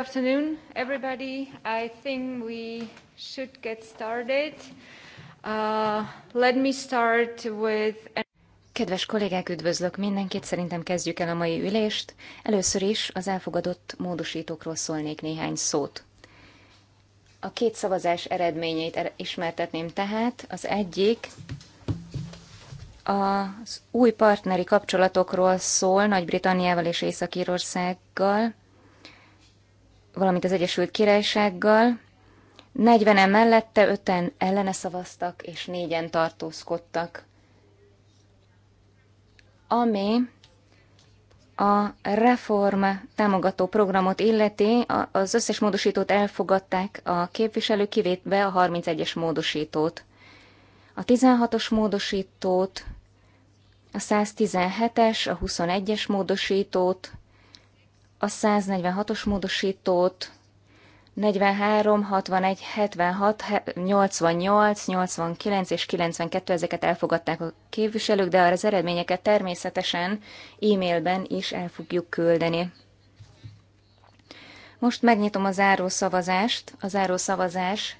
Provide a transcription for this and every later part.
afternoon, everybody. I think we should get started. Uh, let me start with... Kedves kollégák, üdvözlök mindenkit, szerintem kezdjük el a mai ülést. Először is az elfogadott módosítókról szólnék néhány szót. A két szavazás eredményeit er- ismertetném tehát. Az egyik az új partneri kapcsolatokról szól Nagy-Britanniával és Észak-Írországgal, valamint az Egyesült Királysággal. 40-en mellette, 5-en ellene szavaztak, és 4-en tartózkodtak. Ami a reform támogató programot illeti, az összes módosítót elfogadták a képviselők, kivétve a 31-es módosítót. A 16-os módosítót, a 117-es, a 21-es módosítót, a 146-os módosítót, 43, 61, 76, 88, 89 és 92 ezeket elfogadták a képviselők, de az eredményeket természetesen e-mailben is el fogjuk küldeni. Most megnyitom a záró szavazást. A záró szavazás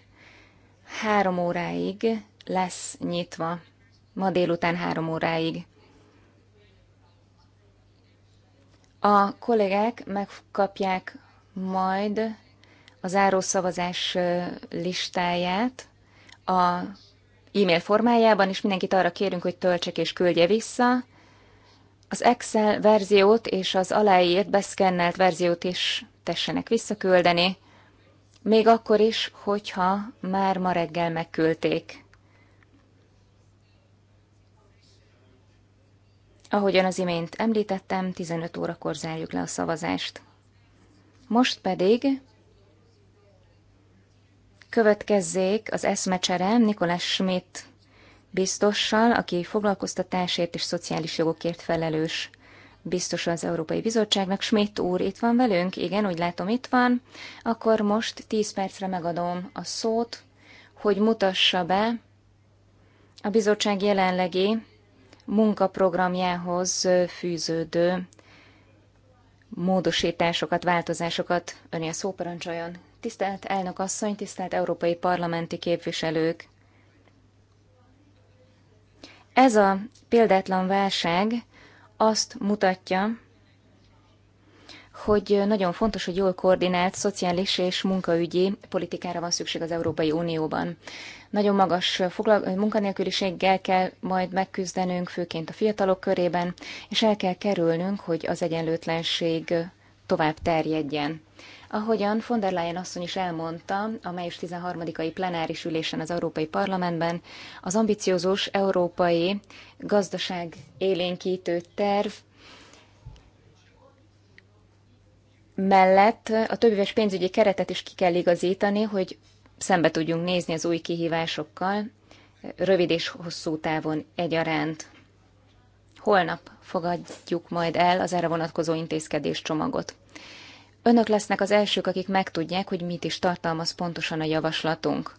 három óráig lesz nyitva. Ma délután három óráig. A kollégák megkapják majd a zárószavazás listáját a e-mail formájában, és mindenkit arra kérünk, hogy töltsek és küldje vissza. Az Excel verziót és az aláírt, beszkennelt verziót is tessenek visszaküldeni, még akkor is, hogyha már ma reggel megküldték. Ahogyan az imént említettem, 15 órakor zárjuk le a szavazást. Most pedig következzék az eszmecsere Nikolás Schmidt biztossal, aki foglalkoztatásért és szociális jogokért felelős biztos az Európai Bizottságnak. Schmidt úr itt van velünk? Igen, úgy látom itt van. Akkor most 10 percre megadom a szót, hogy mutassa be a bizottság jelenlegi munkaprogramjához fűződő módosításokat, változásokat önje a szóparancsoljon. Tisztelt elnök asszony, tisztelt európai parlamenti képviselők! Ez a példátlan válság azt mutatja, hogy nagyon fontos, hogy jól koordinált szociális és munkaügyi politikára van szükség az Európai Unióban. Nagyon magas munkanélküliséggel kell majd megküzdenünk, főként a fiatalok körében, és el kell kerülnünk, hogy az egyenlőtlenség tovább terjedjen. Ahogyan von der Leyen asszony is elmondta, a május 13-ai plenáris ülésen az Európai Parlamentben az ambiciózus európai gazdaság élénkítő terv mellett a többéves pénzügyi keretet is ki kell igazítani, hogy szembe tudjunk nézni az új kihívásokkal, rövid és hosszú távon egyaránt. Holnap fogadjuk majd el az erre vonatkozó intézkedés csomagot. Önök lesznek az elsők, akik megtudják, hogy mit is tartalmaz pontosan a javaslatunk.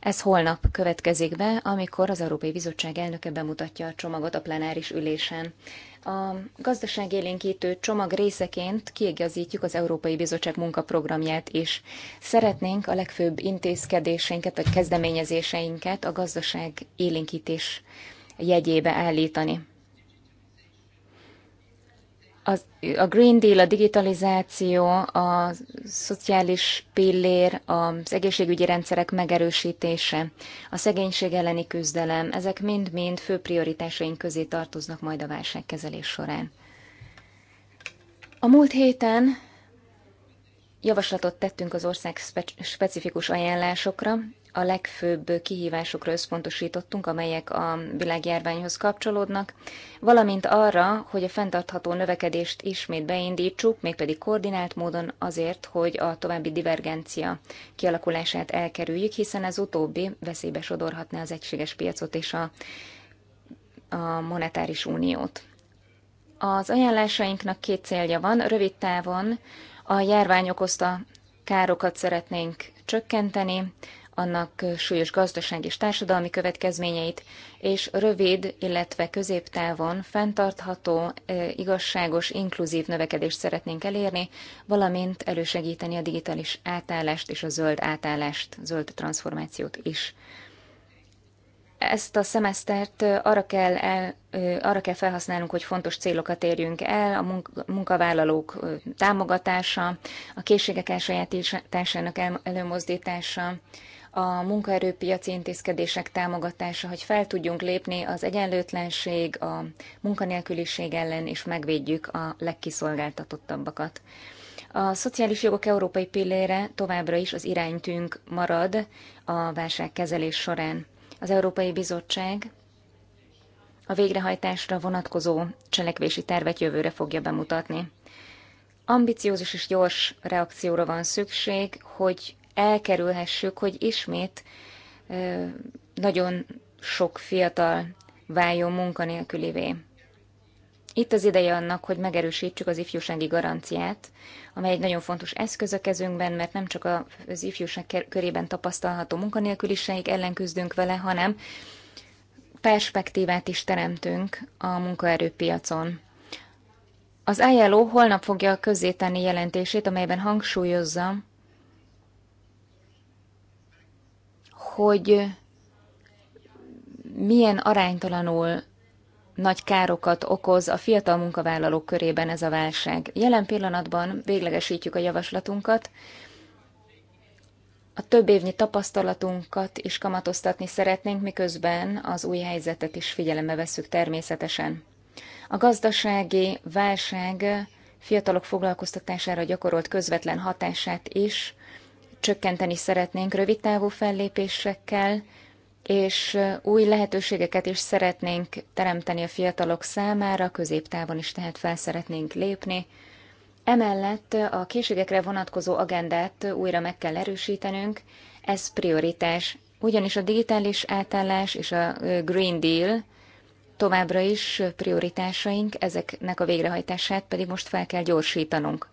Ez holnap következik be, amikor az Európai Bizottság elnöke bemutatja a csomagot a plenáris ülésen. A élénkítő csomag részeként kiegazítjuk az Európai Bizottság munkaprogramját is. Szeretnénk a legfőbb intézkedéseinket vagy kezdeményezéseinket a gazdaság élénkítés jegyébe állítani az, a Green Deal, a digitalizáció, a szociális pillér, az egészségügyi rendszerek megerősítése, a szegénység elleni küzdelem, ezek mind-mind fő prioritásaink közé tartoznak majd a válságkezelés során. A múlt héten Javaslatot tettünk az ország specifikus ajánlásokra, a legfőbb kihívásokra összpontosítottunk, amelyek a világjárványhoz kapcsolódnak, valamint arra, hogy a fenntartható növekedést ismét beindítsuk, mégpedig koordinált módon azért, hogy a további divergencia kialakulását elkerüljük, hiszen ez utóbbi veszélybe sodorhatná az egységes piacot és a, a monetáris uniót. Az ajánlásainknak két célja van, rövid távon a járvány okozta károkat szeretnénk csökkenteni, annak súlyos gazdasági és társadalmi következményeit, és rövid, illetve középtávon fenntartható, igazságos, inkluzív növekedést szeretnénk elérni, valamint elősegíteni a digitális átállást és a zöld átállást, zöld transformációt is. Ezt a szemesztert arra kell, el, arra kell felhasználnunk, hogy fontos célokat érjünk el, a munkavállalók támogatása, a készségek elsajátításának előmozdítása, a munkaerőpiaci intézkedések támogatása, hogy fel tudjunk lépni az egyenlőtlenség, a munkanélküliség ellen, és megvédjük a legkiszolgáltatottabbakat. A szociális jogok európai pillére továbbra is az iránytünk marad a válságkezelés során az Európai Bizottság a végrehajtásra vonatkozó cselekvési tervet jövőre fogja bemutatni. Ambiciózus és gyors reakcióra van szükség, hogy elkerülhessük, hogy ismét nagyon sok fiatal váljon munkanélkülivé. Itt az ideje annak, hogy megerősítsük az ifjúsági garanciát, amely egy nagyon fontos eszköz a kezünkben, mert nem csak az ifjúság körében tapasztalható munkanélküliség ellen küzdünk vele, hanem perspektívát is teremtünk a munkaerőpiacon. Az ILO holnap fogja közzétenni jelentését, amelyben hangsúlyozza, hogy milyen aránytalanul nagy károkat okoz a fiatal munkavállalók körében ez a válság. Jelen pillanatban véglegesítjük a javaslatunkat, a több évnyi tapasztalatunkat is kamatoztatni szeretnénk, miközben az új helyzetet is figyelembe vesszük természetesen. A gazdasági válság fiatalok foglalkoztatására gyakorolt közvetlen hatását is csökkenteni szeretnénk rövid távú fellépésekkel, és új lehetőségeket is szeretnénk teremteni a fiatalok számára, középtávon is tehát fel szeretnénk lépni. Emellett a készségekre vonatkozó agendát újra meg kell erősítenünk, ez prioritás, ugyanis a digitális átállás és a Green Deal továbbra is prioritásaink, ezeknek a végrehajtását pedig most fel kell gyorsítanunk.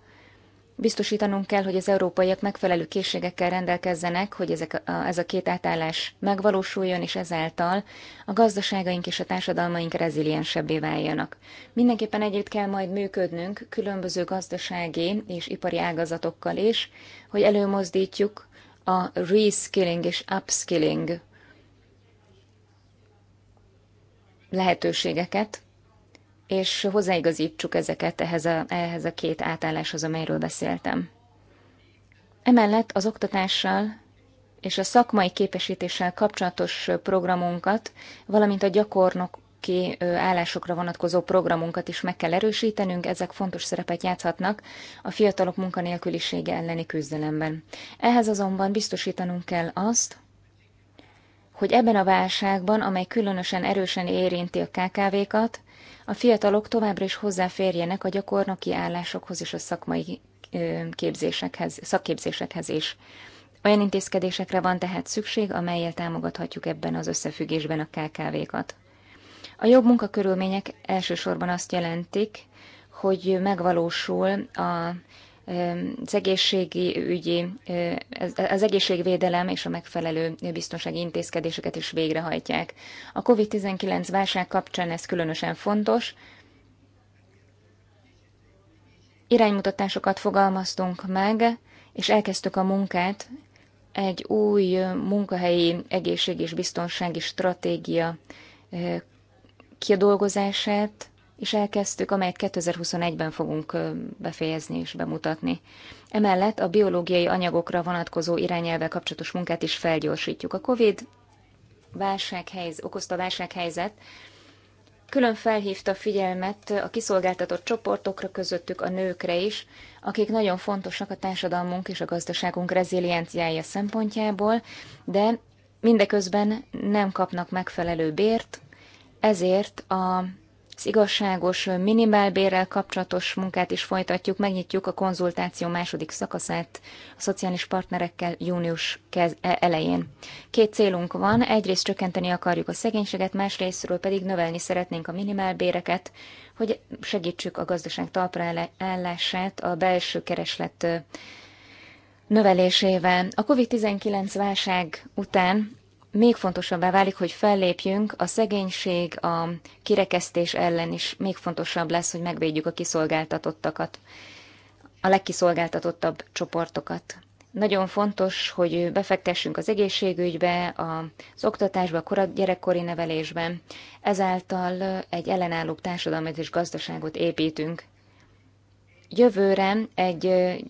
Biztosítanunk kell, hogy az európaiak megfelelő készségekkel rendelkezzenek, hogy ezek a, ez a két átállás megvalósuljon, és ezáltal a gazdaságaink és a társadalmaink reziliensebbé váljanak. Mindenképpen együtt kell majd működnünk különböző gazdasági és ipari ágazatokkal is, hogy előmozdítjuk a reskilling és upskilling lehetőségeket, és hozzáigazítsuk ezeket ehhez a, ehhez a két átálláshoz, amelyről beszéltem. Emellett az oktatással és a szakmai képesítéssel kapcsolatos programunkat, valamint a gyakornoki állásokra vonatkozó programunkat is meg kell erősítenünk, ezek fontos szerepet játszhatnak a fiatalok munkanélkülisége elleni küzdelemben. Ehhez azonban biztosítanunk kell azt, hogy ebben a válságban, amely különösen erősen érinti a KKV-kat, a fiatalok továbbra is hozzáférjenek a gyakornoki állásokhoz és a szakmai képzésekhez, szakképzésekhez is. Olyan intézkedésekre van tehát szükség, amelyel támogathatjuk ebben az összefüggésben a KKV-kat. A jobb munkakörülmények elsősorban azt jelentik, hogy megvalósul a az egészségi ügyi, e, az egészségvédelem és a megfelelő biztonsági intézkedéseket is végrehajtják. A COVID-19 válság kapcsán ez különösen fontos. Iránymutatásokat fogalmaztunk meg, és elkezdtük a munkát egy új munkahelyi egészség és biztonsági stratégia e, kidolgozását, és elkezdtük, amelyet 2021-ben fogunk befejezni és bemutatni. Emellett a biológiai anyagokra vonatkozó irányelvvel kapcsolatos munkát is felgyorsítjuk. A COVID válsághelyz, okozta válsághelyzet külön felhívta figyelmet a kiszolgáltatott csoportokra, közöttük a nőkre is, akik nagyon fontosak a társadalmunk és a gazdaságunk rezilienciája szempontjából, de mindeközben nem kapnak megfelelő bért, ezért a az igazságos minimálbérrel kapcsolatos munkát is folytatjuk, megnyitjuk a konzultáció második szakaszát a szociális partnerekkel június e- elején. Két célunk van, egyrészt csökkenteni akarjuk a szegénységet, másrésztről pedig növelni szeretnénk a minimálbéreket, hogy segítsük a gazdaság talpra állását a belső kereslet növelésével. A COVID-19 válság után még fontosabbá válik, hogy fellépjünk, a szegénység, a kirekesztés ellen is még fontosabb lesz, hogy megvédjük a kiszolgáltatottakat, a legkiszolgáltatottabb csoportokat. Nagyon fontos, hogy befektessünk az egészségügybe, az oktatásba, a gyerekkori nevelésbe. Ezáltal egy ellenállóbb társadalmat és gazdaságot építünk. Jövőre egy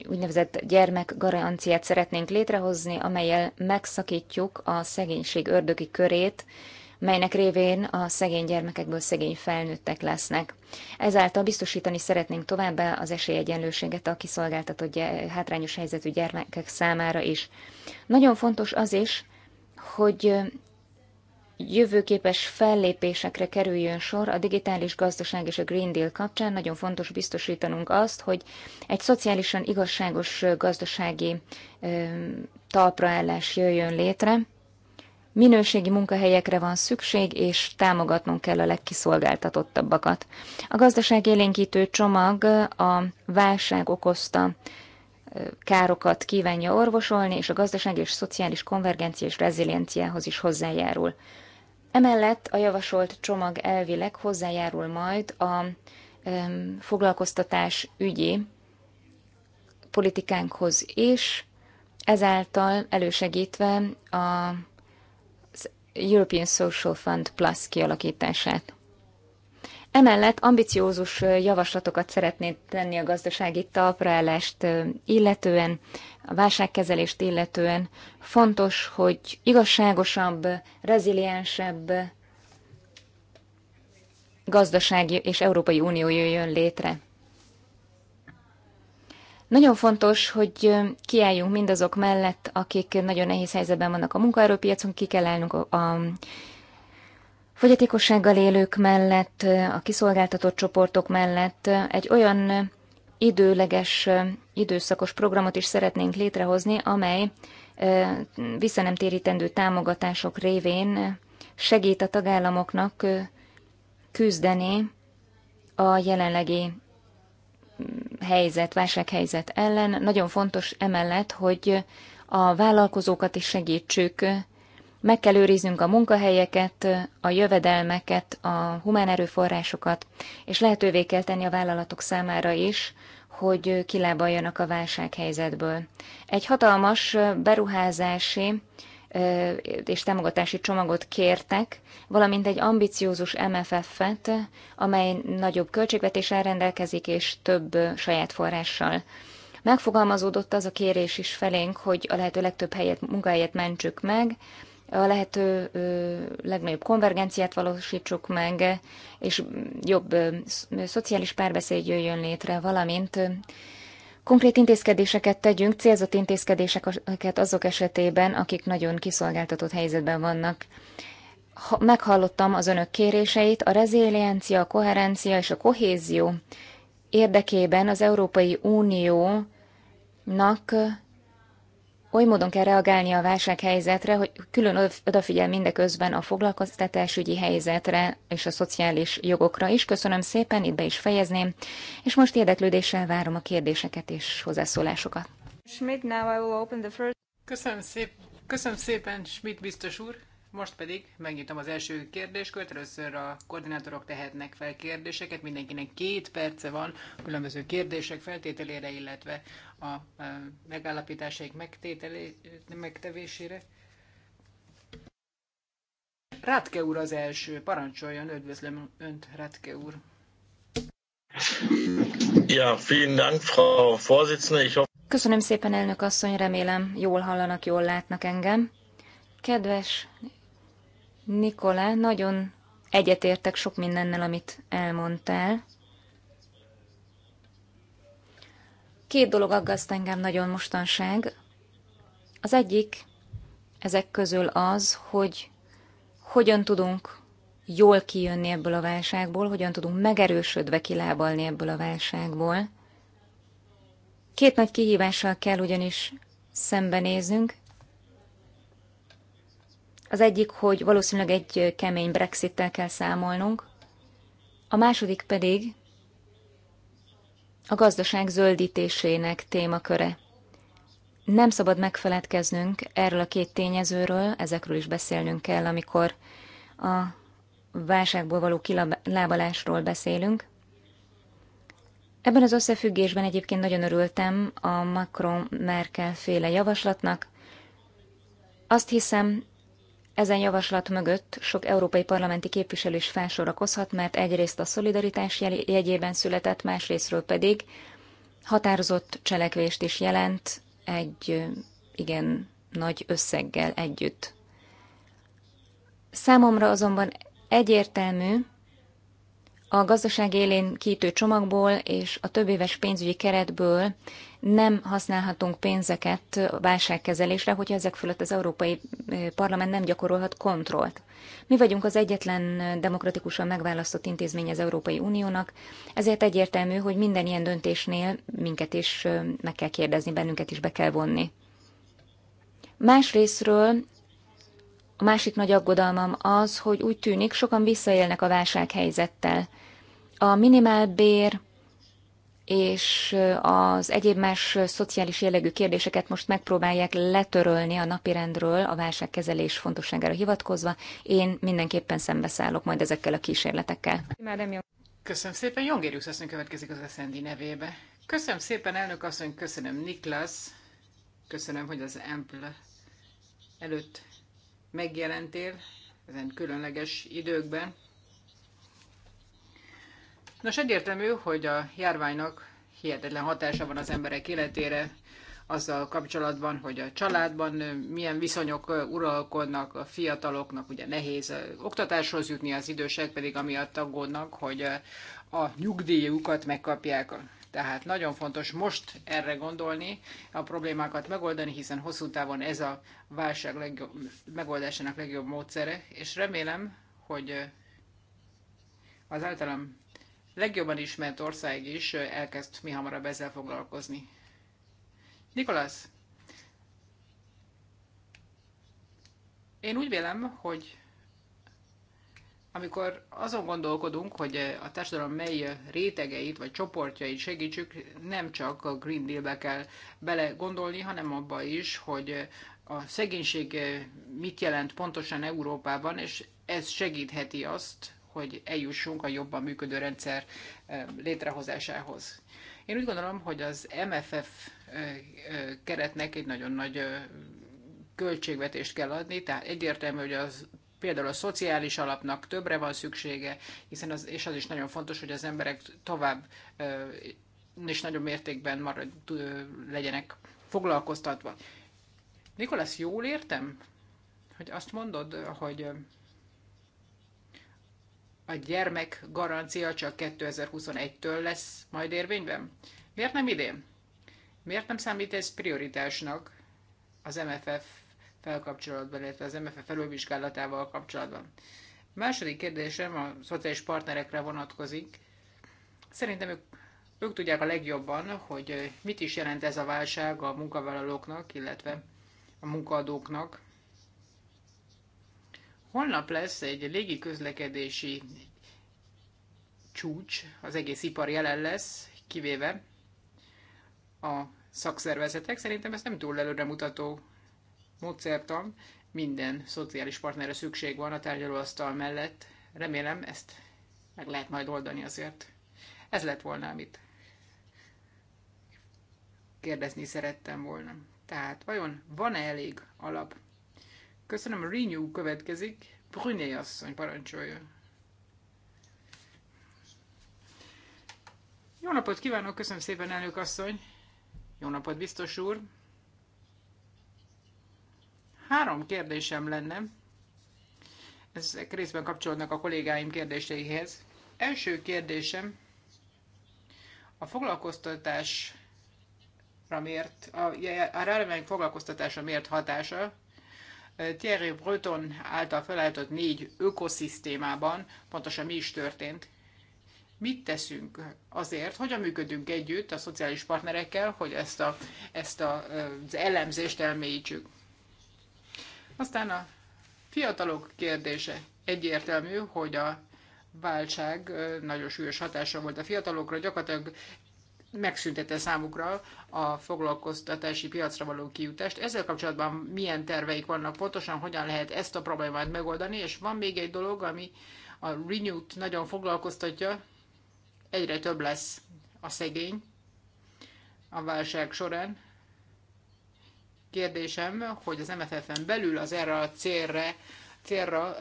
úgynevezett gyermekgaranciát szeretnénk létrehozni, amelyel megszakítjuk a szegénység ördögi körét, melynek révén a szegény gyermekekből szegény felnőttek lesznek. Ezáltal biztosítani szeretnénk továbbá az esélyegyenlőséget a kiszolgáltatott hátrányos helyzetű gyermekek számára is. Nagyon fontos az is, hogy jövőképes fellépésekre kerüljön sor a digitális gazdaság és a Green Deal kapcsán. Nagyon fontos biztosítanunk azt, hogy egy szociálisan igazságos gazdasági talpraállás jöjjön létre. Minőségi munkahelyekre van szükség, és támogatnunk kell a legkiszolgáltatottabbakat. A gazdaság élénkítő csomag a válság okozta károkat kívánja orvosolni, és a gazdaság és szociális konvergencia és rezilienciához is hozzájárul. Emellett a javasolt csomag elvileg hozzájárul majd a foglalkoztatás ügyi politikánkhoz is, ezáltal elősegítve a European Social Fund Plus kialakítását. Emellett ambiciózus javaslatokat szeretnék tenni a gazdasági talpraállást illetően, a válságkezelést illetően fontos, hogy igazságosabb, reziliensebb gazdasági és Európai Unió jöjjön létre. Nagyon fontos, hogy kiálljunk mindazok mellett, akik nagyon nehéz helyzetben vannak a munkaerőpiacon, ki kell állnunk a, fogyatékossággal élők mellett, a kiszolgáltatott csoportok mellett. Egy olyan időleges időszakos programot is szeretnénk létrehozni, amely visszanemtérítendő támogatások révén segít a tagállamoknak küzdeni a jelenlegi mm, helyzet, válsághelyzet ellen. Nagyon fontos emellett, hogy a vállalkozókat is segítsük, meg kell őriznünk a munkahelyeket, a jövedelmeket, a humán erőforrásokat, és lehetővé kell tenni a vállalatok számára is, hogy kilábaljanak a válsághelyzetből. Egy hatalmas beruházási és támogatási csomagot kértek, valamint egy ambiciózus MFF-et, amely nagyobb költségvetéssel rendelkezik és több saját forrással. Megfogalmazódott az a kérés is felénk, hogy a lehető legtöbb helyet, munkahelyet mentsük meg, a lehető legnagyobb konvergenciát valósítsuk meg, és jobb szociális párbeszéd jöjjön létre, valamint konkrét intézkedéseket tegyünk, célzott intézkedéseket azok esetében, akik nagyon kiszolgáltatott helyzetben vannak. Ha, meghallottam az önök kéréseit, a reziliencia, a koherencia és a kohézió érdekében az Európai Uniónak oly módon kell reagálni a válsághelyzetre, hogy külön odafigyel mindeközben a foglalkoztatásügyi helyzetre és a szociális jogokra is. Köszönöm szépen, itt be is fejezném, és most érdeklődéssel várom a kérdéseket és hozzászólásokat. Schmidt, now I will open the first... Köszönöm, szép... Köszönöm szépen, Schmidt biztos úr. Most pedig megnyitom az első kérdéskört. Először a koordinátorok tehetnek fel kérdéseket. Mindenkinek két perce van különböző kérdések feltételére, illetve a e, megállapításaik megtevésére. Rátke úr az első. Parancsoljon, üdvözlöm önt, Rátke úr. Ja, vielen Dank, Frau Vorsitzende. Ich hoffe... Köszönöm szépen, elnök asszony, remélem jól hallanak, jól látnak engem. Kedves Nikolá, nagyon egyetértek sok mindennel, amit elmondtál. Két dolog aggaszt engem nagyon mostanság. Az egyik ezek közül az, hogy hogyan tudunk jól kijönni ebből a válságból, hogyan tudunk megerősödve kilábalni ebből a válságból. Két nagy kihívással kell ugyanis szembenéznünk. Az egyik, hogy valószínűleg egy kemény Brexittel kell számolnunk, a második pedig a gazdaság zöldítésének témaköre. Nem szabad megfeledkeznünk erről a két tényezőről, ezekről is beszélnünk kell, amikor a válságból való kilábalásról beszélünk. Ebben az összefüggésben egyébként nagyon örültem a Macron-Merkel féle javaslatnak. Azt hiszem, ezen javaslat mögött sok európai parlamenti képviselő is felsorakozhat, mert egyrészt a szolidaritás jegyében született, másrésztről pedig határozott cselekvést is jelent egy igen nagy összeggel együtt. Számomra azonban egyértelmű, a gazdaság élén kitő csomagból és a többéves pénzügyi keretből nem használhatunk pénzeket válságkezelésre, hogyha ezek fölött az Európai Parlament nem gyakorolhat kontrollt. Mi vagyunk az egyetlen demokratikusan megválasztott intézmény az Európai Uniónak, ezért egyértelmű, hogy minden ilyen döntésnél minket is meg kell kérdezni, bennünket is be kell vonni. Másrésztről a másik nagy aggodalmam az, hogy úgy tűnik, sokan visszaélnek a válsághelyzettel. A minimálbér, és az egyéb más szociális jellegű kérdéseket most megpróbálják letörölni a napirendről a válságkezelés fontosságára hivatkozva. Én mindenképpen szembeszállok majd ezekkel a kísérletekkel. Köszönöm szépen, Jongérius asszony következik az SND nevébe. Köszönöm szépen, elnök asszony, köszönöm Niklas, köszönöm, hogy az Ample előtt megjelentél ezen különleges időkben. Nos, egyértelmű, hogy a járványnak hihetetlen hatása van az emberek életére, azzal kapcsolatban, hogy a családban milyen viszonyok uralkodnak, a fiataloknak ugye nehéz oktatáshoz jutni, az idősek pedig amiatt aggódnak, hogy a nyugdíjukat megkapják. Tehát nagyon fontos most erre gondolni, a problémákat megoldani, hiszen hosszú távon ez a válság legjobb, megoldásának legjobb módszere, és remélem, hogy az általam legjobban ismert ország is elkezd mi hamarabb ezzel foglalkozni. Nikolasz, én úgy vélem, hogy amikor azon gondolkodunk, hogy a társadalom mely rétegeit vagy csoportjait segítsük, nem csak a Green Deal-be kell belegondolni, hanem abba is, hogy a szegénység mit jelent pontosan Európában, és ez segítheti azt, hogy eljussunk a jobban működő rendszer létrehozásához. Én úgy gondolom, hogy az MFF keretnek egy nagyon nagy költségvetést kell adni, tehát egyértelmű, hogy az például a szociális alapnak többre van szüksége, hiszen az, és az is nagyon fontos, hogy az emberek tovább és nagyobb mértékben marad, legyenek foglalkoztatva. Nikolász, jól értem, hogy azt mondod, hogy a gyermek garancia csak 2021-től lesz majd érvényben? Miért nem idén? Miért nem számít ez prioritásnak az MFF felkapcsolatban, illetve az MFF felülvizsgálatával kapcsolatban? A második kérdésem a szociális partnerekre vonatkozik. Szerintem ők, ők tudják a legjobban, hogy mit is jelent ez a válság a munkavállalóknak, illetve a munkaadóknak. Holnap lesz egy légiközlekedési csúcs, az egész ipar jelen lesz, kivéve a szakszervezetek. Szerintem ez nem túl előremutató módszertan. Minden szociális partnerre szükség van a tárgyalóasztal mellett. Remélem ezt meg lehet majd oldani azért. Ez lett volna, amit kérdezni szerettem volna. Tehát vajon van-e elég alap Köszönöm, a Renew következik. Brunei asszony, parancsolja. Jó napot kívánok, köszönöm szépen, elnök asszony. Jó napot, biztos úr. Három kérdésem lenne. Ezek részben kapcsolódnak a kollégáim kérdéseihez. Első kérdésem a foglalkoztatásra mért, a, a foglalkoztatásra mért hatása, Thierry Breton által felállított négy ökoszisztémában pontosan mi is történt. Mit teszünk azért, hogyan működünk együtt a szociális partnerekkel, hogy ezt, a, ezt a, az elemzést elmélyítsük. Aztán a fiatalok kérdése. Egyértelmű, hogy a válság nagyon súlyos hatása volt a fiatalokra, gyakorlatilag megszüntette számukra a foglalkoztatási piacra való kijutást. Ezzel kapcsolatban milyen terveik vannak, pontosan hogyan lehet ezt a problémát megoldani, és van még egy dolog, ami a Renew-t nagyon foglalkoztatja, egyre több lesz a szegény a válság során. Kérdésem, hogy az MFF-en belül az erre a célra, célra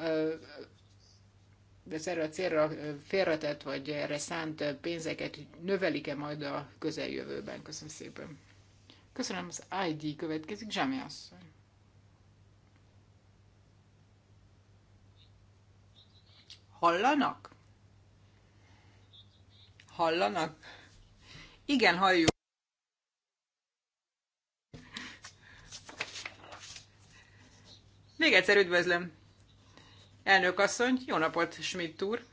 ez erre a célra félretett, vagy erre szánt pénzeket növelik-e majd a közeljövőben? Köszönöm szépen. Köszönöm, az ID következik, Zsámi asszony. Hallanak? Hallanak? Igen, halljuk. Még egyszer üdvözlöm Elnök asszony, jó napot, Schmidt úr!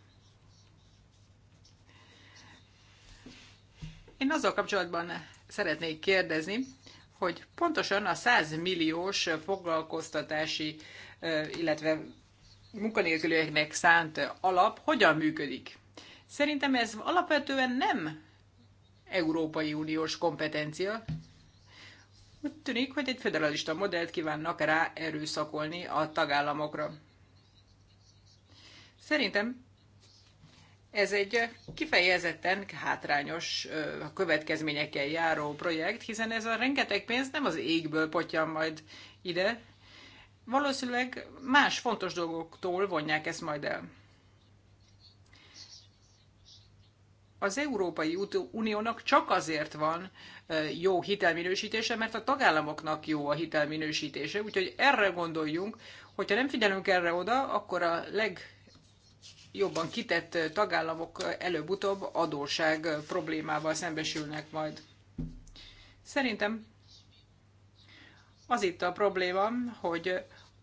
Én azzal kapcsolatban szeretnék kérdezni, hogy pontosan a 100 milliós foglalkoztatási, illetve munkanélkülőknek szánt alap hogyan működik. Szerintem ez alapvetően nem Európai Uniós kompetencia. Úgy tűnik, hogy egy federalista modellt kívánnak rá erőszakolni a tagállamokra. Szerintem ez egy kifejezetten hátrányos következményekkel járó projekt, hiszen ez a rengeteg pénz nem az égből potyan majd ide, valószínűleg más fontos dolgoktól vonják ezt majd el. Az Európai Uniónak csak azért van jó hitelminősítése, mert a tagállamoknak jó a hitelminősítése, úgyhogy erre gondoljunk, hogyha nem figyelünk erre oda, akkor a leg jobban kitett tagállamok előbb-utóbb adóság problémával szembesülnek majd. Szerintem az itt a probléma, hogy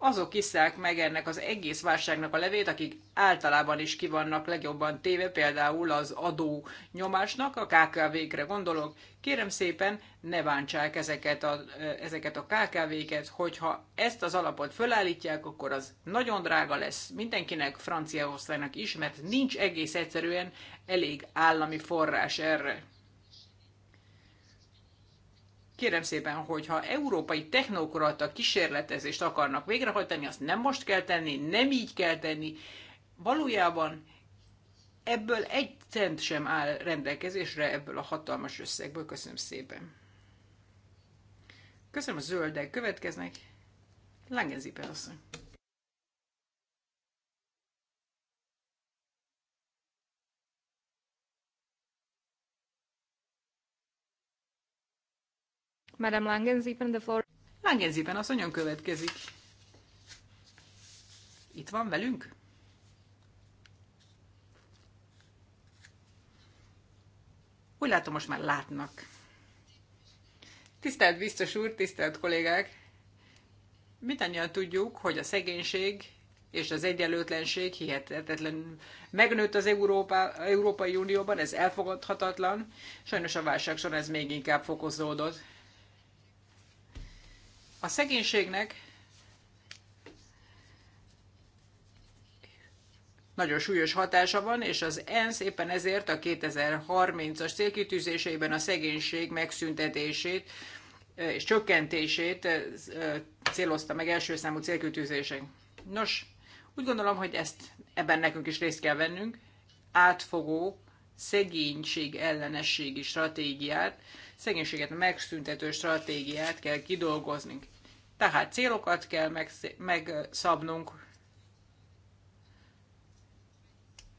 azok iszák meg ennek az egész válságnak a levét, akik általában is kivannak legjobban téve, például az adó nyomásnak, a KKV-kre gondolok. Kérem szépen, ne bántsák ezeket a, ezeket a KKV-ket, hogyha ezt az alapot fölállítják, akkor az nagyon drága lesz mindenkinek, Franciaországnak is, mert nincs egész egyszerűen elég állami forrás erre. Kérem szépen, hogyha európai technokrata kísérletezést akarnak végrehajtani, azt nem most kell tenni, nem így kell tenni. Valójában ebből egy cent sem áll rendelkezésre ebből a hatalmas összegből. Köszönöm szépen. Köszönöm a zöldek. Következnek. Langenzipe asszony. Madame Langenzipen, the floor. Langenzipen következik. Itt van velünk? Úgy látom, most már látnak. Tisztelt biztos úr, tisztelt kollégák! Mindannyian tudjuk, hogy a szegénység és az egyenlőtlenség hihetetlen megnőtt az Európa, Európai Unióban, ez elfogadhatatlan. Sajnos a válság során ez még inkább fokozódott. A szegénységnek nagyon súlyos hatása van, és az ENSZ éppen ezért a 2030-as célkitűzéseiben a szegénység megszüntetését és csökkentését célozta meg első számú célkitűzések. Nos, úgy gondolom, hogy ezt ebben nekünk is részt kell vennünk, átfogó szegénység ellenességi stratégiát szegénységet megszüntető stratégiát kell kidolgozni. Tehát célokat kell megszabnunk.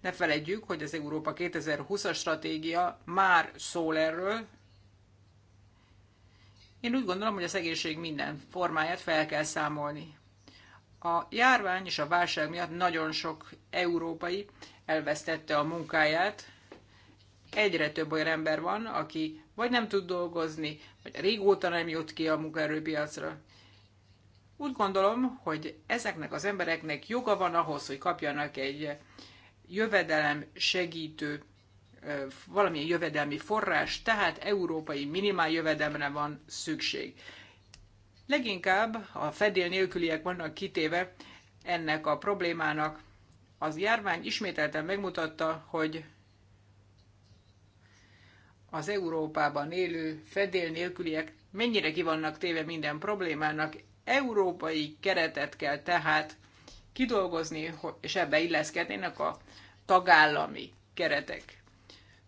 Ne feledjük, hogy az Európa 2020-as stratégia már szól erről. Én úgy gondolom, hogy a szegénység minden formáját fel kell számolni. A járvány és a válság miatt nagyon sok európai elvesztette a munkáját. Egyre több olyan ember van, aki vagy nem tud dolgozni, vagy régóta nem jut ki a munkaerőpiacra. Úgy gondolom, hogy ezeknek az embereknek joga van ahhoz, hogy kapjanak egy jövedelem segítő, valamilyen jövedelmi forrás, tehát európai minimál jövedelemre van szükség. Leginkább a fedél nélküliek vannak kitéve ennek a problémának. Az járvány ismételten megmutatta, hogy az Európában élő fedél nélküliek mennyire ki vannak téve minden problémának. Európai keretet kell tehát kidolgozni, és ebbe illeszkednének a tagállami keretek.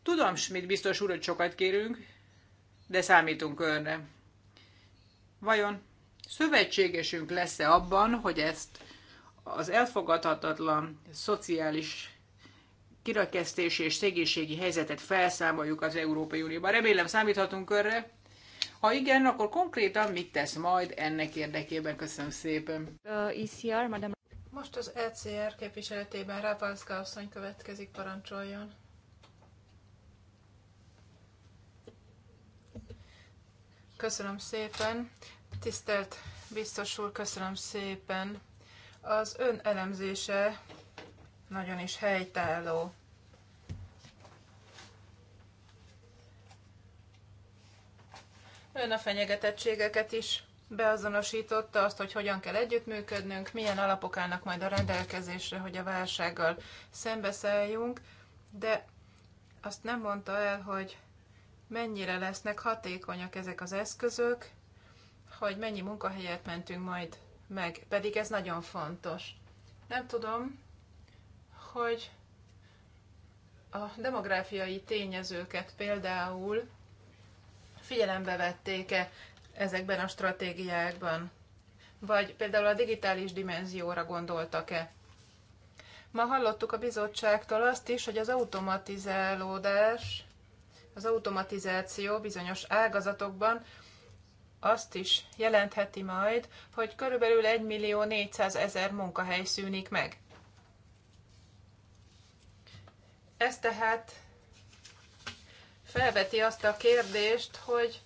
Tudom, Schmidt biztos úr, hogy sokat kérünk, de számítunk önre. Vajon szövetségesünk lesz-e abban, hogy ezt az elfogadhatatlan szociális kirekesztési és szegénységi helyzetet felszámoljuk az Európai Unióban. Remélem számíthatunk örre. Ha igen, akkor konkrétan mit tesz majd ennek érdekében? Köszönöm szépen. Uh, ECR, madame. Most az ECR képviseletében Rapalszka asszony következik, parancsoljon. Köszönöm szépen. Tisztelt biztos úr, köszönöm szépen. Az ön elemzése nagyon is helytálló. Ön a fenyegetettségeket is beazonosította azt, hogy hogyan kell együttműködnünk, milyen alapok állnak majd a rendelkezésre, hogy a válsággal szembeszálljunk, de azt nem mondta el, hogy mennyire lesznek hatékonyak ezek az eszközök, hogy mennyi munkahelyet mentünk majd meg, pedig ez nagyon fontos. Nem tudom, hogy a demográfiai tényezőket például figyelembe vették-e ezekben a stratégiákban? Vagy például a digitális dimenzióra gondoltak-e? Ma hallottuk a bizottságtól azt is, hogy az automatizálódás, az automatizáció bizonyos ágazatokban azt is jelentheti majd, hogy körülbelül 1 millió 400 ezer munkahely szűnik meg. Ez tehát felveti azt a kérdést, hogy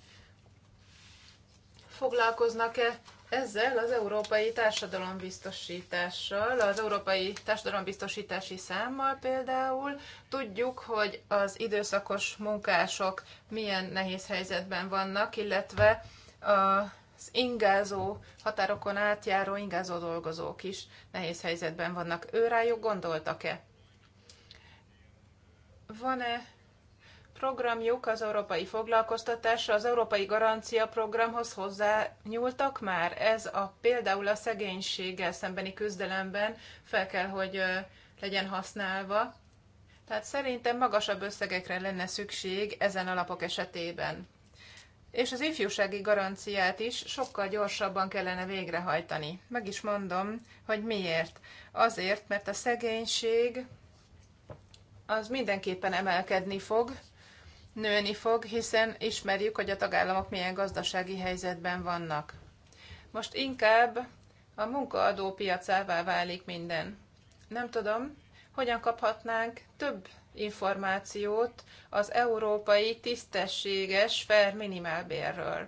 foglalkoznak-e ezzel az európai társadalombiztosítással, az európai társadalombiztosítási számmal például tudjuk, hogy az időszakos munkások milyen nehéz helyzetben vannak, illetve az ingázó, határokon átjáró ingázó dolgozók is nehéz helyzetben vannak. Ő rájuk gondoltak-e? van-e programjuk az európai foglalkoztatásra, az európai garancia programhoz hozzá nyúltak már? Ez a például a szegénységgel szembeni küzdelemben fel kell, hogy legyen használva. Tehát szerintem magasabb összegekre lenne szükség ezen alapok esetében. És az ifjúsági garanciát is sokkal gyorsabban kellene végrehajtani. Meg is mondom, hogy miért. Azért, mert a szegénység az mindenképpen emelkedni fog, nőni fog, hiszen ismerjük, hogy a tagállamok milyen gazdasági helyzetben vannak. Most inkább a munkaadó piacává válik minden. Nem tudom, hogyan kaphatnánk több információt az európai tisztességes fair minimálbérről.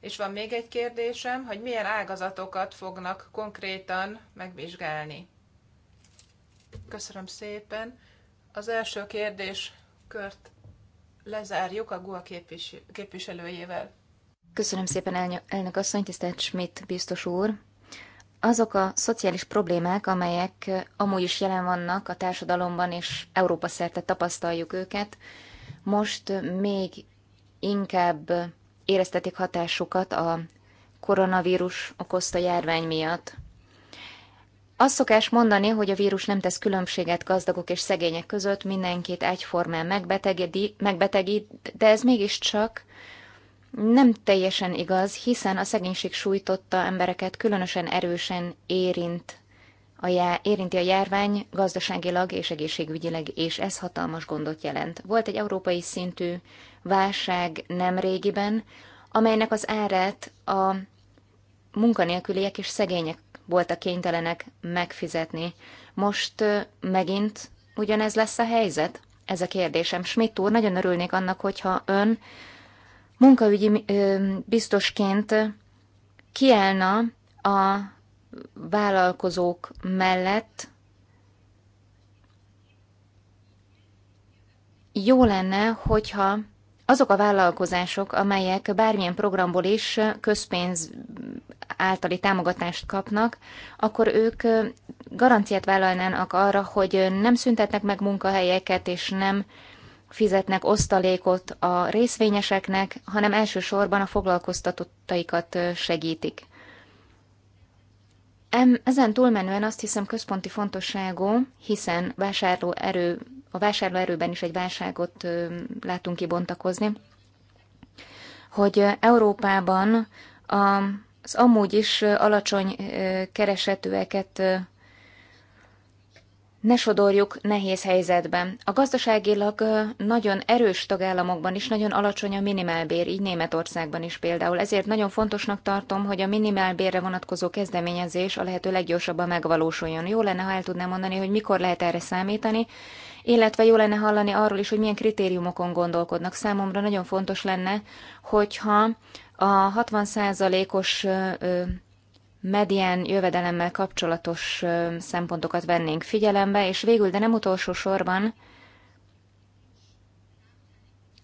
És van még egy kérdésem, hogy milyen ágazatokat fognak konkrétan megvizsgálni. Köszönöm szépen. Az első kérdés kört lezárjuk a GUA képviselőjével. Köszönöm szépen, elnök asszony, tisztelt Schmidt biztos úr. Azok a szociális problémák, amelyek amúgy is jelen vannak a társadalomban, és Európa szerte tapasztaljuk őket, most még inkább éreztetik hatásukat a koronavírus okozta járvány miatt. Azt szokás mondani, hogy a vírus nem tesz különbséget gazdagok és szegények között, mindenkit egyformán megbetegedi, megbetegít, de ez mégiscsak nem teljesen igaz, hiszen a szegénység sújtotta embereket különösen erősen érint a já, érinti a járvány gazdaságilag és egészségügyileg, és ez hatalmas gondot jelent. Volt egy európai szintű válság nem régiben, amelynek az árát a munkanélküliek és szegények voltak kénytelenek megfizetni. Most megint ugyanez lesz a helyzet? Ez a kérdésem. Schmidt úr, nagyon örülnék annak, hogyha ön munkaügyi biztosként kiállna a vállalkozók mellett, jó lenne, hogyha azok a vállalkozások, amelyek bármilyen programból is közpénz általi támogatást kapnak, akkor ők garanciát vállalnának arra, hogy nem szüntetnek meg munkahelyeket, és nem fizetnek osztalékot a részvényeseknek, hanem elsősorban a foglalkoztatottaikat segítik. Ezen túlmenően azt hiszem központi fontosságú, hiszen vásárló erő a vásárlóerőben is egy válságot látunk kibontakozni, hogy Európában a az amúgy is alacsony keresetűeket ne sodorjuk nehéz helyzetben. A gazdaságilag nagyon erős tagállamokban is nagyon alacsony a minimálbér, így Németországban is például. Ezért nagyon fontosnak tartom, hogy a minimálbérre vonatkozó kezdeményezés a lehető leggyorsabban megvalósuljon. Jó lenne, ha el tudnám mondani, hogy mikor lehet erre számítani, illetve jó lenne hallani arról is, hogy milyen kritériumokon gondolkodnak. Számomra nagyon fontos lenne, hogyha a 60%-os medien jövedelemmel kapcsolatos szempontokat vennénk figyelembe, és végül, de nem utolsó sorban,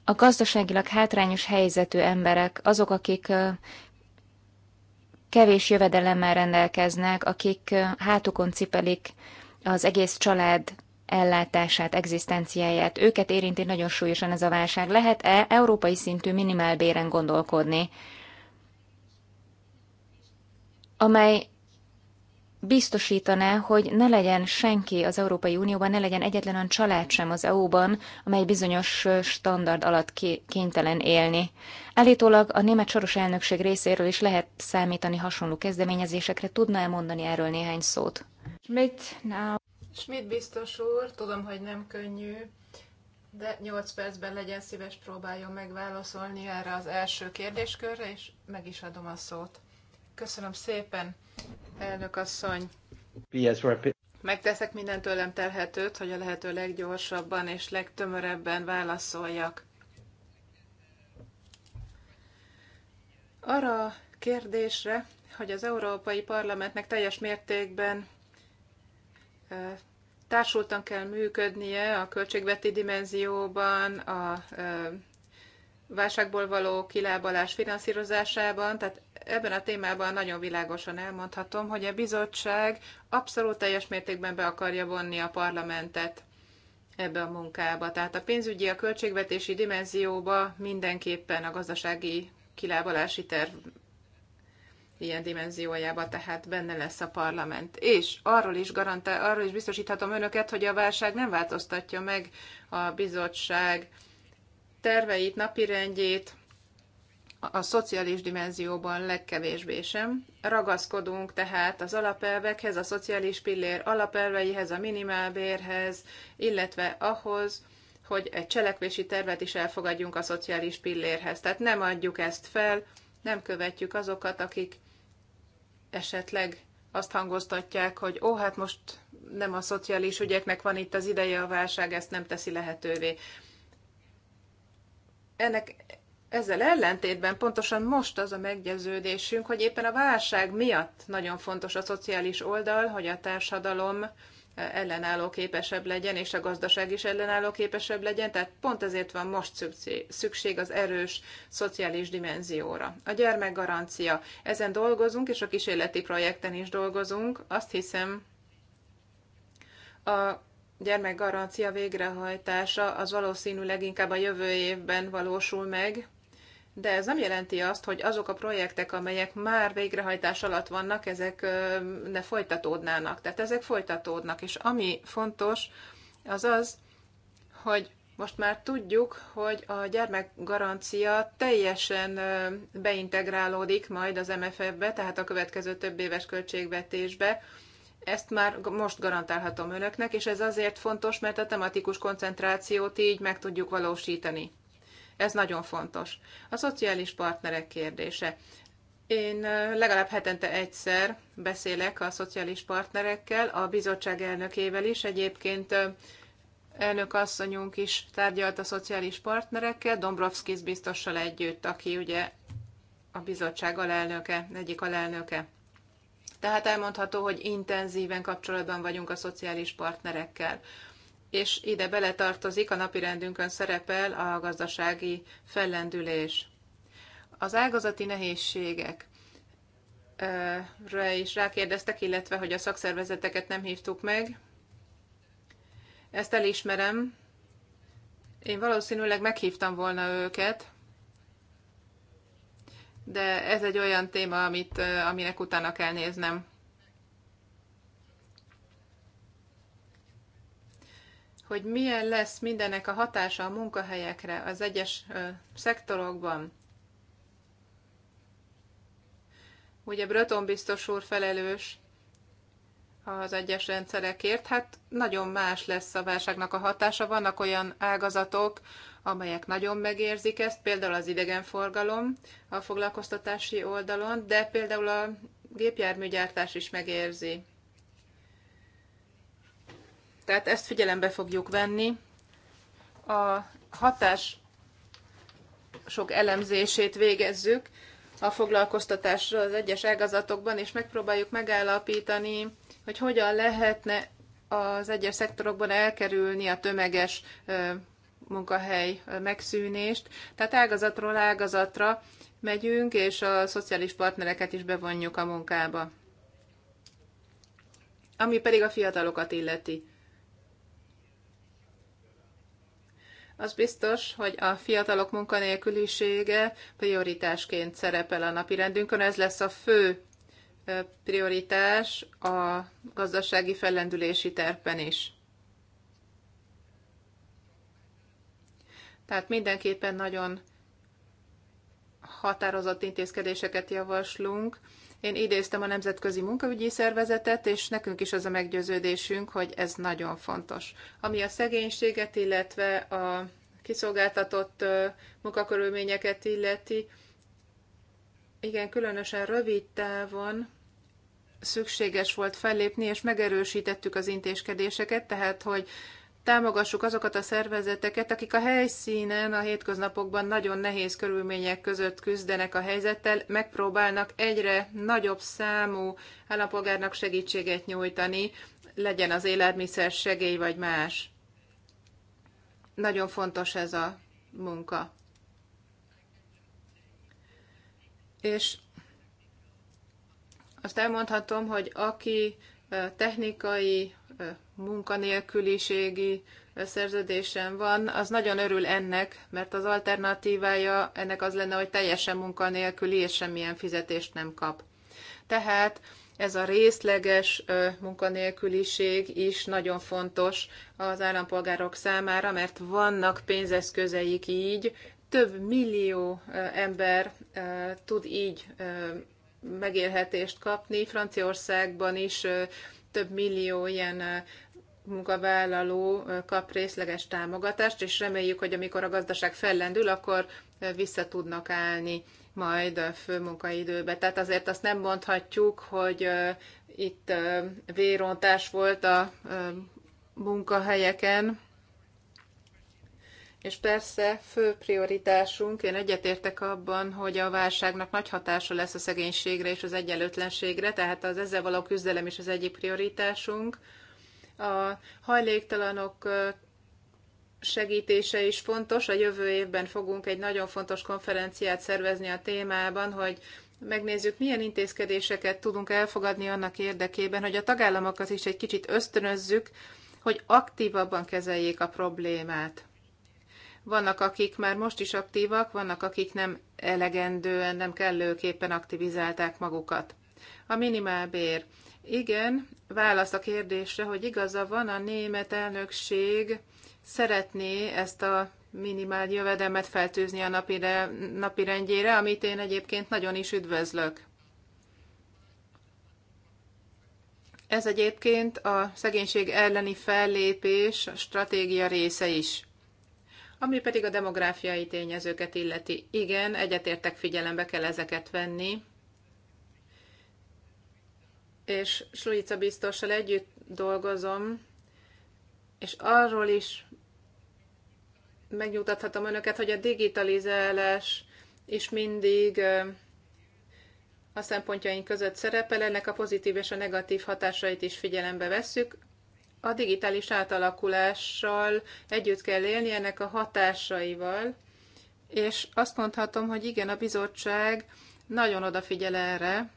a gazdaságilag hátrányos helyzetű emberek, azok, akik kevés jövedelemmel rendelkeznek, akik hátukon cipelik az egész család ellátását, egzisztenciáját. Őket érinti nagyon súlyosan ez a válság. Lehet-e európai szintű minimálbéren gondolkodni, amely biztosítaná, hogy ne legyen senki az Európai Unióban, ne legyen egyetlen olyan család sem az EU-ban, amely bizonyos standard alatt kénytelen élni. Állítólag a német soros elnökség részéről is lehet számítani hasonló kezdeményezésekre. Tudna-e mondani erről néhány szót? Schmidt, now. Schmidt biztos úr, tudom, hogy nem könnyű, de 8 percben legyen szíves, próbáljon megválaszolni erre az első kérdéskörre, és meg is adom a szót. Köszönöm szépen, elnök asszony. Megteszek minden tőlem telhetőt, hogy a lehető leggyorsabban és legtömörebben válaszoljak. Arra a kérdésre, hogy az Európai Parlamentnek teljes mértékben társultan kell működnie a költségveti dimenzióban, a válságból való kilábalás finanszírozásában, tehát ebben a témában nagyon világosan elmondhatom, hogy a bizottság abszolút teljes mértékben be akarja vonni a parlamentet ebbe a munkába. Tehát a pénzügyi, a költségvetési dimenzióba mindenképpen a gazdasági kilábalási terv ilyen dimenziójába, tehát benne lesz a parlament. És arról is garantál, arról is biztosíthatom önöket, hogy a válság nem változtatja meg a bizottság terveit, napirendjét, a szociális dimenzióban legkevésbé sem. Ragaszkodunk tehát az alapelvekhez, a szociális pillér alapelveihez, a minimálbérhez, illetve ahhoz, hogy egy cselekvési tervet is elfogadjunk a szociális pillérhez. Tehát nem adjuk ezt fel, nem követjük azokat, akik esetleg azt hangoztatják, hogy ó, hát most nem a szociális ügyeknek van itt az ideje, a válság ezt nem teszi lehetővé. Ennek ezzel ellentétben pontosan most az a meggyőződésünk, hogy éppen a válság miatt nagyon fontos a szociális oldal, hogy a társadalom ellenálló képesebb legyen, és a gazdaság is ellenálló képesebb legyen, tehát pont ezért van most szükség az erős szociális dimenzióra. A gyermekgarancia, ezen dolgozunk, és a kísérleti projekten is dolgozunk. Azt hiszem, a gyermekgarancia végrehajtása az valószínűleg inkább a jövő évben valósul meg, de ez nem jelenti azt, hogy azok a projektek, amelyek már végrehajtás alatt vannak, ezek ne folytatódnának. Tehát ezek folytatódnak, és ami fontos, az az, hogy most már tudjuk, hogy a gyermekgarancia teljesen beintegrálódik majd az MFF-be, tehát a következő több éves költségvetésbe. Ezt már most garantálhatom önöknek, és ez azért fontos, mert a tematikus koncentrációt így meg tudjuk valósítani. Ez nagyon fontos. A szociális partnerek kérdése. Én legalább hetente egyszer beszélek a szociális partnerekkel, a bizottság elnökével is. Egyébként elnök asszonyunk is tárgyalt a szociális partnerekkel, Dombrovskis biztossal együtt, aki ugye a bizottság alelnöke, egyik alelnöke. Tehát elmondható, hogy intenzíven kapcsolatban vagyunk a szociális partnerekkel és ide beletartozik, a napirendünkön szerepel a gazdasági fellendülés. Az ágazati nehézségek is rákérdeztek, illetve hogy a szakszervezeteket nem hívtuk meg. Ezt elismerem. Én valószínűleg meghívtam volna őket, de ez egy olyan téma, amit, aminek utána kell néznem. hogy milyen lesz mindennek a hatása a munkahelyekre az egyes szektorokban. Ugye Breton biztos úr felelős az egyes rendszerekért, hát nagyon más lesz a válságnak a hatása. Vannak olyan ágazatok, amelyek nagyon megérzik ezt, például az idegenforgalom a foglalkoztatási oldalon, de például a gépjárműgyártás is megérzi tehát ezt figyelembe fogjuk venni. A hatás sok elemzését végezzük a foglalkoztatásra az egyes ágazatokban, és megpróbáljuk megállapítani, hogy hogyan lehetne az egyes szektorokban elkerülni a tömeges munkahely megszűnést. Tehát ágazatról ágazatra megyünk, és a szociális partnereket is bevonjuk a munkába. Ami pedig a fiatalokat illeti. Az biztos, hogy a fiatalok munkanélkülisége prioritásként szerepel a napirendünkön. Ez lesz a fő prioritás a gazdasági fellendülési terpen is. Tehát mindenképpen nagyon határozott intézkedéseket javaslunk én idéztem a Nemzetközi Munkaügyi Szervezetet, és nekünk is az a meggyőződésünk, hogy ez nagyon fontos. Ami a szegénységet, illetve a kiszolgáltatott munkakörülményeket illeti, igen, különösen rövid távon szükséges volt fellépni, és megerősítettük az intézkedéseket, tehát hogy támogassuk azokat a szervezeteket, akik a helyszínen, a hétköznapokban nagyon nehéz körülmények között küzdenek a helyzettel, megpróbálnak egyre nagyobb számú állampolgárnak segítséget nyújtani, legyen az élelmiszer segély vagy más. Nagyon fontos ez a munka. És azt elmondhatom, hogy aki technikai munkanélküliségi szerződésen van, az nagyon örül ennek, mert az alternatívája ennek az lenne, hogy teljesen munkanélküli és semmilyen fizetést nem kap. Tehát ez a részleges munkanélküliség is nagyon fontos az állampolgárok számára, mert vannak pénzeszközeik így, több millió ember tud így megélhetést kapni. Franciaországban is több millió ilyen munkavállaló kap részleges támogatást, és reméljük, hogy amikor a gazdaság fellendül, akkor vissza tudnak állni majd a főmunkaidőbe. Tehát azért azt nem mondhatjuk, hogy itt vérontás volt a munkahelyeken, és persze fő prioritásunk, én egyetértek abban, hogy a válságnak nagy hatása lesz a szegénységre és az egyenlőtlenségre, tehát az ezzel való küzdelem is az egyik prioritásunk. A hajléktalanok segítése is fontos. A jövő évben fogunk egy nagyon fontos konferenciát szervezni a témában, hogy megnézzük, milyen intézkedéseket tudunk elfogadni annak érdekében, hogy a tagállamokat is egy kicsit ösztönözzük, hogy aktívabban kezeljék a problémát. Vannak, akik már most is aktívak, vannak, akik nem elegendően, nem kellőképpen aktivizálták magukat. A minimálbér. Igen, válasz a kérdésre, hogy igaza van, a német elnökség szeretné ezt a minimál jövedelmet feltűzni a napi napirendjére, amit én egyébként nagyon is üdvözlök. Ez egyébként a szegénység elleni fellépés stratégia része is. Ami pedig a demográfiai tényezőket illeti, igen, egyetértek figyelembe kell ezeket venni, és Sluica biztossal együtt dolgozom, és arról is megnyugtathatom önöket, hogy a digitalizálás is mindig a szempontjaink között szerepel, ennek a pozitív és a negatív hatásait is figyelembe vesszük, a digitális átalakulással együtt kell élni, ennek a hatásaival, és azt mondhatom, hogy igen, a bizottság nagyon odafigyel erre.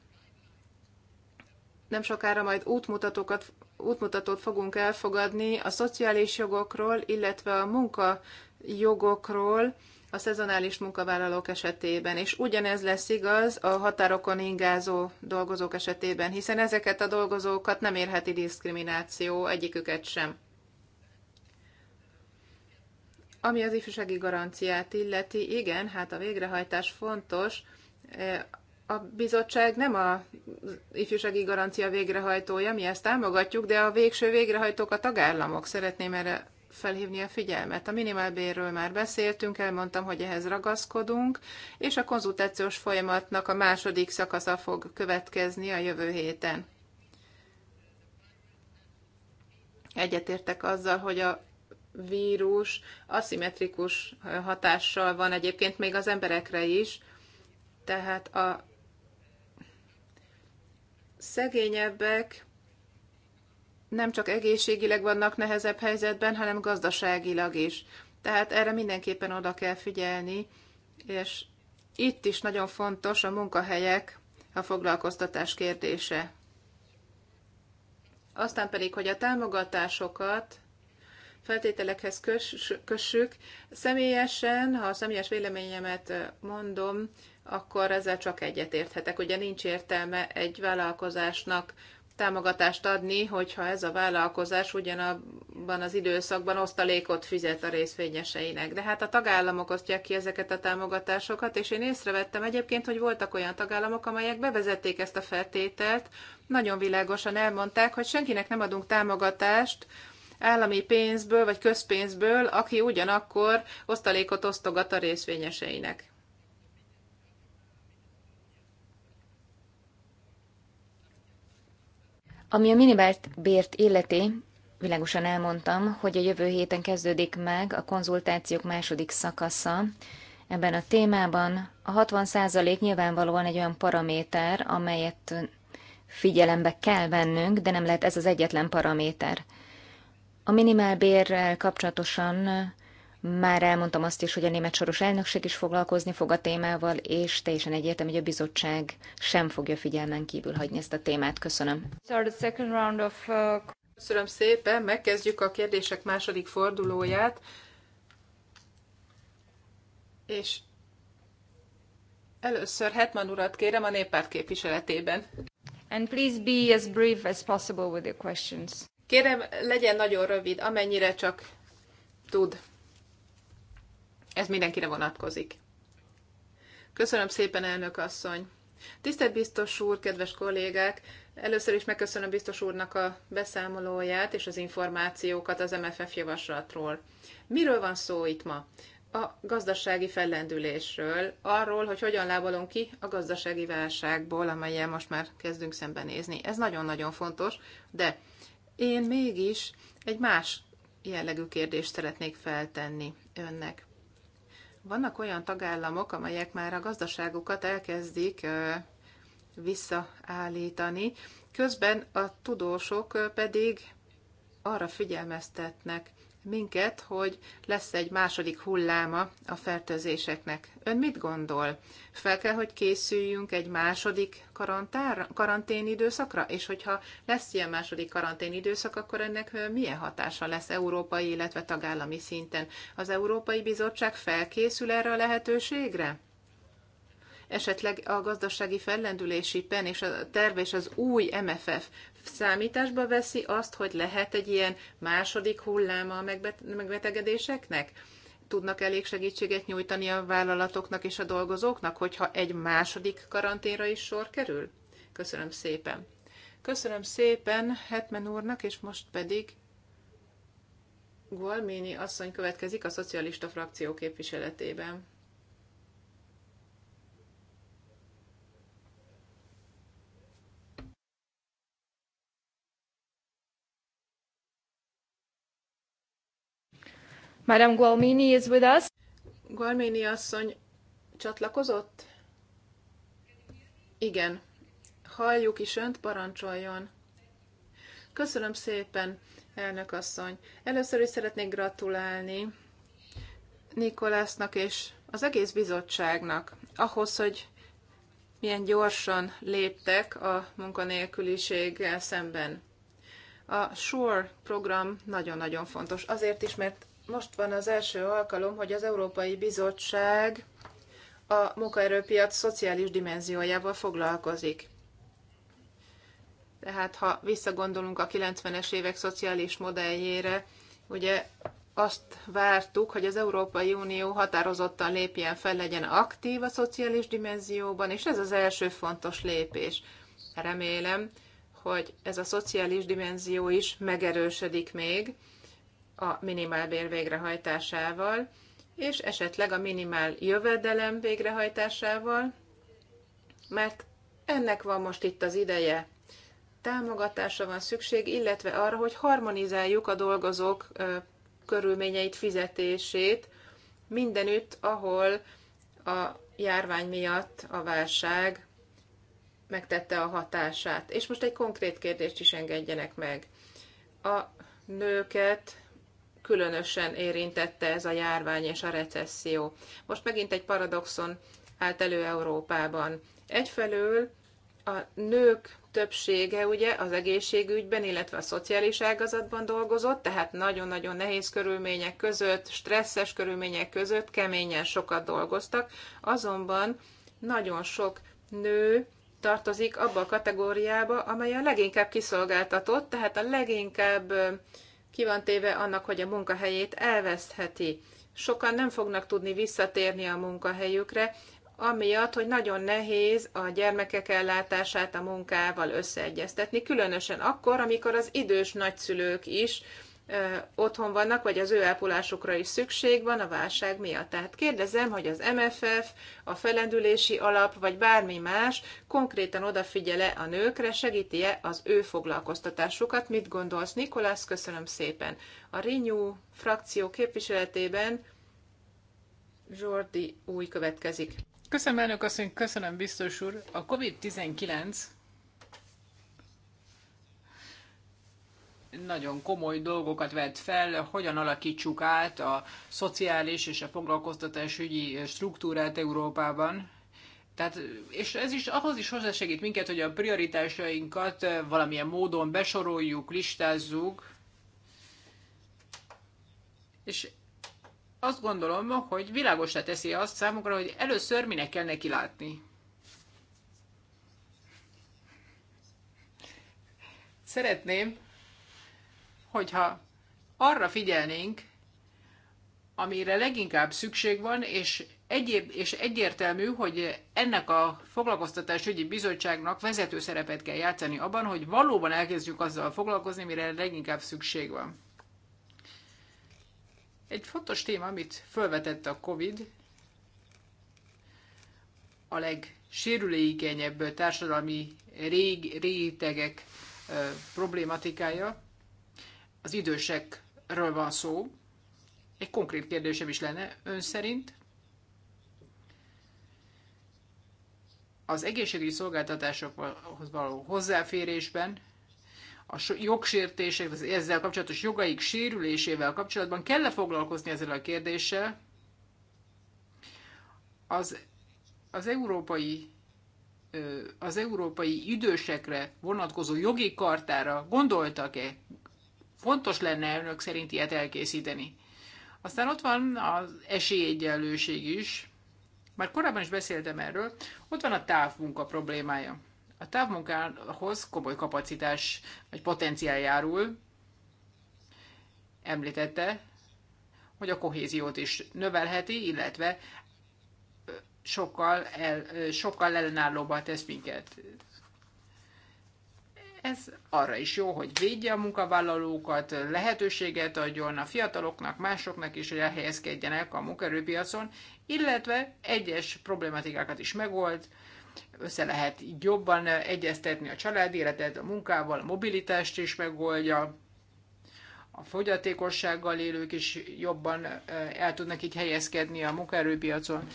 Nem sokára majd útmutatókat, útmutatót fogunk elfogadni a szociális jogokról, illetve a munkajogokról, a szezonális munkavállalók esetében, és ugyanez lesz igaz a határokon ingázó dolgozók esetében, hiszen ezeket a dolgozókat nem érheti diszkrimináció, egyiküket sem. Ami az ifjúsági garanciát illeti, igen, hát a végrehajtás fontos. E, a bizottság nem a ifjúsági garancia végrehajtója, mi ezt támogatjuk, de a végső végrehajtók a tagállamok. Szeretném erre felhívni a figyelmet. A minimálbérről már beszéltünk, elmondtam, hogy ehhez ragaszkodunk, és a konzultációs folyamatnak a második szakasza fog következni a jövő héten. Egyetértek azzal, hogy a vírus aszimmetrikus hatással van egyébként még az emberekre is, tehát a szegényebbek nem csak egészségileg vannak nehezebb helyzetben, hanem gazdaságilag is. Tehát erre mindenképpen oda kell figyelni, és itt is nagyon fontos a munkahelyek, a foglalkoztatás kérdése. Aztán pedig, hogy a támogatásokat feltételekhez kössük. Személyesen, ha a személyes véleményemet mondom, akkor ezzel csak egyet érthetek. Ugye nincs értelme egy vállalkozásnak támogatást adni, hogyha ez a vállalkozás ugyanabban az időszakban osztalékot fizet a részvényeseinek. De hát a tagállamok osztják ki ezeket a támogatásokat, és én észrevettem egyébként, hogy voltak olyan tagállamok, amelyek bevezették ezt a feltételt, nagyon világosan elmondták, hogy senkinek nem adunk támogatást, állami pénzből vagy közpénzből, aki ugyanakkor osztalékot osztogat a részvényeseinek. Ami a minimált bért illeti, világosan elmondtam, hogy a jövő héten kezdődik meg a konzultációk második szakasza, ebben a témában. A 60% nyilvánvalóan egy olyan paraméter, amelyet figyelembe kell vennünk, de nem lehet ez az egyetlen paraméter. A minimálbérrel kapcsolatosan már elmondtam azt is, hogy a német soros elnökség is foglalkozni fog a témával, és teljesen egyértelmű, hogy a bizottság sem fogja figyelmen kívül hagyni ezt a témát. Köszönöm. Uh, Köszönöm szépen, megkezdjük a kérdések második fordulóját. És először Hetman urat kérem a néppárt képviseletében. And please be as brief as possible with your questions. Kérem, legyen nagyon rövid, amennyire csak tud. Ez mindenkire vonatkozik. Köszönöm szépen, elnök asszony! Tisztelt biztos úr, kedves kollégák! Először is megköszönöm biztos úrnak a beszámolóját és az információkat az MFF javaslatról. Miről van szó itt ma? A gazdasági fellendülésről, arról, hogy hogyan lábalunk ki a gazdasági válságból, amelyel most már kezdünk szembenézni. Ez nagyon-nagyon fontos, de én mégis egy más jellegű kérdést szeretnék feltenni önnek. Vannak olyan tagállamok, amelyek már a gazdaságukat elkezdik visszaállítani, közben a tudósok pedig arra figyelmeztetnek, minket, hogy lesz egy második hulláma a fertőzéseknek. Ön mit gondol? Fel kell, hogy készüljünk egy második karantén időszakra? És hogyha lesz ilyen második karantén időszak, akkor ennek milyen hatása lesz európai, illetve tagállami szinten? Az Európai Bizottság felkészül erre a lehetőségre? esetleg a gazdasági fellendülési pen és a terv és az új MFF számításba veszi azt, hogy lehet egy ilyen második hulláma a megbetegedéseknek? Tudnak elég segítséget nyújtani a vállalatoknak és a dolgozóknak, hogyha egy második karanténra is sor kerül? Köszönöm szépen. Köszönöm szépen Hetmen úrnak, és most pedig Gualmini asszony következik a szocialista frakció képviseletében. Madame Gualmini is with us. Gualmini asszony csatlakozott? Igen. Halljuk is önt, parancsoljon. Köszönöm szépen, elnök asszony. Először is szeretnék gratulálni Nikolásznak és az egész bizottságnak ahhoz, hogy milyen gyorsan léptek a munkanélküliséggel szemben. A SURE program nagyon-nagyon fontos. Azért is, mert most van az első alkalom, hogy az Európai Bizottság a munkaerőpiac szociális dimenziójával foglalkozik. Tehát ha visszagondolunk a 90-es évek szociális modelljére, ugye azt vártuk, hogy az Európai Unió határozottan lépjen fel, legyen aktív a szociális dimenzióban, és ez az első fontos lépés. Remélem, hogy ez a szociális dimenzió is megerősödik még, a minimálbér végrehajtásával, és esetleg a minimál jövedelem végrehajtásával, mert ennek van most itt az ideje. Támogatásra van szükség, illetve arra, hogy harmonizáljuk a dolgozók körülményeit, fizetését mindenütt, ahol a járvány miatt a válság megtette a hatását. És most egy konkrét kérdést is engedjenek meg. A nőket különösen érintette ez a járvány és a recesszió. Most megint egy paradoxon állt elő Európában. Egyfelől a nők többsége ugye az egészségügyben, illetve a szociális ágazatban dolgozott, tehát nagyon-nagyon nehéz körülmények között, stresszes körülmények között keményen sokat dolgoztak, azonban nagyon sok nő tartozik abba a kategóriába, amely a leginkább kiszolgáltatott, tehát a leginkább ki van téve annak, hogy a munkahelyét elvesztheti. Sokan nem fognak tudni visszatérni a munkahelyükre, amiatt, hogy nagyon nehéz a gyermekek ellátását a munkával összeegyeztetni, különösen akkor, amikor az idős nagyszülők is otthon vannak, vagy az ő ápolásukra is szükség van a válság miatt. Tehát kérdezem, hogy az MFF, a felendülési alap, vagy bármi más konkrétan odafigyele a nőkre, segíti-e az ő foglalkoztatásukat? Mit gondolsz, Nikolász? Köszönöm szépen. A Renew frakció képviseletében Jordi új következik. Köszönöm, elnök asszony, köszönöm, biztos úr. A COVID-19 nagyon komoly dolgokat vett fel, hogyan alakítsuk át a szociális és a foglalkoztatásügyi struktúrát Európában. Tehát, és ez is ahhoz is hozzásegít minket, hogy a prioritásainkat eh, valamilyen módon besoroljuk, listázzuk. És azt gondolom, hogy világosra teszi azt számukra, hogy először minek kell neki látni. Szeretném, hogyha arra figyelnénk, amire leginkább szükség van, és egyéb, és egyértelmű, hogy ennek a foglalkoztatásügyi bizottságnak vezető szerepet kell játszani abban, hogy valóban elkezdjük azzal foglalkozni, mire leginkább szükség van. Egy fontos téma, amit felvetett a COVID, a legsérülékenyebb társadalmi rég, rétegek ö, problématikája az idősekről van szó. Egy konkrét kérdésem is lenne ön szerint. Az egészségügyi szolgáltatásokhoz való hozzáférésben a jogsértések, az ezzel kapcsolatos jogaik sérülésével kapcsolatban kell-e foglalkozni ezzel a kérdéssel? Az, az európai az európai idősekre vonatkozó jogi kartára gondoltak-e? Fontos lenne önök szerint ilyet elkészíteni. Aztán ott van az esélyegyenlőség is. Már korábban is beszéltem erről. Ott van a távmunka problémája. A távmunkához komoly kapacitás vagy potenciál járul. Említette, hogy a kohéziót is növelheti, illetve sokkal, el, sokkal ellenállóbbá tesz minket. Ez arra is jó, hogy védje a munkavállalókat, lehetőséget adjon a fiataloknak, másoknak is, hogy elhelyezkedjenek a munkaerőpiacon, illetve egyes problématikákat is megold, össze lehet így jobban egyeztetni a család életet a munkával, a mobilitást is megoldja, a fogyatékossággal élők is jobban el tudnak így helyezkedni a munkaerőpiacon,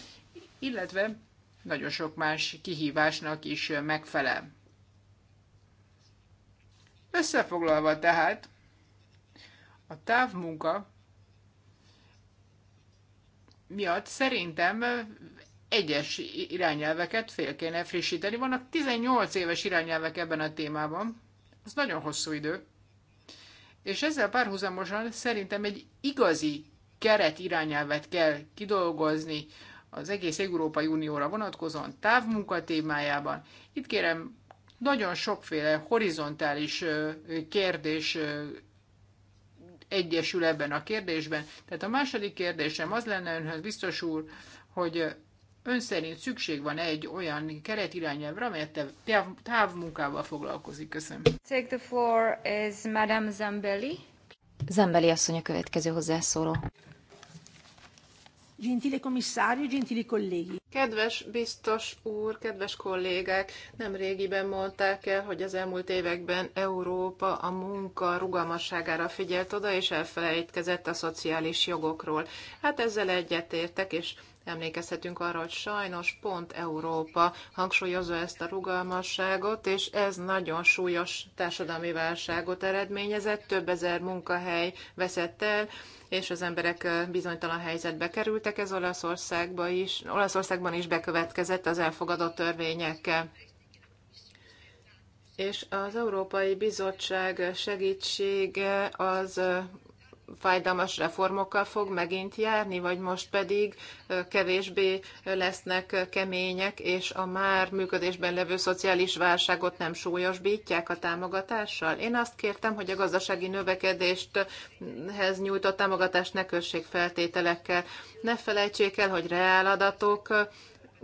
illetve nagyon sok más kihívásnak is megfelel. Összefoglalva tehát, a távmunka miatt szerintem egyes irányelveket fél kéne frissíteni. Vannak 18 éves irányelvek ebben a témában, az nagyon hosszú idő. És ezzel párhuzamosan szerintem egy igazi keret irányelvet kell kidolgozni az egész Európai Unióra vonatkozóan távmunka témájában. Itt kérem nagyon sokféle horizontális kérdés egyesül ebben a kérdésben. Tehát a második kérdésem az lenne önhöz, biztos úr, hogy ön szerint szükség van egy olyan keretirányelvre, amelyet távmunkával foglalkozik. Köszönöm. Take the floor is Madame Zambelli. Zambelli asszony a következő hozzászóló. Gentile commissario, gentili colleghi. Kedves biztos úr, kedves kollégák, nem régiben mondták el, hogy az elmúlt években Európa a munka rugalmasságára figyelt oda, és elfelejtkezett a szociális jogokról. Hát ezzel egyetértek, és Emlékezhetünk arra, hogy sajnos pont Európa hangsúlyozza ezt a rugalmasságot, és ez nagyon súlyos társadalmi válságot eredményezett, több ezer munkahely veszett el, és az emberek bizonytalan helyzetbe kerültek, ez Olaszországba is, Olaszországban is bekövetkezett az elfogadott törvényekkel. És az Európai Bizottság segítsége az fájdalmas reformokkal fog megint járni, vagy most pedig kevésbé lesznek kemények, és a már működésben levő szociális válságot nem súlyosbítják a támogatással? Én azt kértem, hogy a gazdasági növekedésthez nyújtott támogatást ne kössék feltételekkel. Ne felejtsék el, hogy reáladatok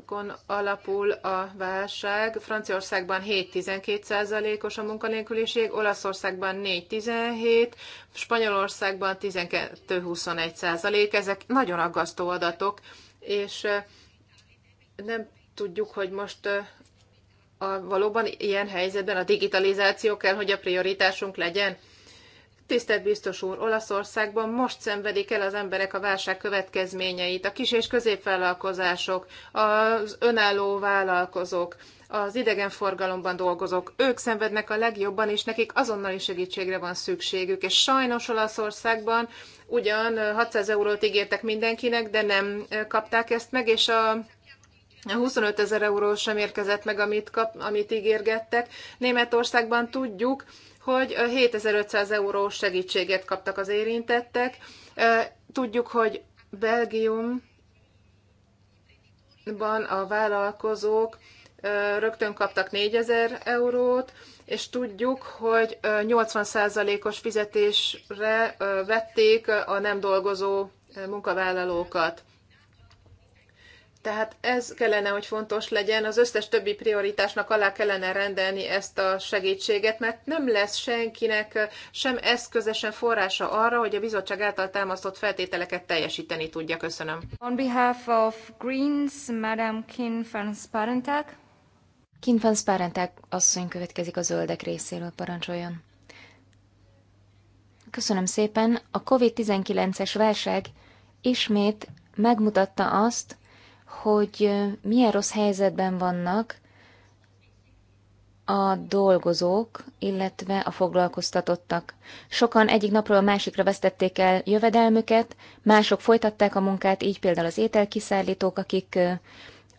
adatokon alapul a válság. Franciaországban 7-12 százalékos a munkanélküliség, Olaszországban 4-17, Spanyolországban 12-21 százalék. Ezek nagyon aggasztó adatok, és nem tudjuk, hogy most a, valóban ilyen helyzetben a digitalizáció kell, hogy a prioritásunk legyen. Tisztelt biztos úr, Olaszországban most szenvedik el az emberek a válság következményeit, a kis és középvállalkozások, az önálló vállalkozók, az idegenforgalomban dolgozók, ők szenvednek a legjobban, és nekik azonnali segítségre van szükségük. És sajnos Olaszországban ugyan 600 eurót ígértek mindenkinek, de nem kapták ezt meg, és a 25 ezer euró sem érkezett meg, amit, kap, amit ígérgettek. Németországban tudjuk, hogy 7500 eurós segítséget kaptak az érintettek. Tudjuk, hogy Belgiumban a vállalkozók rögtön kaptak 4000 eurót, és tudjuk, hogy 80%-os fizetésre vették a nem dolgozó munkavállalókat. Tehát ez kellene, hogy fontos legyen, az összes többi prioritásnak alá kellene rendelni ezt a segítséget, mert nem lesz senkinek sem eszköze, sem forrása arra, hogy a bizottság által támasztott feltételeket teljesíteni tudja. Köszönöm. On behalf of Greens, Madam Kin van Sparentak. Kin van Sparentak asszony következik a zöldek részéről, parancsoljon. Köszönöm szépen. A COVID-19-es válság ismét megmutatta azt, hogy milyen rossz helyzetben vannak a dolgozók, illetve a foglalkoztatottak. Sokan egyik napról a másikra vesztették el jövedelmüket, mások folytatták a munkát, így például az ételkiszállítók, akik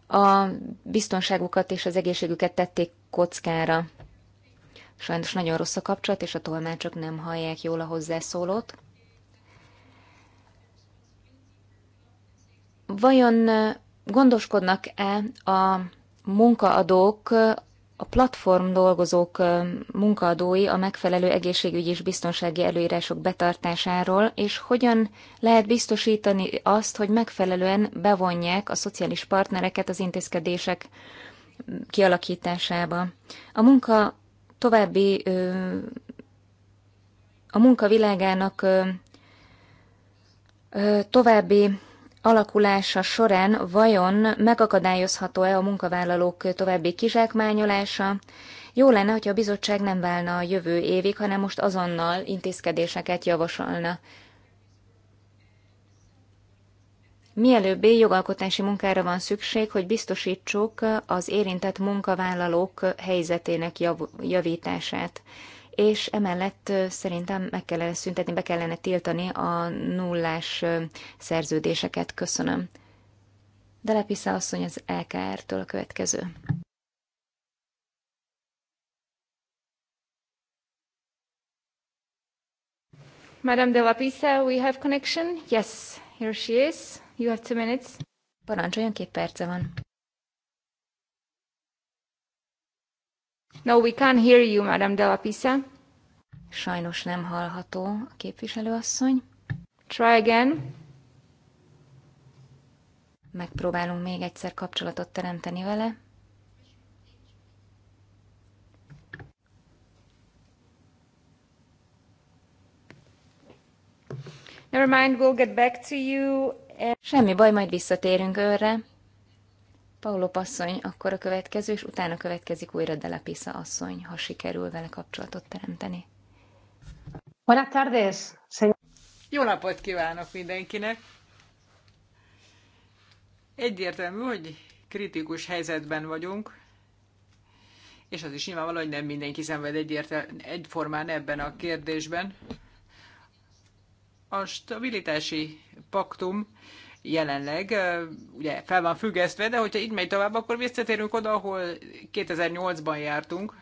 a biztonságukat és az egészségüket tették kockára. Sajnos nagyon rossz a kapcsolat, és a tolmácsok nem hallják jól a hozzászólót. Vajon gondoskodnak-e a munkaadók, a platform dolgozók munkaadói a megfelelő egészségügyi és biztonsági előírások betartásáról, és hogyan lehet biztosítani azt, hogy megfelelően bevonják a szociális partnereket az intézkedések kialakításába. A munka további a munkavilágának további alakulása során vajon megakadályozható-e a munkavállalók további kizsákmányolása? Jó lenne, hogyha a bizottság nem válna a jövő évig, hanem most azonnal intézkedéseket javasolna. Mielőbbi jogalkotási munkára van szükség, hogy biztosítsuk az érintett munkavállalók helyzetének jav- javítását és emellett szerintem meg kellene szüntetni, be kellene tiltani a nullás szerződéseket. Köszönöm. De Lepisza asszony az LKR-től a következő. Madame de Lapisa, we have connection. Yes, here she is. You have two minutes. Parancsoljon, két perce van. No, we can't hear you, Madame de la Pisa. Sajnos nem hallható a képviselőasszony. Try again. Megpróbálunk még egyszer kapcsolatot teremteni vele. Never mind, we'll get back to you. And... Semmi baj, majd visszatérünk őre. Paulo asszony akkor a következő, és utána következik újra Delapisa asszony, ha sikerül vele kapcsolatot teremteni. Buenas tardes, señor. Jó napot kívánok mindenkinek! Egyértelmű, hogy kritikus helyzetben vagyunk, és az is nyilvánvaló, hogy nem mindenki szenved egyformán ebben a kérdésben. A stabilitási paktum jelenleg ugye fel van függesztve, de hogyha így megy tovább, akkor visszatérünk oda, ahol 2008-ban jártunk,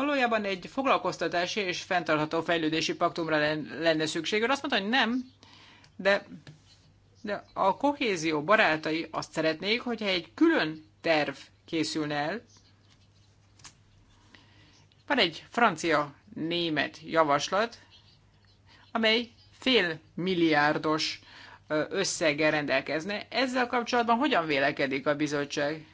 Valójában egy foglalkoztatási és fenntartható fejlődési paktumra lenne szükség. Ön azt mondta, hogy nem, de, de a kohézió barátai azt szeretnék, hogyha egy külön terv készülne el. Van egy francia-német javaslat, amely fél milliárdos összeggel rendelkezne. Ezzel kapcsolatban hogyan vélekedik a bizottság?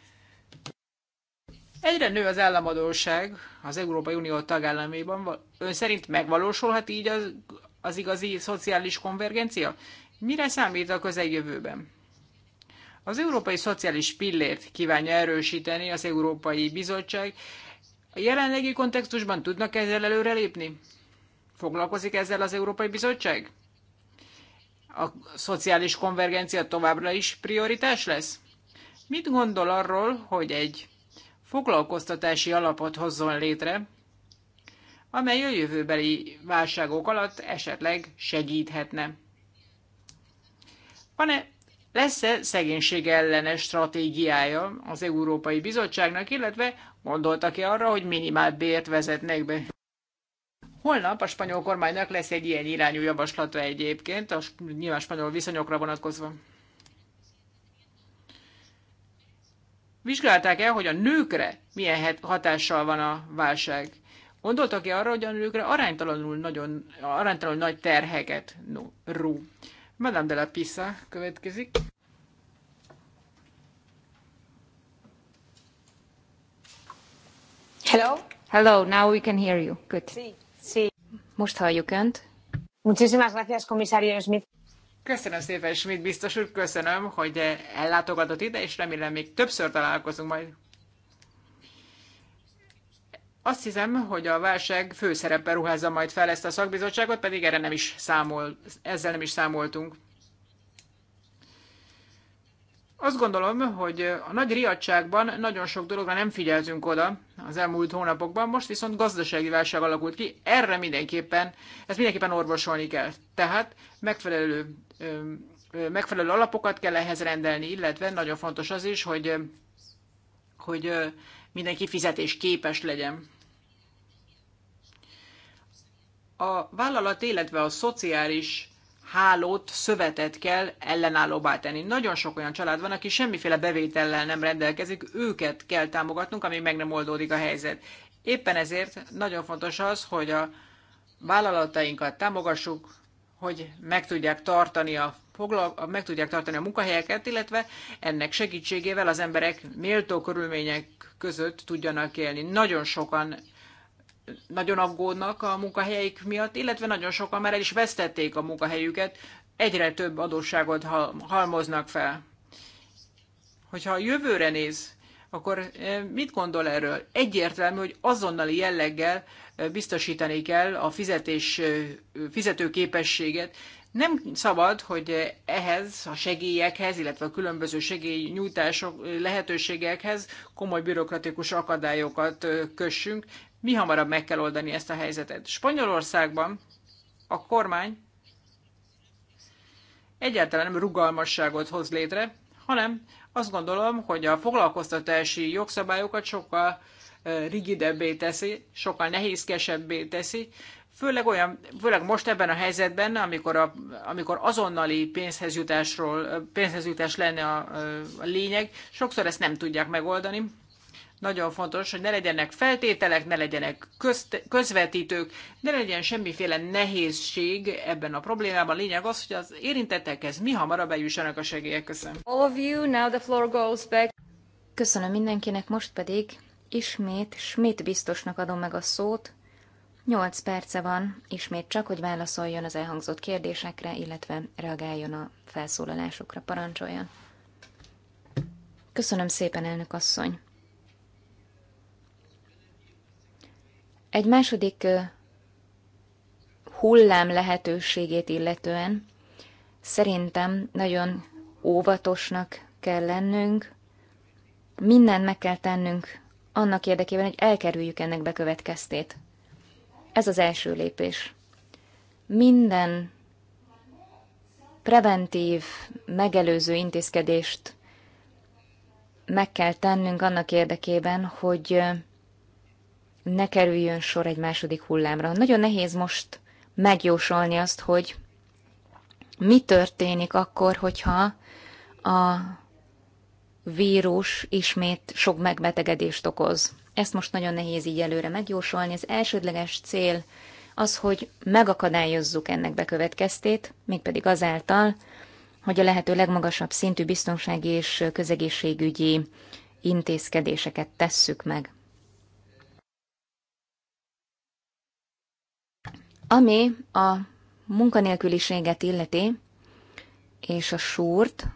Egyre nő az államadóság az Európai Unió tagállamében. Ön szerint megvalósulhat így az, az igazi szociális konvergencia? Mire számít a közeljövőben? Az Európai Szociális Pillért kívánja erősíteni az Európai Bizottság. A jelenlegi kontextusban tudnak ezzel előrelépni? Foglalkozik ezzel az Európai Bizottság? A szociális konvergencia továbbra is prioritás lesz? Mit gondol arról, hogy egy foglalkoztatási alapot hozzon létre, amely a jövőbeli válságok alatt esetleg segíthetne. Van-e lesz-e szegénység ellenes stratégiája az Európai Bizottságnak, illetve gondoltak-e arra, hogy minimál bért vezetnek be? Holnap a spanyol kormánynak lesz egy ilyen irányú javaslata egyébként, a nyilván spanyol viszonyokra vonatkozva. Vizsgálták el, hogy a nőkre milyen hatással van a válság. Gondoltak-e arra, hogy a nőkre aránytalanul, nagyon, aránytalanul nagy terheket no, ró? Madame de la Pisa következik. Hello? Hello, now we can hear you. Good. Sí, sí. Most halljuk Önt. Muchísimas gracias, comisario Smith. Köszönöm szépen, Schmidt biztos úr, köszönöm, hogy ellátogatott ide, és remélem még többször találkozunk majd. Azt hiszem, hogy a válság főszerepe ruházza majd fel ezt a szakbizottságot, pedig erre nem is számol, ezzel nem is számoltunk. Azt gondolom, hogy a nagy riadságban nagyon sok dologra nem figyeltünk oda az elmúlt hónapokban, most viszont gazdasági válság alakult ki, erre mindenképpen, ezt mindenképpen orvosolni kell. Tehát megfelelő, megfelelő alapokat kell ehhez rendelni, illetve nagyon fontos az is, hogy, hogy mindenki fizetés képes legyen. A vállalat, illetve a szociális hálót, szövetet kell ellenállóbbá tenni. Nagyon sok olyan család van, aki semmiféle bevétellel nem rendelkezik, őket kell támogatnunk, amíg meg nem oldódik a helyzet. Éppen ezért nagyon fontos az, hogy a vállalatainkat támogassuk, hogy meg tudják tartani a meg tudják tartani a munkahelyeket, illetve ennek segítségével az emberek méltó körülmények között tudjanak élni. Nagyon sokan nagyon aggódnak a munkahelyeik miatt, illetve nagyon sokan már el is vesztették a munkahelyüket, egyre több adósságot halmoznak fel. Hogyha a jövőre néz, akkor e, mit gondol erről? Egyértelmű, hogy azonnali jelleggel e, biztosítani kell a fizetés, e, fizetőképességet. Nem szabad, hogy ehhez, a segélyekhez, illetve a különböző segélynyújtások lehetőségekhez komoly bürokratikus akadályokat kössünk mi hamarabb meg kell oldani ezt a helyzetet. Spanyolországban a kormány egyáltalán nem rugalmasságot hoz létre, hanem azt gondolom, hogy a foglalkoztatási jogszabályokat sokkal rigidebbé teszi, sokkal nehézkesebbé teszi, főleg, olyan, főleg most ebben a helyzetben, amikor, a, amikor azonnali pénzhez, jutásról, pénzhez jutás lenne a, a lényeg, sokszor ezt nem tudják megoldani. Nagyon fontos, hogy ne legyenek feltételek, ne legyenek közt, közvetítők, ne legyen semmiféle nehézség ebben a problémában. Lényeg az, hogy az érintettekhez mi hamarabb eljussanak a segélyek. Köszönöm. All of you, now the floor goes back. Köszönöm mindenkinek, most pedig ismét Schmidt biztosnak adom meg a szót. Nyolc perce van, ismét csak, hogy válaszoljon az elhangzott kérdésekre, illetve reagáljon a felszólalásokra, parancsoljon. Köszönöm szépen, elnök asszony! Egy második hullám lehetőségét illetően szerintem nagyon óvatosnak kell lennünk, mindent meg kell tennünk annak érdekében, hogy elkerüljük ennek bekövetkeztét. Ez az első lépés. Minden preventív, megelőző intézkedést meg kell tennünk annak érdekében, hogy ne kerüljön sor egy második hullámra. Nagyon nehéz most megjósolni azt, hogy mi történik akkor, hogyha a vírus ismét sok megbetegedést okoz. Ezt most nagyon nehéz így előre megjósolni. Az elsődleges cél az, hogy megakadályozzuk ennek bekövetkeztét, mégpedig azáltal, hogy a lehető legmagasabb szintű biztonsági és közegészségügyi intézkedéseket tesszük meg. Ami a munkanélküliséget illeti, és a súrt,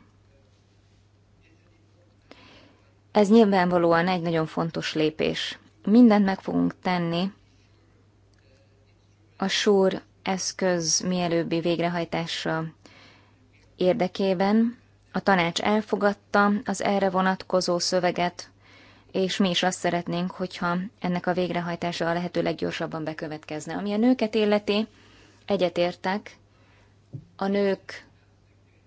ez nyilvánvalóan egy nagyon fontos lépés. Mindent meg fogunk tenni a súr eszköz mielőbbi végrehajtása érdekében. A tanács elfogadta az erre vonatkozó szöveget, és mi is azt szeretnénk, hogyha ennek a végrehajtása a lehető leggyorsabban bekövetkezne. Ami a nőket illeti, egyetértek, a nők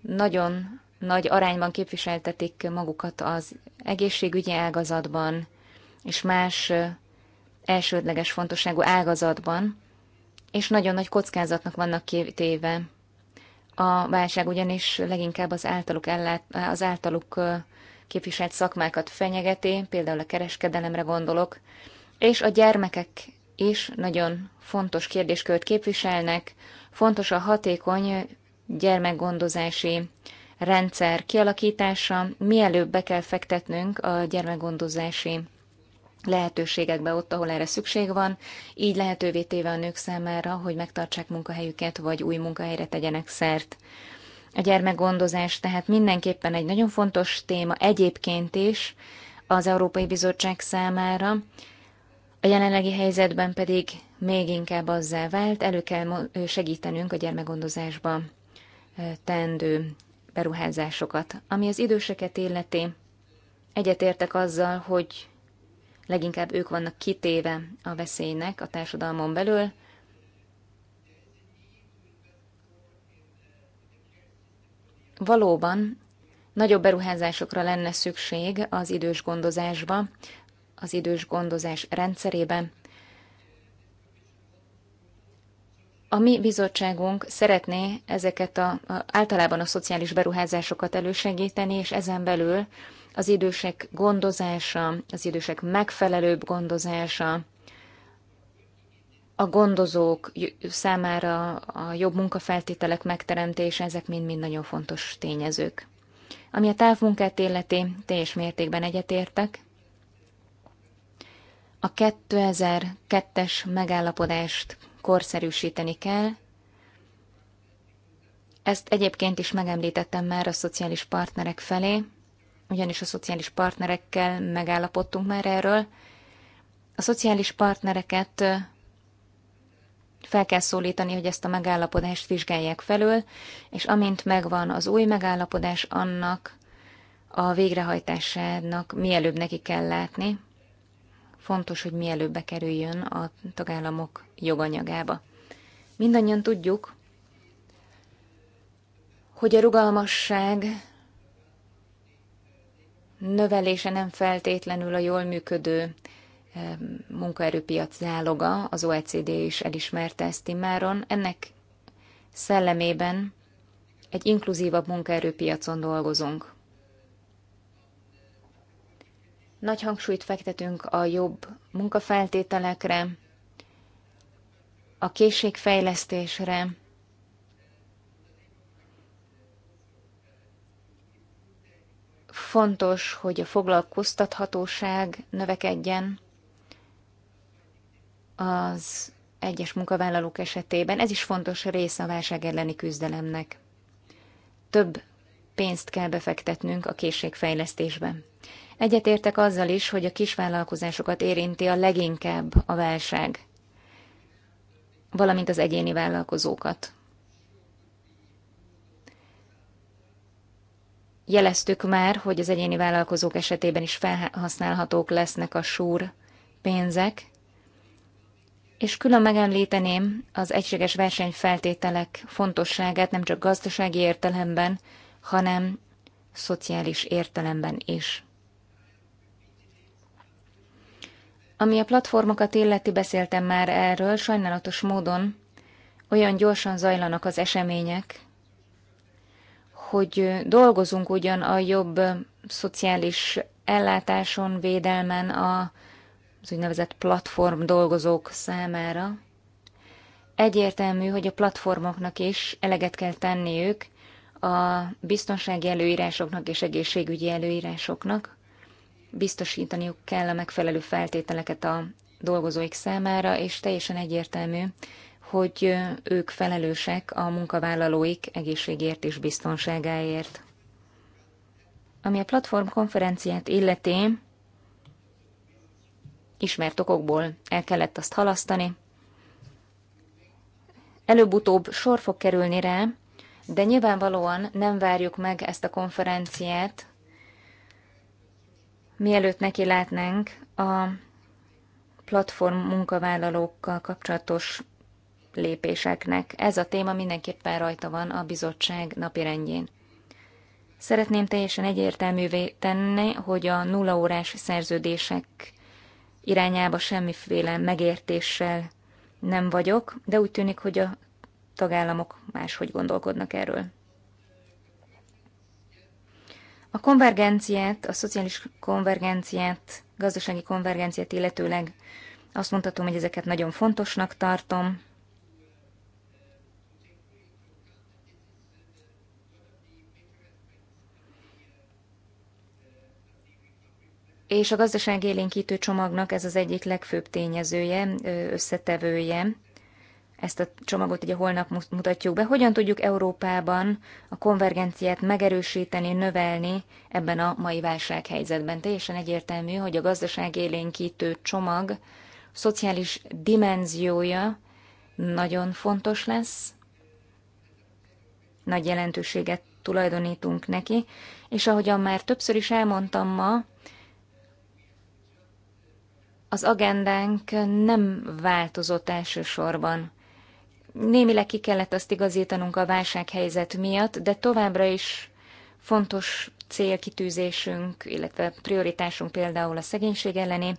nagyon nagy arányban képviseltetik magukat az egészségügyi ágazatban és más elsődleges fontosságú ágazatban, és nagyon nagy kockázatnak vannak téve. A válság ugyanis leginkább az általuk, ellát, az általuk képviselt szakmákat fenyegeti, például a kereskedelemre gondolok, és a gyermekek is nagyon fontos kérdéskört képviselnek, fontos a hatékony gyermekgondozási rendszer kialakítása, mielőbb be kell fektetnünk a gyermekgondozási lehetőségekbe ott, ahol erre szükség van, így lehetővé téve a nők számára, hogy megtartsák munkahelyüket, vagy új munkahelyre tegyenek szert. A gyermekgondozás tehát mindenképpen egy nagyon fontos téma egyébként is az Európai Bizottság számára. A jelenlegi helyzetben pedig még inkább azzá vált, elő kell segítenünk a gyermekgondozásba tendő beruházásokat. Ami az időseket illeti, egyetértek azzal, hogy leginkább ők vannak kitéve a veszélynek a társadalmon belül, Valóban nagyobb beruházásokra lenne szükség az idős gondozásba, az idős gondozás rendszerében. A mi bizottságunk szeretné ezeket a, a, általában a szociális beruházásokat elősegíteni, és ezen belül az idősek gondozása, az idősek megfelelőbb gondozása, a gondozók számára a jobb munkafeltételek megteremtése, ezek mind-mind nagyon fontos tényezők. Ami a távmunkát illeti, teljes mértékben egyetértek. A 2002-es megállapodást korszerűsíteni kell. Ezt egyébként is megemlítettem már a szociális partnerek felé, ugyanis a szociális partnerekkel megállapodtunk már erről. A szociális partnereket fel kell szólítani, hogy ezt a megállapodást vizsgálják felül, és amint megvan az új megállapodás, annak a végrehajtásának mielőbb neki kell látni. Fontos, hogy mielőbb bekerüljön a tagállamok joganyagába. Mindannyian tudjuk, hogy a rugalmasság növelése nem feltétlenül a jól működő munkaerőpiac záloga, az OECD is elismerte ezt immáron. Ennek szellemében egy inkluzívabb munkaerőpiacon dolgozunk. Nagy hangsúlyt fektetünk a jobb munkafeltételekre, a készségfejlesztésre, fontos, hogy a foglalkoztathatóság növekedjen, az egyes munkavállalók esetében. Ez is fontos része a válság elleni küzdelemnek. Több pénzt kell befektetnünk a készségfejlesztésbe. Egyetértek azzal is, hogy a kisvállalkozásokat érinti a leginkább a válság, valamint az egyéni vállalkozókat. Jeleztük már, hogy az egyéni vállalkozók esetében is felhasználhatók lesznek a súr pénzek, és külön megemlíteném az egységes versenyfeltételek fontosságát nem csak gazdasági értelemben, hanem szociális értelemben is. Ami a platformokat illeti, beszéltem már erről, sajnálatos módon olyan gyorsan zajlanak az események, hogy dolgozunk ugyan a jobb szociális ellátáson, védelmen, a az úgynevezett platform dolgozók számára. Egyértelmű, hogy a platformoknak is eleget kell tenniük a biztonsági előírásoknak és egészségügyi előírásoknak. Biztosítaniuk kell a megfelelő feltételeket a dolgozóik számára, és teljesen egyértelmű, hogy ők felelősek a munkavállalóik egészségért és biztonságáért. Ami a platform konferenciát illeti, ismert okokból el kellett azt halasztani. Előbb-utóbb sor fog kerülni rá, de nyilvánvalóan nem várjuk meg ezt a konferenciát, mielőtt neki látnánk a platform munkavállalókkal kapcsolatos lépéseknek. Ez a téma mindenképpen rajta van a bizottság napirendjén. Szeretném teljesen egyértelművé tenni, hogy a nullaórás szerződések irányába semmiféle megértéssel nem vagyok, de úgy tűnik, hogy a tagállamok máshogy gondolkodnak erről. A konvergenciát, a szociális konvergenciát, gazdasági konvergenciát illetőleg azt mondhatom, hogy ezeket nagyon fontosnak tartom. és a gazdaság élénkítő csomagnak ez az egyik legfőbb tényezője, összetevője. Ezt a csomagot ugye holnap mutatjuk be. Hogyan tudjuk Európában a konvergenciát megerősíteni, növelni ebben a mai válsághelyzetben? Teljesen egyértelmű, hogy a gazdaság élénkítő csomag szociális dimenziója nagyon fontos lesz, nagy jelentőséget tulajdonítunk neki, és ahogyan már többször is elmondtam ma, az agendánk nem változott elsősorban. Némileg ki kellett azt igazítanunk a válsághelyzet miatt, de továbbra is fontos célkitűzésünk, illetve prioritásunk például a szegénység elleni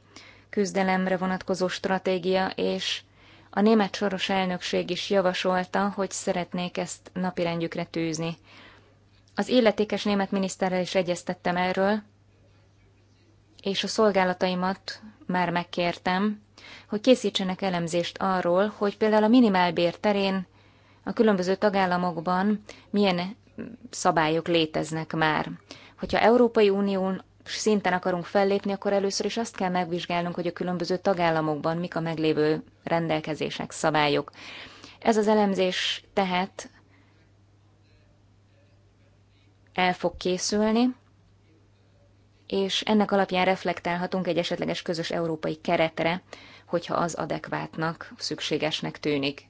küzdelemre vonatkozó stratégia, és a német soros elnökség is javasolta, hogy szeretnék ezt napirendjükre tűzni. Az illetékes német miniszterrel is egyeztettem erről, és a szolgálataimat már megkértem, hogy készítsenek elemzést arról, hogy például a minimálbér terén a különböző tagállamokban milyen szabályok léteznek már. Hogyha Európai Unión szinten akarunk fellépni, akkor először is azt kell megvizsgálnunk, hogy a különböző tagállamokban mik a meglévő rendelkezések, szabályok. Ez az elemzés tehát el fog készülni, és ennek alapján reflektálhatunk egy esetleges közös európai keretre, hogyha az adekvátnak, szükségesnek tűnik.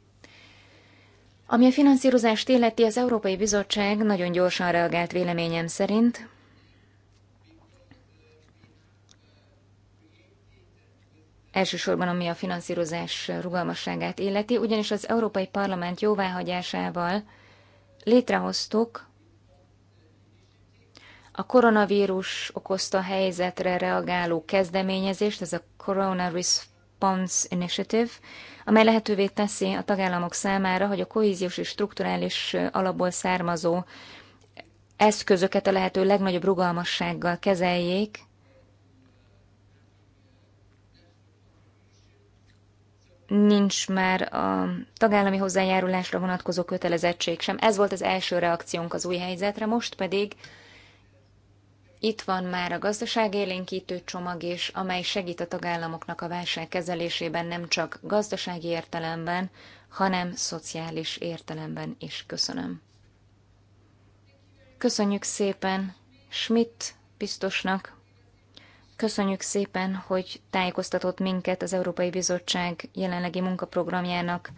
Ami a finanszírozást illeti, az Európai Bizottság nagyon gyorsan reagált véleményem szerint. Elsősorban ami a finanszírozás rugalmasságát illeti, ugyanis az Európai Parlament jóváhagyásával létrehoztuk a koronavírus okozta helyzetre reagáló kezdeményezést, ez a Corona Response Initiative, amely lehetővé teszi a tagállamok számára, hogy a kohéziós és strukturális alapból származó eszközöket a lehető legnagyobb rugalmassággal kezeljék, nincs már a tagállami hozzájárulásra vonatkozó kötelezettség sem. Ez volt az első reakciónk az új helyzetre, most pedig itt van már a gazdaságélénkítő csomag is, amely segít a tagállamoknak a válság kezelésében nem csak gazdasági értelemben, hanem szociális értelemben is. Köszönöm. Köszönjük szépen Schmidt biztosnak, köszönjük szépen, hogy tájékoztatott minket az Európai Bizottság jelenlegi munkaprogramjának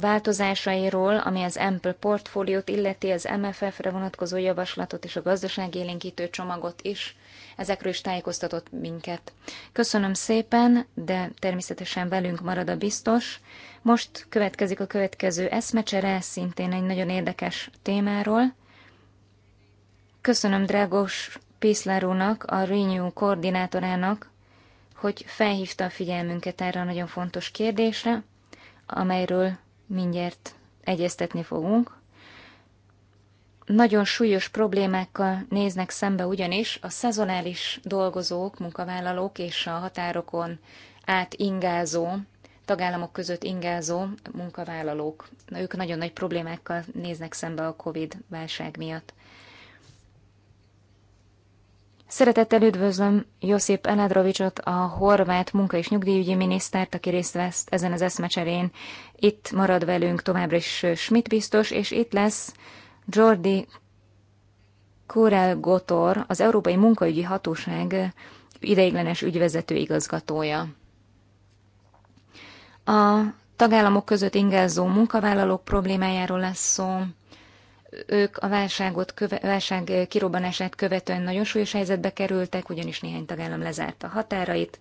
változásairól, ami az Ample portfóliót illeti, az MFF-re vonatkozó javaslatot és a élénkítő csomagot is. Ezekről is tájékoztatott minket. Köszönöm szépen, de természetesen velünk marad a biztos. Most következik a következő eszmecsere, szintén egy nagyon érdekes témáról. Köszönöm Drágos Pészlárónak, a Renew koordinátorának, hogy felhívta a figyelmünket erre a nagyon fontos kérdésre, amelyről mindjárt egyeztetni fogunk. Nagyon súlyos problémákkal néznek szembe ugyanis a szezonális dolgozók, munkavállalók és a határokon át ingázó, tagállamok között ingázó munkavállalók. Ők nagyon nagy problémákkal néznek szembe a COVID válság miatt. Szeretettel üdvözlöm Josip Eladrovicsot, a horvát munka- és nyugdíjügyi minisztert, aki részt vesz ezen az eszmecserén. Itt marad velünk továbbra is Schmidt biztos, és itt lesz Jordi Kurel Gotor, az Európai Munkaügyi Hatóság ideiglenes ügyvezető igazgatója. A tagállamok között ingázó munkavállalók problémájáról lesz szó, ők a válságot köve, válság kirobbanását követően nagyon súlyos helyzetbe kerültek, ugyanis néhány tagállam lezárta a határait.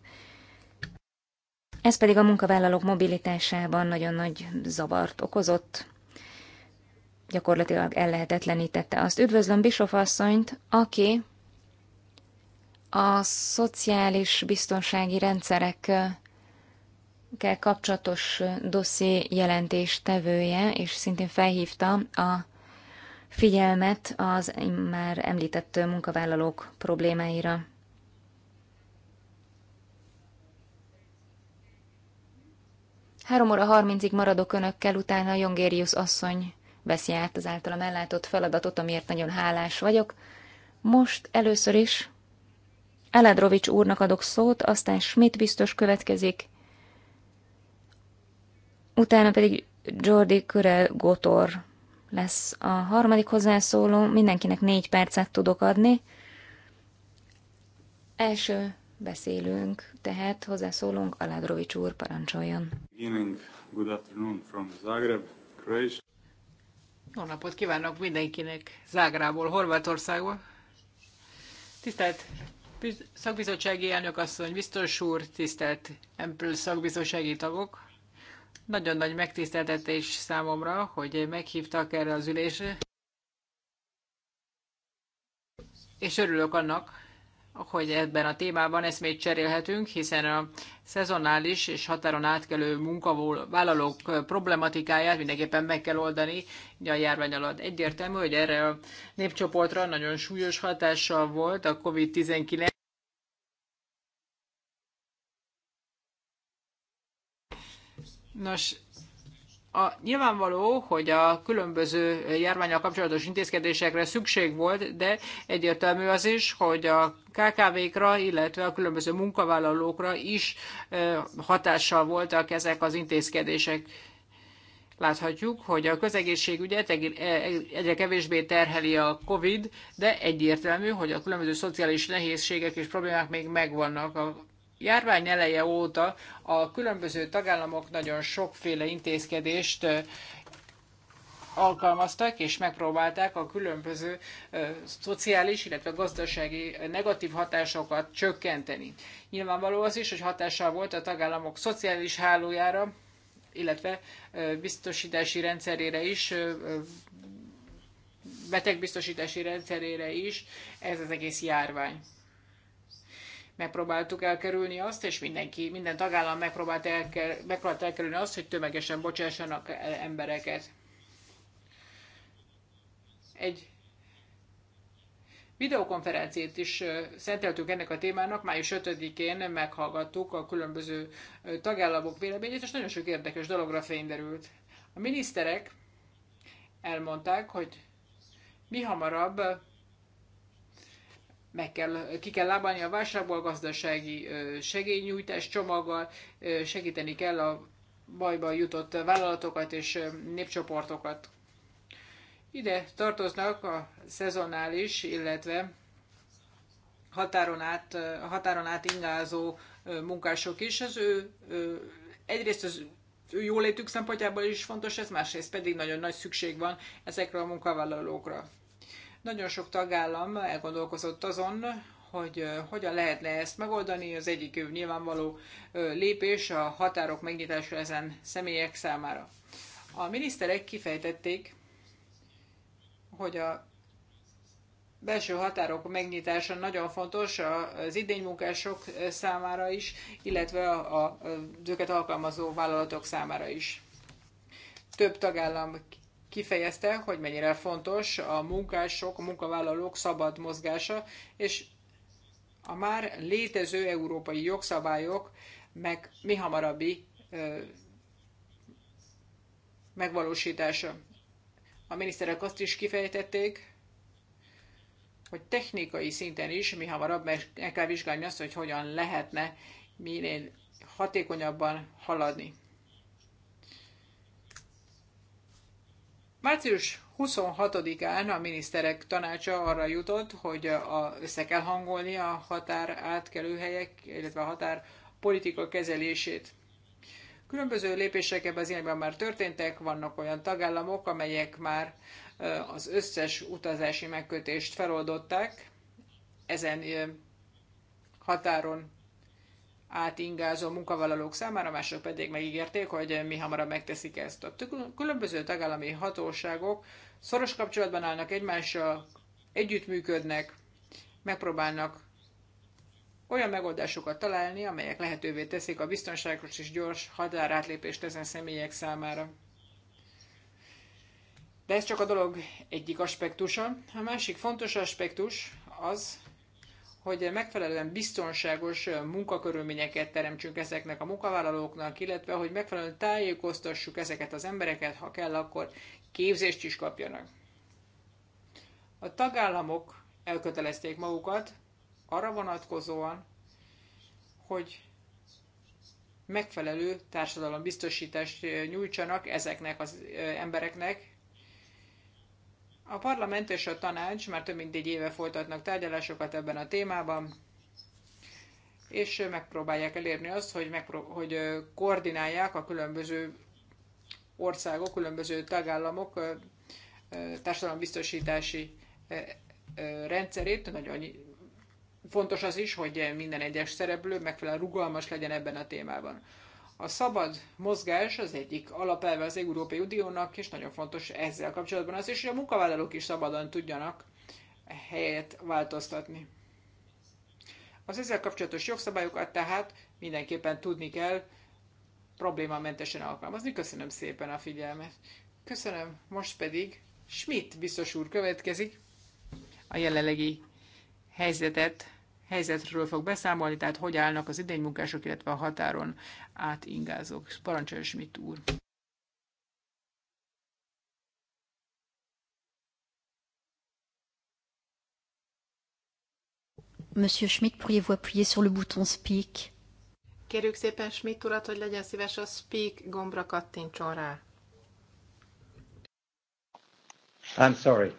Ez pedig a munkavállalók mobilitásában nagyon nagy zavart okozott, gyakorlatilag ellehetetlenítette azt. Üdvözlöm Bischoff asszonyt, aki a szociális biztonsági rendszerekkel kapcsolatos dosszi jelentés tevője, és szintén felhívta a figyelmet az már említett munkavállalók problémáira. Három óra harmincig maradok önökkel, utána Jongérius asszony veszi át az általam ellátott feladatot, amiért nagyon hálás vagyok. Most először is Eladrovics úrnak adok szót, aztán Schmidt biztos következik, utána pedig Jordi Körel Gotor lesz a harmadik hozzászóló, mindenkinek négy percet tudok adni. Első beszélünk, tehát hozzászólunk, Aládrovics úr parancsoljon. Good afternoon from Zagreb, Croatia. Jó napot kívánok mindenkinek Zágrából, Horvátországból. Tisztelt szakbizottsági elnök asszony, biztos úr, tisztelt Empl szakbizottsági tagok, nagyon nagy megtiszteltetés számomra, hogy meghívtak erre az ülésre, és örülök annak, hogy ebben a témában eszmét cserélhetünk, hiszen a szezonális és határon átkelő munkavállalók problematikáját mindenképpen meg kell oldani a járvány alatt. Egyértelmű, hogy erre a népcsoportra nagyon súlyos hatással volt a COVID-19. Nos, a, nyilvánvaló, hogy a különböző járványal kapcsolatos intézkedésekre szükség volt, de egyértelmű az is, hogy a KKV-kra, illetve a különböző munkavállalókra is hatással voltak ezek az intézkedések. Láthatjuk, hogy a közegészségügyet e, egyre kevésbé terheli a COVID, de egyértelmű, hogy a különböző szociális nehézségek és problémák még megvannak. A járvány eleje óta a különböző tagállamok nagyon sokféle intézkedést alkalmaztak és megpróbálták a különböző szociális, illetve gazdasági negatív hatásokat csökkenteni. Nyilvánvaló az is, hogy hatással volt a tagállamok szociális hálójára, illetve biztosítási rendszerére is, betegbiztosítási rendszerére is ez az egész járvány megpróbáltuk elkerülni azt, és mindenki, minden tagállam megpróbált, elker, megpróbált elkerülni azt, hogy tömegesen bocsássanak el embereket. Egy videokonferenciát is szenteltünk ennek a témának, május 5-én meghallgattuk a különböző tagállamok véleményét, és nagyon sok érdekes dologra fényderült. A miniszterek elmondták, hogy mi hamarabb meg kell, ki kell lábálni a válságból, gazdasági segélynyújtás csomaggal, segíteni kell a bajba jutott vállalatokat és népcsoportokat. Ide tartoznak a szezonális, illetve határon át, határon át ingázó munkások is. Az ő, egyrészt az ő jólétük szempontjából is fontos ez, másrészt pedig nagyon nagy szükség van ezekre a munkavállalókra. Nagyon sok tagállam elgondolkozott azon, hogy hogyan lehetne ezt megoldani. Az egyik nyilvánvaló lépés a határok megnyitása ezen személyek számára. A miniszterek kifejtették, hogy a belső határok megnyitása nagyon fontos az idénymunkások számára is, illetve a, a, őket alkalmazó vállalatok számára is. Több tagállam kifejezte, hogy mennyire fontos a munkások, a munkavállalók szabad mozgása, és a már létező európai jogszabályok meg mi hamarabbi ö, megvalósítása. A miniszterek azt is kifejtették, hogy technikai szinten is mi hamarabb meg kell vizsgálni azt, hogy hogyan lehetne minél hatékonyabban haladni. Március 26-án a miniszterek tanácsa arra jutott, hogy a, össze kell hangolni a határ helyek, illetve a határ politika kezelését. Különböző lépések ebben az irányban már történtek, vannak olyan tagállamok, amelyek már az összes utazási megkötést feloldották ezen határon átingázó munkavállalók számára, mások pedig megígérték, hogy mi hamarabb megteszik ezt. A különböző tagállami hatóságok szoros kapcsolatban állnak egymással, együttműködnek, megpróbálnak olyan megoldásokat találni, amelyek lehetővé teszik a biztonságos és gyors határátlépést ezen személyek számára. De ez csak a dolog egyik aspektusa. A másik fontos aspektus az, hogy megfelelően biztonságos munkakörülményeket teremtsünk ezeknek a munkavállalóknak, illetve hogy megfelelően tájékoztassuk ezeket az embereket, ha kell, akkor képzést is kapjanak. A tagállamok elkötelezték magukat arra vonatkozóan, hogy megfelelő társadalombiztosítást nyújtsanak ezeknek az embereknek, a parlament és a tanács már több mint egy éve folytatnak tárgyalásokat ebben a témában, és megpróbálják elérni azt, hogy, megpró- hogy koordinálják a különböző országok, különböző tagállamok társadalombiztosítási rendszerét. Nagyon fontos az is, hogy minden egyes szereplő megfelelően rugalmas legyen ebben a témában. A szabad mozgás az egyik alapelve az Európai Uniónak, és nagyon fontos ezzel kapcsolatban az is, hogy a munkavállalók is szabadon tudjanak helyet változtatni. Az ezzel kapcsolatos jogszabályokat tehát mindenképpen tudni kell problémamentesen alkalmazni. Köszönöm szépen a figyelmet. Köszönöm, most pedig Schmidt biztos úr következik a jelenlegi helyzetet helyzetről fog beszámolni, tehát hogy állnak az idénymunkások, illetve a határon átingázók. Parancsolja Schmidt úr! Monsieur Schmidt, pourriez-vous appuyer sur le bouton speak? Kérjük szépen Schmidt urat, hogy legyen szíves a speak gombra kattintson rá. I'm sorry.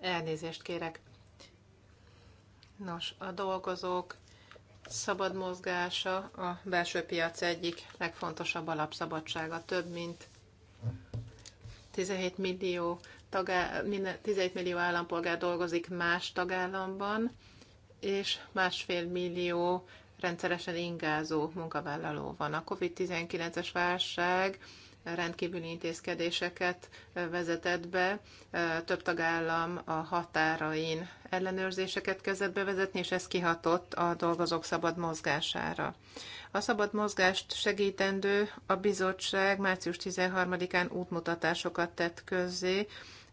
Elnézést kérek. Nos, a dolgozók szabad mozgása a belső piac egyik legfontosabb alapszabadsága. Több mint 17 millió, tagá, 17 millió állampolgár dolgozik más tagállamban, és másfél millió rendszeresen ingázó munkavállaló van. A COVID-19-es válság rendkívüli intézkedéseket vezetett be, több tagállam a határain ellenőrzéseket kezdett bevezetni, és ez kihatott a dolgozók szabad mozgására. A szabad mozgást segítendő a bizottság március 13-án útmutatásokat tett közzé,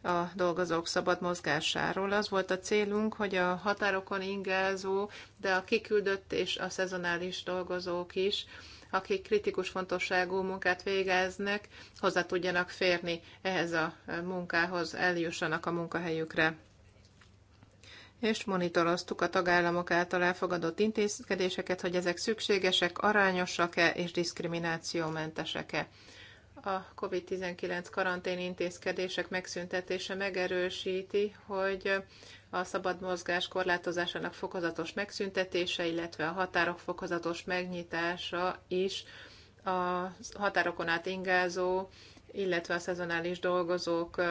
a dolgozók szabad mozgásáról. Az volt a célunk, hogy a határokon ingázó, de a kiküldött és a szezonális dolgozók is akik kritikus fontosságú munkát végeznek, hozzá tudjanak férni ehhez a munkához, eljussanak a munkahelyükre és monitoroztuk a tagállamok által elfogadott intézkedéseket, hogy ezek szükségesek, arányosak-e és diszkriminációmentesek-e a COVID-19 karantén intézkedések megszüntetése megerősíti, hogy a szabad mozgás korlátozásának fokozatos megszüntetése, illetve a határok fokozatos megnyitása is a határokon át ingázó, illetve a szezonális dolgozók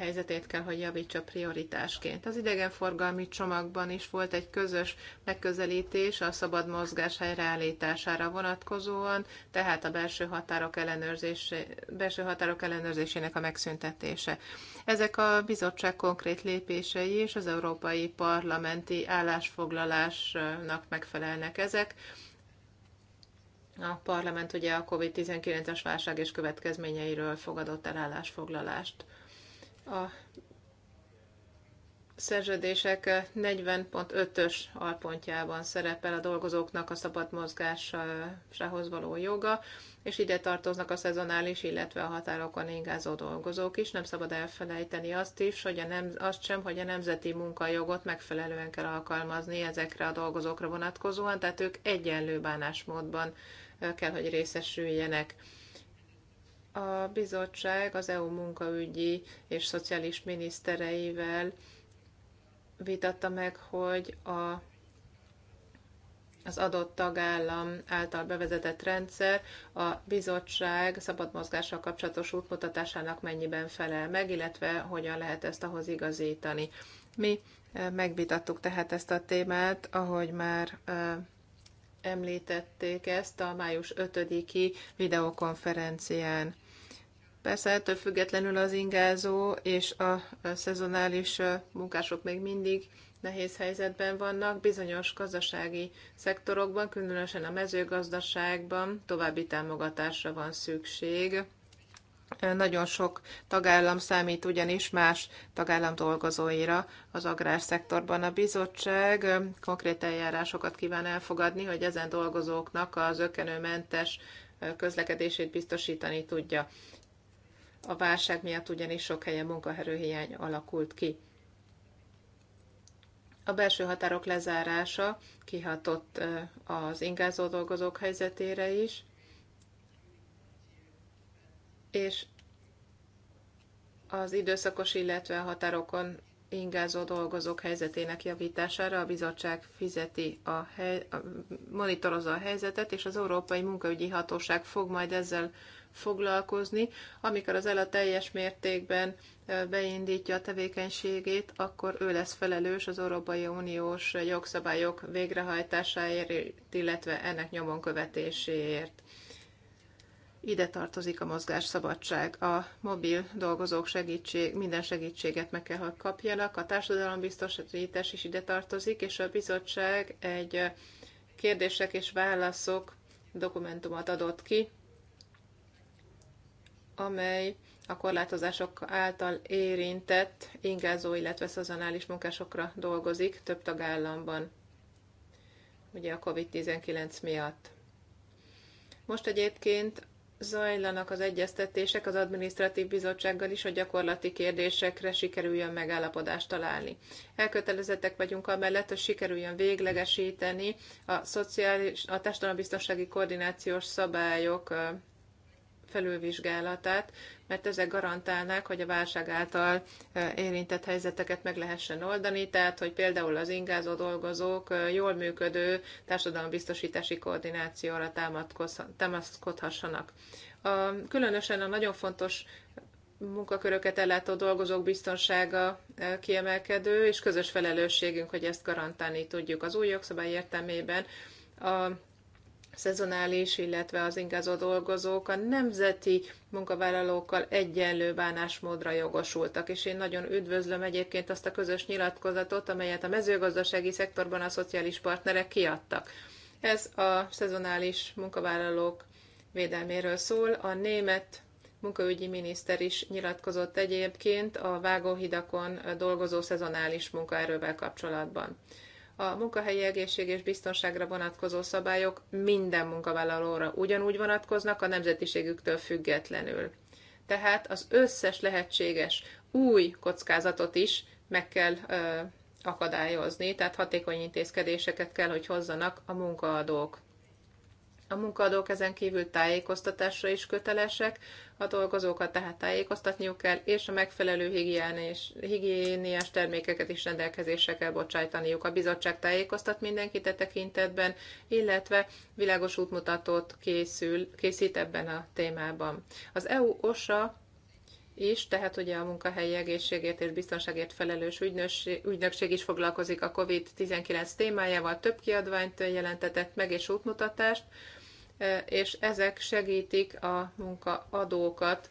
helyzetét kell, hogy javítsa prioritásként. Az idegenforgalmi csomagban is volt egy közös megközelítés a szabad mozgás helyreállítására vonatkozóan, tehát a belső határok, ellenőrzése, belső határok ellenőrzésének a megszüntetése. Ezek a bizottság konkrét lépései és az európai parlamenti állásfoglalásnak megfelelnek ezek. A parlament ugye a COVID-19-es válság és következményeiről fogadott el állásfoglalást a szerződések 40.5-ös alpontjában szerepel a dolgozóknak a szabad mozgásához való joga, és ide tartoznak a szezonális, illetve a határokon ingázó dolgozók is. Nem szabad elfelejteni azt is, hogy a nem, azt sem, hogy a nemzeti munkajogot megfelelően kell alkalmazni ezekre a dolgozókra vonatkozóan, tehát ők egyenlő bánásmódban kell, hogy részesüljenek a bizottság az EU munkaügyi és szociális minisztereivel vitatta meg, hogy a, az adott tagállam által bevezetett rendszer a bizottság szabad mozgással kapcsolatos útmutatásának mennyiben felel meg, illetve hogyan lehet ezt ahhoz igazítani. Mi eh, megvitattuk tehát ezt a témát, ahogy már eh, említették ezt a május 5-i videokonferencián. Persze ettől függetlenül az ingázó és a szezonális munkások még mindig nehéz helyzetben vannak, bizonyos gazdasági szektorokban, különösen a mezőgazdaságban további támogatásra van szükség nagyon sok tagállam számít ugyanis más tagállam dolgozóira az agrárszektorban. A bizottság konkrét eljárásokat kíván elfogadni, hogy ezen dolgozóknak az ökenőmentes közlekedését biztosítani tudja. A válság miatt ugyanis sok helyen munkaerőhiány alakult ki. A belső határok lezárása kihatott az ingázó dolgozók helyzetére is, és az időszakos, illetve a határokon ingázó dolgozók helyzetének javítására a bizottság fizeti a hely, a, monitorozza a helyzetet, és az Európai Munkaügyi Hatóság fog majd ezzel foglalkozni. Amikor az ELA teljes mértékben beindítja a tevékenységét, akkor ő lesz felelős az Európai Uniós jogszabályok végrehajtásáért, illetve ennek nyomon követéséért. Ide tartozik a mozgásszabadság, a mobil dolgozók segítség, minden segítséget meg kell, hogy kapjanak, a társadalombiztosítás is ide tartozik, és a bizottság egy kérdések és válaszok dokumentumot adott ki, amely a korlátozások által érintett ingázó, illetve szezonális munkásokra dolgozik több tagállamban, ugye a COVID-19 miatt. Most egyébként zajlanak az egyeztetések az adminisztratív bizottsággal is, hogy gyakorlati kérdésekre sikerüljön megállapodást találni. Elkötelezettek vagyunk amellett, hogy sikerüljön véglegesíteni a, szociális, a társadalombiztonsági koordinációs szabályok felülvizsgálatát, mert ezek garantálnák, hogy a válság által e, érintett helyzeteket meg lehessen oldani, tehát hogy például az ingázó dolgozók e, jól működő társadalombiztosítási koordinációra támaszkodhassanak. Különösen a nagyon fontos munkaköröket ellátó dolgozók biztonsága e, kiemelkedő, és közös felelősségünk, hogy ezt garantálni tudjuk. Az új jogszabály értelmében a szezonális, illetve az ingázó dolgozók a nemzeti munkavállalókkal egyenlő bánásmódra jogosultak. És én nagyon üdvözlöm egyébként azt a közös nyilatkozatot, amelyet a mezőgazdasági szektorban a szociális partnerek kiadtak. Ez a szezonális munkavállalók védelméről szól. A német munkaügyi miniszter is nyilatkozott egyébként a vágóhidakon dolgozó szezonális munkaerővel kapcsolatban a munkahelyi egészség és biztonságra vonatkozó szabályok minden munkavállalóra ugyanúgy vonatkoznak a nemzetiségüktől függetlenül. Tehát az összes lehetséges új kockázatot is meg kell ö, akadályozni, tehát hatékony intézkedéseket kell, hogy hozzanak a munkaadók. A munkaadók ezen kívül tájékoztatásra is kötelesek, a dolgozókat tehát tájékoztatniuk kell, és a megfelelő higiénés, higiéniás termékeket is rendelkezésre kell bocsájtaniuk. A bizottság tájékoztat mindenkit a e tekintetben, illetve világos útmutatót készül, készít ebben a témában. Az EU OSA is, tehát ugye a munkahelyi egészségért és biztonságért felelős ügynökség, ügynökség is foglalkozik a COVID-19 témájával, több kiadványt jelentetett meg és útmutatást, és ezek segítik a munkaadókat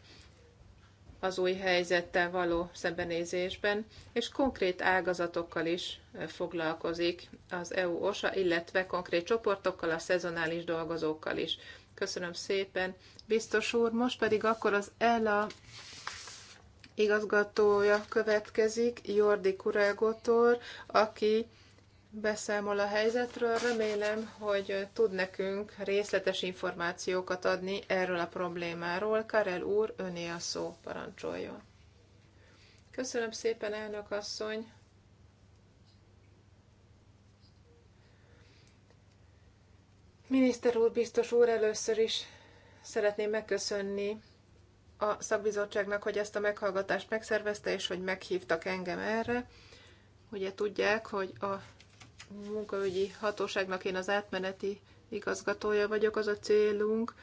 az új helyzettel való szembenézésben, és konkrét ágazatokkal is foglalkozik az EU OSA, illetve konkrét csoportokkal, a szezonális dolgozókkal is. Köszönöm szépen, biztos úr. Most pedig akkor az ELA igazgatója következik, Jordi Kuregotor, aki beszámol a helyzetről. Remélem, hogy tud nekünk részletes információkat adni erről a problémáról. Karel úr, öné a szó, parancsoljon. Köszönöm szépen, elnök asszony. Miniszter úr, biztos úr, először is szeretném megköszönni a szakbizottságnak, hogy ezt a meghallgatást megszervezte, és hogy meghívtak engem erre. Ugye tudják, hogy a munkaügyi hatóságnak én az átmeneti igazgatója vagyok, az a célunk,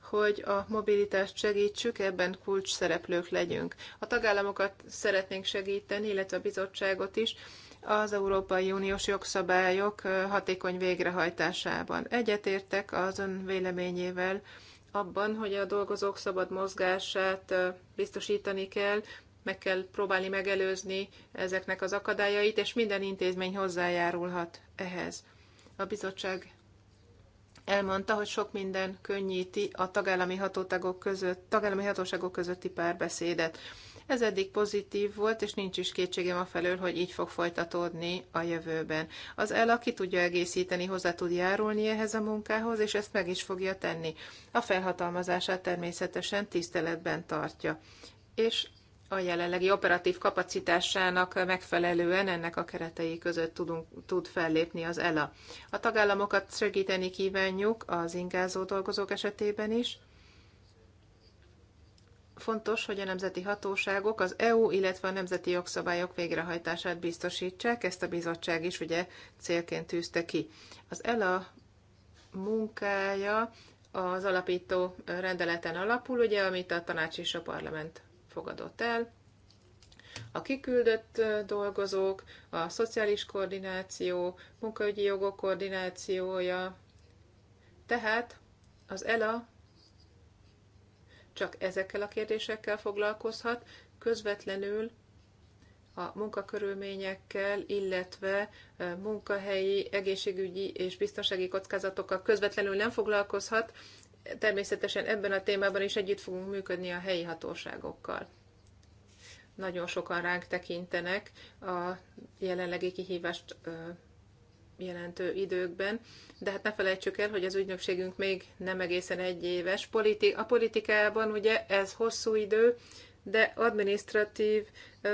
hogy a mobilitást segítsük, ebben kulcs szereplők legyünk. A tagállamokat szeretnénk segíteni, illetve a bizottságot is, az Európai Uniós jogszabályok hatékony végrehajtásában. Egyetértek az ön véleményével abban, hogy a dolgozók szabad mozgását biztosítani kell, meg kell próbálni megelőzni ezeknek az akadályait, és minden intézmény hozzájárulhat ehhez. A bizottság elmondta, hogy sok minden könnyíti a tagállami, hatótagok között, tagállami hatóságok közötti párbeszédet. Ez eddig pozitív volt, és nincs is kétségem a felől, hogy így fog folytatódni a jövőben. Az el, aki tudja egészíteni, hozzá tud járulni ehhez a munkához, és ezt meg is fogja tenni. A felhatalmazását természetesen tiszteletben tartja. És a jelenlegi operatív kapacitásának megfelelően ennek a keretei között tudunk, tud fellépni az ELA. A tagállamokat segíteni kívánjuk az ingázó dolgozók esetében is. Fontos, hogy a nemzeti hatóságok az EU, illetve a nemzeti jogszabályok végrehajtását biztosítsák, ezt a bizottság is ugye célként tűzte ki. Az ELA munkája az alapító rendeleten alapul, ugye, amit a tanács és a parlament fogadott el. A kiküldött dolgozók, a szociális koordináció, munkaügyi jogok koordinációja, tehát az ELA csak ezekkel a kérdésekkel foglalkozhat, közvetlenül a munkakörülményekkel, illetve munkahelyi, egészségügyi és biztonsági kockázatokkal közvetlenül nem foglalkozhat, természetesen ebben a témában is együtt fogunk működni a helyi hatóságokkal. Nagyon sokan ránk tekintenek a jelenlegi kihívást jelentő időkben, de hát ne felejtsük el, hogy az ügynökségünk még nem egészen egy éves. Politi- a politikában ugye ez hosszú idő, de administratív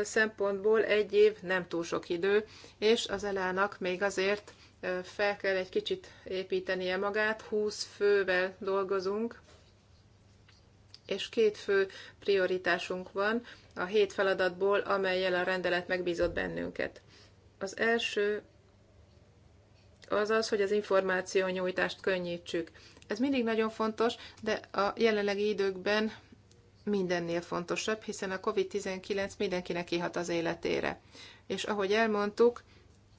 szempontból egy év nem túl sok idő, és az elának még azért fel kell egy kicsit építenie magát, 20 fővel dolgozunk, és két fő prioritásunk van a hét feladatból, amelyel a rendelet megbízott bennünket. Az első az az, hogy az információ nyújtást könnyítsük. Ez mindig nagyon fontos, de a jelenlegi időkben mindennél fontosabb, hiszen a COVID-19 mindenkinek kihat az életére. És ahogy elmondtuk,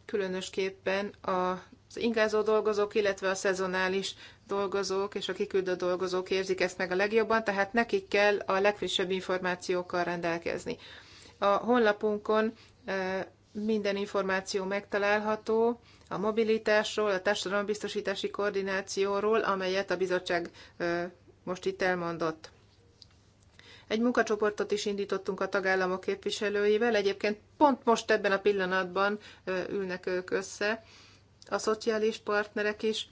különösképpen az ingázó dolgozók, illetve a szezonális dolgozók és a kiküldő dolgozók érzik ezt meg a legjobban, tehát nekik kell a legfrissebb információkkal rendelkezni. A honlapunkon e, minden információ megtalálható a mobilitásról, a társadalombiztosítási koordinációról, amelyet a bizottság e, most itt elmondott. Egy munkacsoportot is indítottunk a tagállamok képviselőivel, egyébként pont most ebben a pillanatban ülnek ők össze. A szociális partnerek is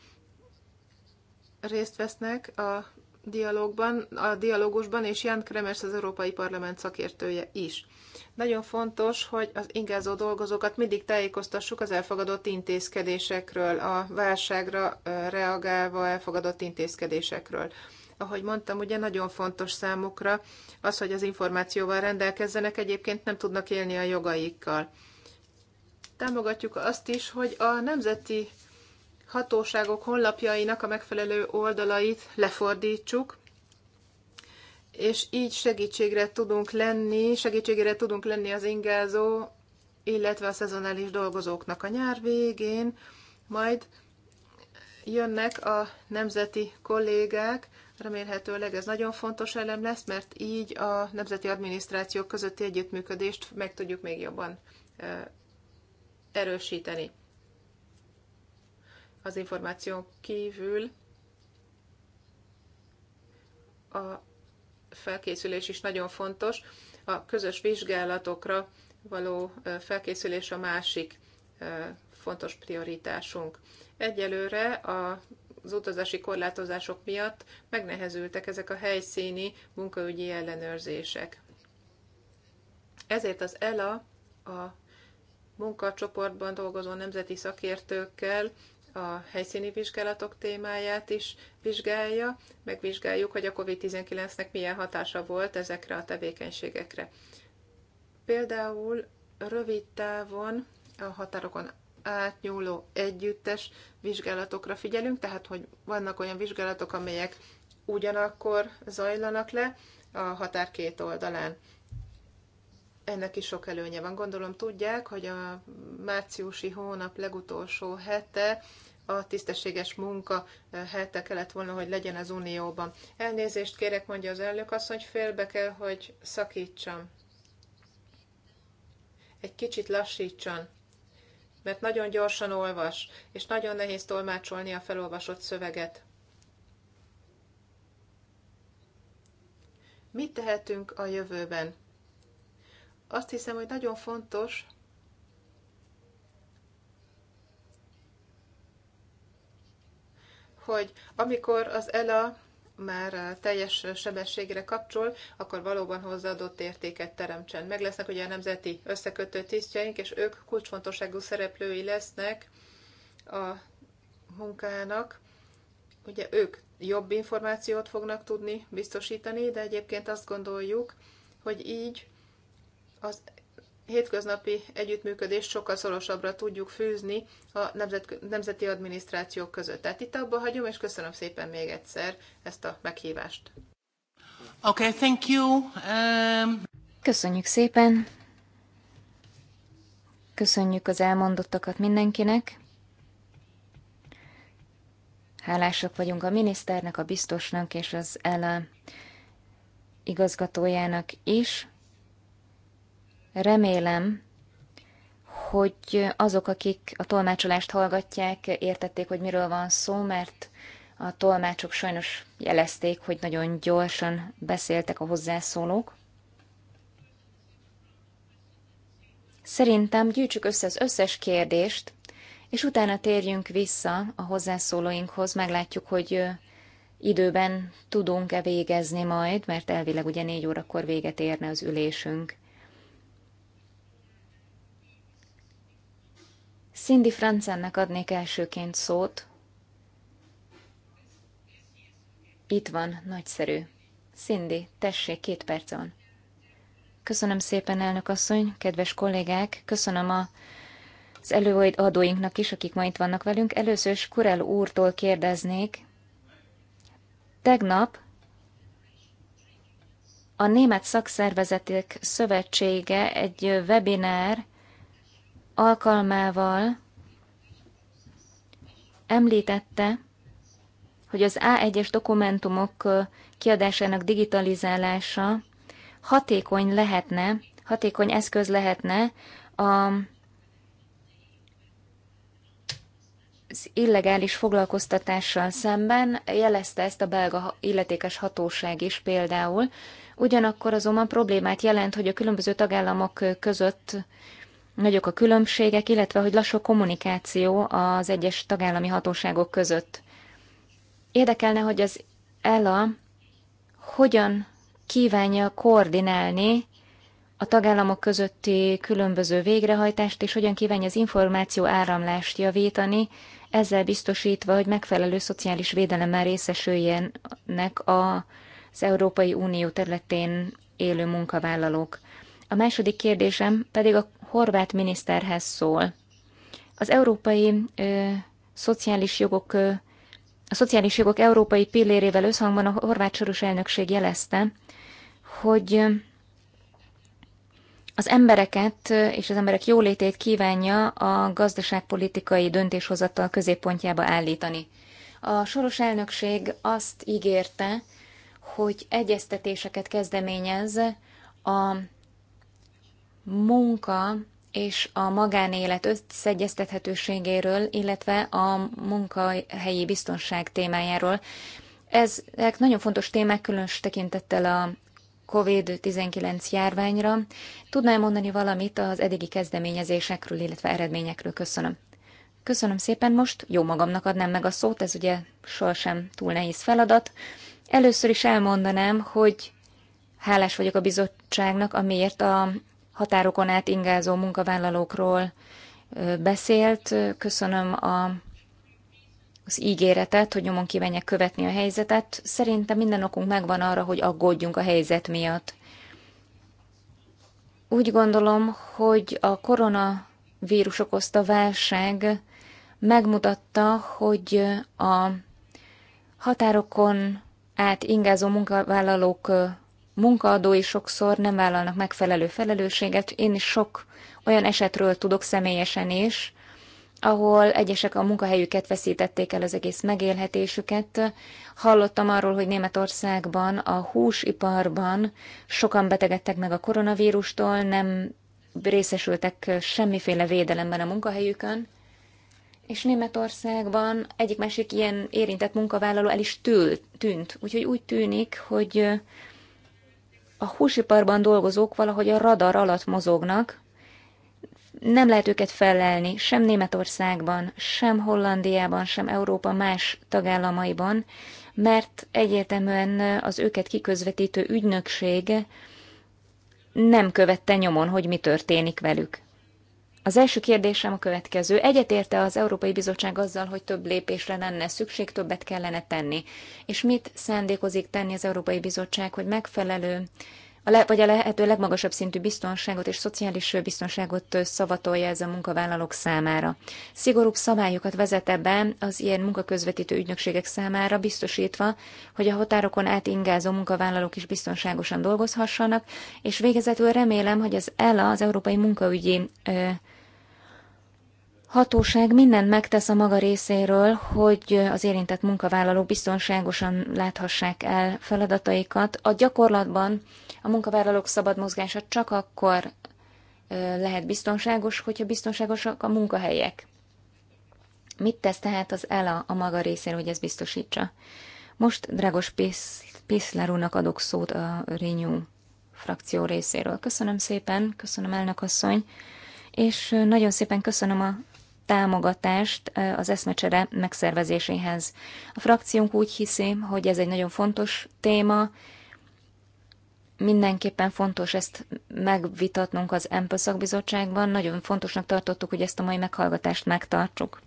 részt vesznek a dialógban, a dialógusban, és Jan Kremers az Európai Parlament szakértője is. Nagyon fontos, hogy az ingázó dolgozókat mindig tájékoztassuk az elfogadott intézkedésekről, a válságra reagálva elfogadott intézkedésekről ahogy mondtam, ugye nagyon fontos számukra az, hogy az információval rendelkezzenek, egyébként nem tudnak élni a jogaikkal. Támogatjuk azt is, hogy a nemzeti hatóságok honlapjainak a megfelelő oldalait lefordítsuk, és így segítségre tudunk lenni, segítségére tudunk lenni az ingázó, illetve a szezonális dolgozóknak a nyár végén, majd jönnek a nemzeti kollégák, Remélhetőleg ez nagyon fontos elem lesz, mert így a nemzeti adminisztrációk közötti együttműködést meg tudjuk még jobban erősíteni. Az információk kívül a felkészülés is nagyon fontos. A közös vizsgálatokra való felkészülés a másik fontos prioritásunk. Egyelőre a az utazási korlátozások miatt megnehezültek ezek a helyszíni munkaügyi ellenőrzések. Ezért az ELA a munkacsoportban dolgozó nemzeti szakértőkkel a helyszíni vizsgálatok témáját is vizsgálja, megvizsgáljuk, hogy a COVID-19-nek milyen hatása volt ezekre a tevékenységekre. Például rövid távon a határokon átnyúló együttes vizsgálatokra figyelünk, tehát hogy vannak olyan vizsgálatok, amelyek ugyanakkor zajlanak le a határ két oldalán. Ennek is sok előnye van. Gondolom tudják, hogy a márciusi hónap legutolsó hete a tisztességes munka eh, hete kellett volna, hogy legyen az Unióban. Elnézést kérek, mondja az elnök hogy félbe kell, hogy szakítsam. Egy kicsit lassítson mert nagyon gyorsan olvas, és nagyon nehéz tolmácsolni a felolvasott szöveget. Mit tehetünk a jövőben? Azt hiszem, hogy nagyon fontos, hogy amikor az ELA már teljes sebességre kapcsol, akkor valóban hozzáadott értéket teremtsen. Meg lesznek ugye a nemzeti összekötő tisztjeink, és ők kulcsfontosságú szereplői lesznek a munkának. Ugye ők jobb információt fognak tudni biztosítani, de egyébként azt gondoljuk, hogy így az hétköznapi együttműködést sokkal szorosabbra tudjuk fűzni a nemzet, nemzeti adminisztrációk között. Tehát itt abba hagyom, és köszönöm szépen még egyszer ezt a meghívást. Okay, thank you. Um... Köszönjük szépen. Köszönjük az elmondottakat mindenkinek. Hálásak vagyunk a miniszternek, a biztosnak és az ELA igazgatójának is. Remélem, hogy azok, akik a tolmácsolást hallgatják, értették, hogy miről van szó, mert a tolmácsok sajnos jelezték, hogy nagyon gyorsan beszéltek a hozzászólók. Szerintem gyűjtsük össze az összes kérdést, és utána térjünk vissza a hozzászólóinkhoz, meglátjuk, hogy időben tudunk-e végezni majd, mert elvileg ugye négy órakor véget érne az ülésünk. Cindy Francennek adnék elsőként szót. Itt van, nagyszerű. Cindy, tessék, két perc van. Köszönöm szépen, elnök asszony, kedves kollégák, köszönöm a, az előadóinknak is, akik ma itt vannak velünk. Először is Kurel úrtól kérdeznék. Tegnap a Német Szakszervezetek Szövetsége egy webinár alkalmával említette, hogy az A1-es dokumentumok kiadásának digitalizálása hatékony lehetne, hatékony eszköz lehetne a az illegális foglalkoztatással szemben jelezte ezt a belga illetékes hatóság is például. Ugyanakkor azonban problémát jelent, hogy a különböző tagállamok között nagyok a különbségek, illetve hogy lassú kommunikáció az egyes tagállami hatóságok között. Érdekelne, hogy az ELA hogyan kívánja koordinálni a tagállamok közötti különböző végrehajtást, és hogyan kívánja az információ áramlást javítani, ezzel biztosítva, hogy megfelelő szociális védelemmel részesüljenek az Európai Unió területén élő munkavállalók. A második kérdésem pedig a horvát miniszterhez szól. Az európai ö, szociális jogok ö, a szociális jogok európai pillérével összhangban a horvát soros elnökség jelezte, hogy az embereket és az emberek jólétét kívánja a gazdaságpolitikai döntéshozatal középpontjába állítani. A soros elnökség azt ígérte, hogy egyeztetéseket kezdeményez a munka és a magánélet összeegyeztethetőségéről, illetve a munkahelyi biztonság témájáról. Ezek nagyon fontos témák, különös tekintettel a COVID-19 járványra. Tudnál mondani valamit az eddigi kezdeményezésekről, illetve eredményekről? Köszönöm. Köszönöm szépen most, jó magamnak adnám meg a szót, ez ugye sohasem túl nehéz feladat. Először is elmondanám, hogy hálás vagyok a bizottságnak, amiért a határokon át ingázó munkavállalókról beszélt. Köszönöm a, az ígéretet, hogy nyomon kívánják követni a helyzetet. Szerintem minden okunk megvan arra, hogy aggódjunk a helyzet miatt. Úgy gondolom, hogy a koronavírus okozta válság megmutatta, hogy a határokon át ingázó munkavállalók munkaadói sokszor nem vállalnak megfelelő felelősséget. Én is sok olyan esetről tudok személyesen is, ahol egyesek a munkahelyüket veszítették el az egész megélhetésüket. Hallottam arról, hogy Németországban a húsiparban sokan betegedtek meg a koronavírustól, nem részesültek semmiféle védelemben a munkahelyükön, és Németországban egyik másik ilyen érintett munkavállaló el is tűnt. Úgyhogy úgy tűnik, hogy a húsiparban dolgozók valahogy a radar alatt mozognak, nem lehet őket felelni sem Németországban, sem Hollandiában, sem Európa más tagállamaiban, mert egyértelműen az őket kiközvetítő ügynökség nem követte nyomon, hogy mi történik velük. Az első kérdésem a következő. Egyetérte az Európai Bizottság azzal, hogy több lépésre lenne szükség, többet kellene tenni. És mit szándékozik tenni az Európai Bizottság, hogy megfelelő, a le, vagy a lehető legmagasabb szintű biztonságot és szociális biztonságot szavatolja ez a munkavállalók számára. Szigorúbb szabályokat vezete be az ilyen munkaközvetítő ügynökségek számára, biztosítva, hogy a határokon át ingázó munkavállalók is biztonságosan dolgozhassanak, és végezetül remélem, hogy az ELA, az Európai Munkaügyi hatóság mindent megtesz a maga részéről, hogy az érintett munkavállalók biztonságosan láthassák el feladataikat. A gyakorlatban a munkavállalók szabad mozgása csak akkor lehet biztonságos, hogyha biztonságosak a munkahelyek. Mit tesz tehát az ELA a maga részéről, hogy ezt biztosítsa? Most Dragos Piszler úrnak adok szót a Renew frakció részéről. Köszönöm szépen, köszönöm elnök asszony, és nagyon szépen köszönöm a támogatást az eszmecsere megszervezéséhez. A frakciónk úgy hiszi, hogy ez egy nagyon fontos téma, mindenképpen fontos ezt megvitatnunk az EMPA szakbizottságban. Nagyon fontosnak tartottuk, hogy ezt a mai meghallgatást megtartsuk.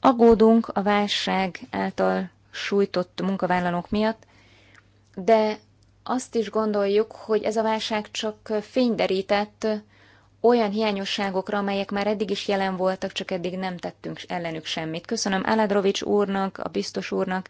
Agódunk a válság által sújtott munkavállalók miatt, de azt is gondoljuk, hogy ez a válság csak fényderített olyan hiányosságokra, amelyek már eddig is jelen voltak, csak eddig nem tettünk ellenük semmit. Köszönöm Aladrovics úrnak, a biztos úrnak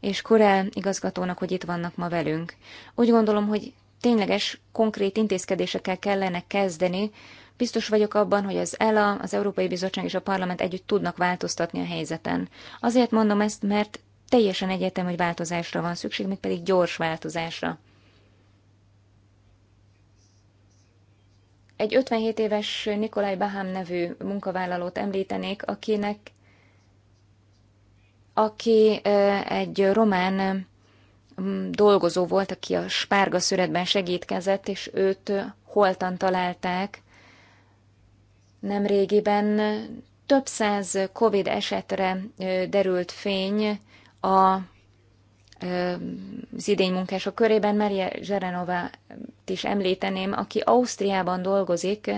és Korel igazgatónak, hogy itt vannak ma velünk. Úgy gondolom, hogy tényleges, konkrét intézkedésekkel kellene kezdeni. Biztos vagyok abban, hogy az ELA, az Európai Bizottság és a Parlament együtt tudnak változtatni a helyzeten. Azért mondom ezt, mert teljesen egyetem, hogy változásra van szükség, mégpedig gyors változásra. Egy 57 éves Nikolaj Bahám nevű munkavállalót említenék, akinek aki egy román dolgozó volt, aki a spárga szüretben segítkezett, és őt holtan találták nem régiben. Több száz COVID esetre derült fény a az idény munkások körében Maria Zserenovát is említeném, aki Ausztriában dolgozik,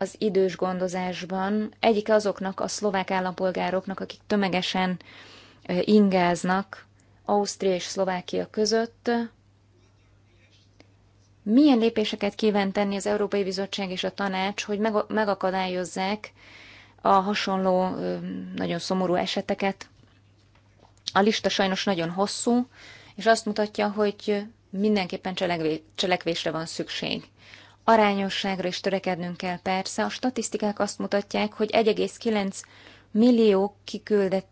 az idős gondozásban. egyik azoknak a szlovák állampolgároknak, akik tömegesen ingáznak Ausztria és Szlovákia között. Milyen lépéseket kíván tenni az Európai Bizottság és a Tanács, hogy megakadályozzák a hasonló nagyon szomorú eseteket? A lista sajnos nagyon hosszú, és azt mutatja, hogy mindenképpen cselekvésre van szükség. Arányosságra is törekednünk kell persze. A statisztikák azt mutatják, hogy 1,9 millió kiküldet,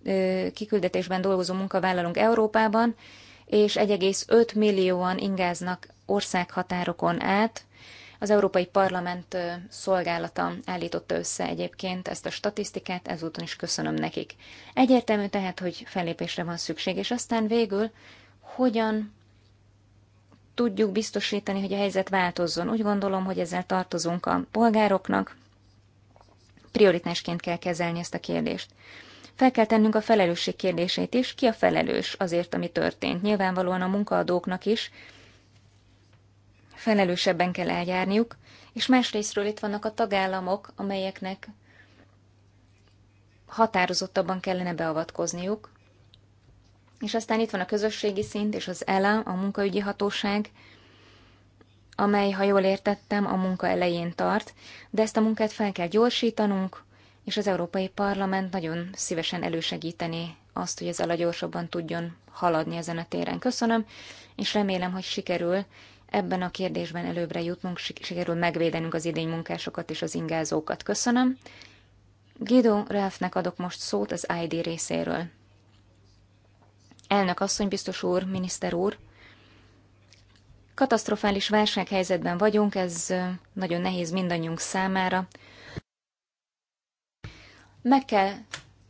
kiküldetésben dolgozó munkavállalunk Európában, és 1,5 millióan ingáznak országhatárokon át, az Európai Parlament szolgálata állította össze egyébként ezt a statisztikát, ezúton is köszönöm nekik. Egyértelmű tehát, hogy fellépésre van szükség, és aztán végül hogyan tudjuk biztosítani, hogy a helyzet változzon. Úgy gondolom, hogy ezzel tartozunk a polgároknak, prioritásként kell kezelni ezt a kérdést. Fel kell tennünk a felelősség kérdését is, ki a felelős azért, ami történt. Nyilvánvalóan a munkaadóknak is, felelősebben kell eljárniuk, és másrésztről itt vannak a tagállamok, amelyeknek határozottabban kellene beavatkozniuk, és aztán itt van a közösségi szint és az ELA, a munkaügyi hatóság, amely, ha jól értettem, a munka elején tart, de ezt a munkát fel kell gyorsítanunk, és az Európai Parlament nagyon szívesen elősegítené azt, hogy ez a gyorsabban tudjon haladni ezen a téren. Köszönöm, és remélem, hogy sikerül Ebben a kérdésben előbbre jutnunk, sikerül megvédenünk az idény munkásokat és az ingázókat. Köszönöm. Guido Ralphnek adok most szót az ID részéről. Elnök asszony, biztos úr, miniszter úr, katasztrofális válsághelyzetben vagyunk, ez nagyon nehéz mindannyiunk számára. Meg kell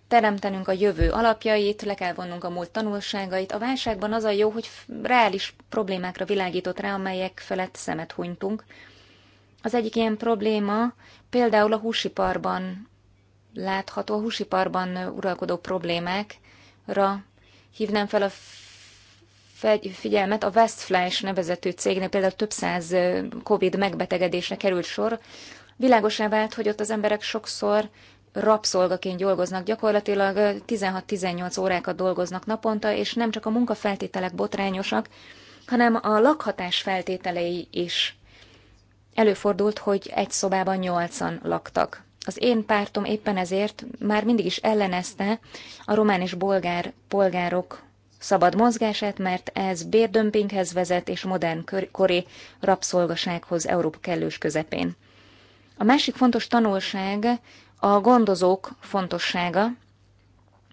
teremtenünk a jövő alapjait, le kell vonnunk a múlt tanulságait. A válságban az a jó, hogy reális problémákra világított rá, amelyek felett szemet hunytunk. Az egyik ilyen probléma például a húsiparban látható, a húsiparban uralkodó problémákra hívnám fel a figyelmet, a Westflash nevezető cégnél például több száz COVID megbetegedésre került sor. Világosá vált, hogy ott az emberek sokszor rabszolgaként dolgoznak, gyakorlatilag 16-18 órákat dolgoznak naponta, és nem csak a munkafeltételek botrányosak, hanem a lakhatás feltételei is. Előfordult, hogy egy szobában nyolcan laktak. Az én pártom éppen ezért már mindig is ellenezte a román és bolgár polgárok szabad mozgását, mert ez bérdömpinghez vezet és modern kori rabszolgasághoz Európa kellős közepén. A másik fontos tanulság a gondozók fontossága.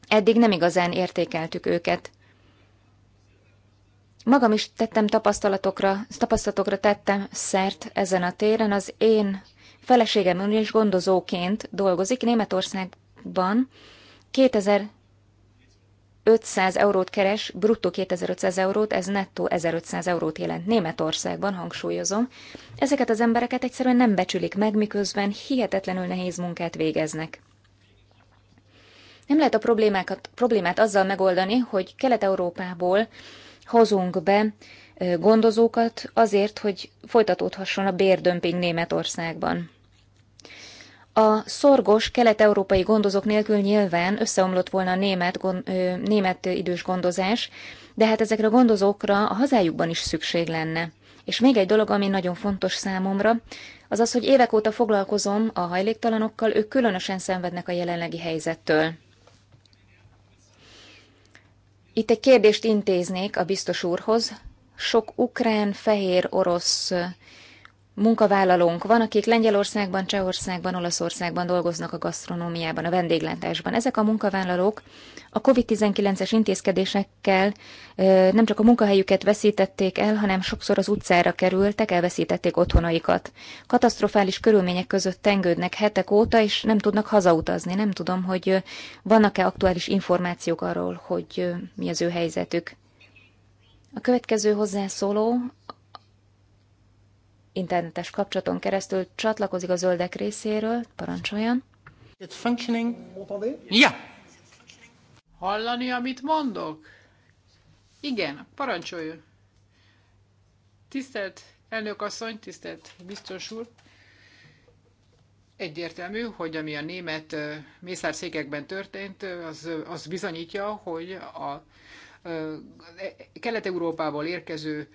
Eddig nem igazán értékeltük őket. Magam is tettem tapasztalatokra, tapasztalatokra tettem szert ezen a téren. Az én feleségem is gondozóként dolgozik Németországban. 2000 500 eurót keres, bruttó 2500 eurót, ez nettó 1500 eurót jelent Németországban, hangsúlyozom. Ezeket az embereket egyszerűen nem becsülik meg, miközben hihetetlenül nehéz munkát végeznek. Nem lehet a problémákat, problémát azzal megoldani, hogy Kelet-Európából hozunk be gondozókat azért, hogy folytatódhasson a bérdömping Németországban. A szorgos kelet-európai gondozók nélkül nyilván összeomlott volna a német, gond, ö, német idős gondozás, de hát ezekre a gondozókra a hazájukban is szükség lenne. És még egy dolog, ami nagyon fontos számomra, az az, hogy évek óta foglalkozom a hajléktalanokkal, ők különösen szenvednek a jelenlegi helyzettől. Itt egy kérdést intéznék a biztos úrhoz. Sok ukrán, fehér, orosz munkavállalónk van, akik Lengyelországban, Csehországban, Olaszországban dolgoznak a gasztronómiában, a vendéglátásban. Ezek a munkavállalók a COVID-19-es intézkedésekkel nem csak a munkahelyüket veszítették el, hanem sokszor az utcára kerültek, elveszítették otthonaikat. Katasztrofális körülmények között tengődnek hetek óta, és nem tudnak hazautazni. Nem tudom, hogy vannak-e aktuális információk arról, hogy mi az ő helyzetük. A következő hozzászóló internetes kapcsolaton keresztül csatlakozik a zöldek részéről. Parancsoljon! It's functioning. Yeah. Hallani, amit mondok? Igen, parancsoljon. Tisztelt elnök asszony, tisztelt biztos úr. Egyértelmű, hogy ami a német mészárszékekben történt, az, az bizonyítja, hogy a E, Kelet-Európából érkező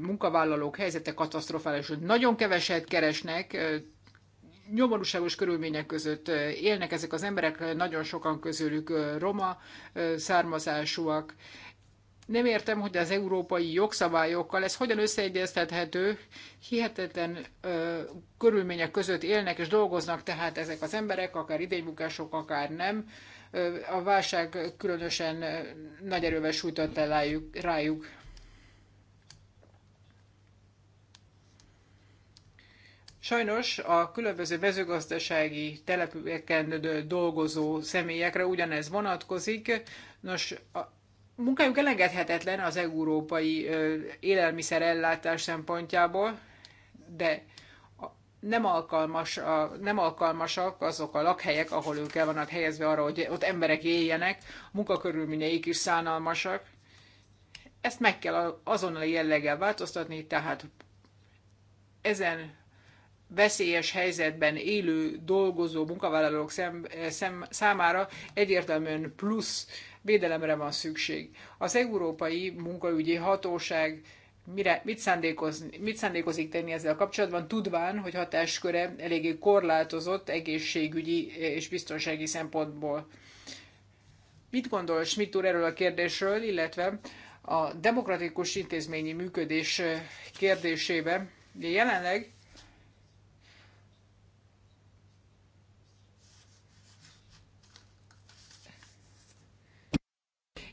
munkavállalók helyzete katasztrofális, hogy nagyon keveset keresnek, nyomorúságos körülmények között élnek ezek az emberek, nagyon sokan közülük roma származásúak. Nem értem, hogy az európai jogszabályokkal ez hogyan összeegyeztethető, hihetetlen ö, körülmények között élnek és dolgoznak tehát ezek az emberek, akár idénymunkások, akár nem. Ö, a válság különösen nagy erővel sújtott el rájuk. Sajnos a különböző mezőgazdasági települeken dolgozó személyekre ugyanez vonatkozik. Nos, a munkájuk elengedhetetlen az európai élelmiszerellátás szempontjából, de nem, alkalmas, a, nem alkalmasak azok a lakhelyek, ahol ők el vannak helyezve arra, hogy ott emberek éljenek, a munkakörülményeik is szánalmasak. Ezt meg kell azonnali jelleggel változtatni, tehát ezen veszélyes helyzetben élő, dolgozó munkavállalók szem, szem, számára egyértelműen plusz védelemre van szükség. Az Európai Munkaügyi Hatóság mire, mit, mit szándékozik tenni ezzel kapcsolatban, tudván, hogy hatásköre eléggé korlátozott egészségügyi és biztonsági szempontból. Mit gondol Schmidt úr erről a kérdésről, illetve a demokratikus intézményi működés kérdésébe? Jelenleg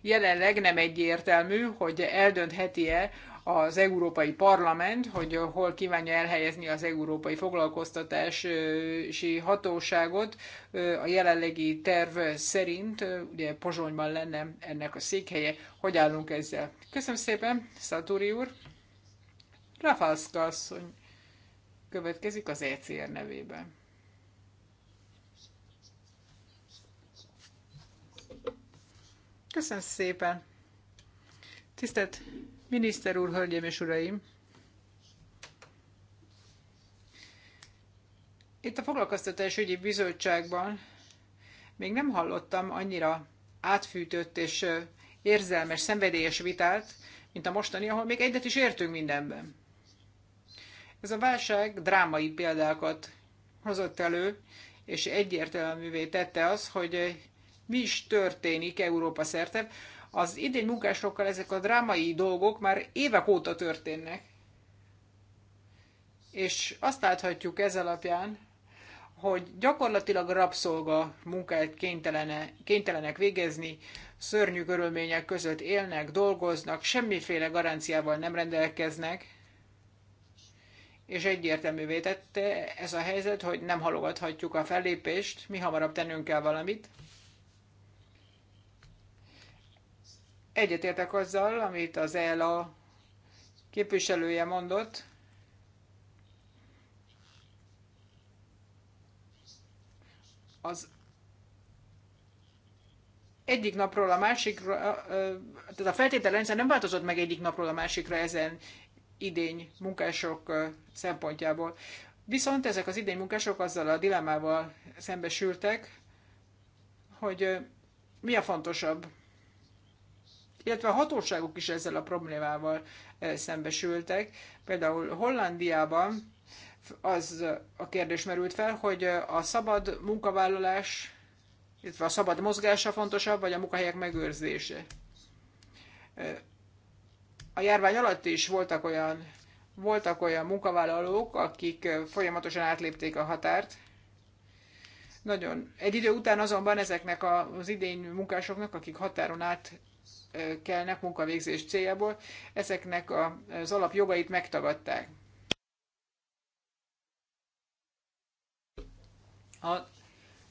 jelenleg nem egyértelmű, hogy eldöntheti-e az Európai Parlament, hogy hol kívánja elhelyezni az Európai Foglalkoztatási Hatóságot. A jelenlegi terv szerint ugye Pozsonyban lenne ennek a székhelye. Hogy állunk ezzel? Köszönöm szépen, Szatúri úr. Rafalszka asszony következik az ECR nevében. Köszönöm szépen! Tisztelt Miniszter úr, hölgyeim és uraim! Itt a ügyi bizottságban még nem hallottam annyira átfűtött és érzelmes, szenvedélyes vitát, mint a mostani, ahol még egyet is értünk mindenben. Ez a válság drámai példákat hozott elő, és egyértelművé tette az, hogy mi is történik Európa szerte. Az idény munkásokkal ezek a drámai dolgok már évek óta történnek. És azt láthatjuk ez alapján, hogy gyakorlatilag rabszolga munkát kénytelene, kénytelenek végezni, szörnyű körülmények között élnek, dolgoznak, semmiféle garanciával nem rendelkeznek, és egyértelművé tette ez a helyzet, hogy nem halogathatjuk a fellépést, mi hamarabb tennünk kell valamit. Egyetértek azzal, amit az ELA képviselője mondott, az egyik napról a másikra, tehát a feltételrendszer nem változott meg egyik napról a másikra ezen idény munkások szempontjából. Viszont ezek az idény munkások azzal a dilemmával szembesültek, hogy mi a fontosabb, illetve a hatóságok is ezzel a problémával eh, szembesültek. Például Hollandiában az a kérdés merült fel, hogy a szabad munkavállalás, illetve a szabad mozgása fontosabb, vagy a munkahelyek megőrzése. Eh, a járvány alatt is voltak olyan, voltak olyan munkavállalók, akik eh, folyamatosan átlépték a határt, nagyon. Egy idő után azonban ezeknek az idény munkásoknak, akik határon át kellnek munkavégzés céljából, ezeknek az alapjogait megtagadták. A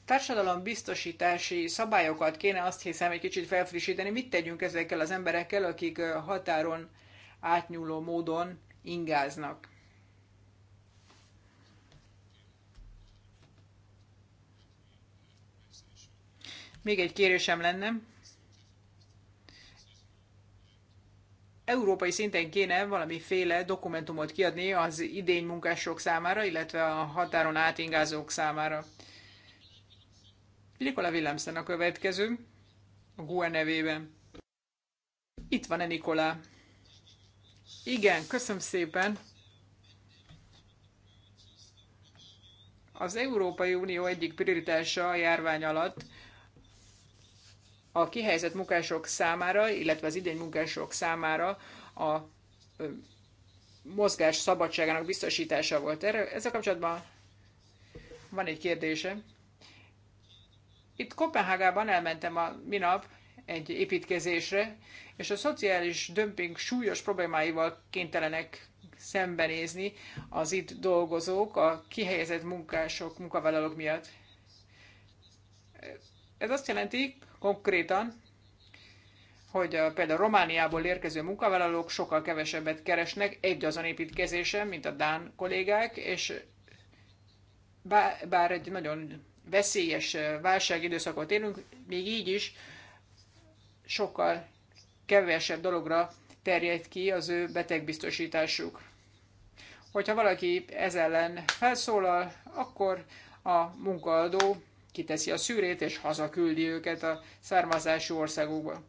társadalombiztosítási szabályokat kéne azt hiszem egy kicsit felfrissíteni, mit tegyünk ezekkel az emberekkel, akik határon átnyúló módon ingáznak. Még egy kérésem lenne. európai szinten kéne valamiféle dokumentumot kiadni az idény munkások számára, illetve a határon átingázók számára. Nikola Willemsen a következő, a GUE nevében. Itt van-e Nikola. Igen, köszönöm szépen. Az Európai Unió egyik prioritása a járvány alatt a kihelyezett munkások számára, illetve az idény munkások számára a mozgás szabadságának biztosítása volt. Erre, ezzel kapcsolatban van egy kérdése. Itt Kopenhágában elmentem a minap egy építkezésre, és a szociális dömping súlyos problémáival kénytelenek szembenézni az itt dolgozók a kihelyezett munkások, munkavállalók miatt. Ez azt jelenti, Konkrétan, hogy a, például Romániából érkező munkavállalók sokkal kevesebbet keresnek egy azon építkezésen, mint a Dán kollégák, és bár, egy nagyon veszélyes válságidőszakot élünk, még így is sokkal kevesebb dologra terjed ki az ő betegbiztosításuk. Hogyha valaki ez ellen felszólal, akkor a munkaadó kiteszi a szűrét, és hazaküldi őket a származási országokba.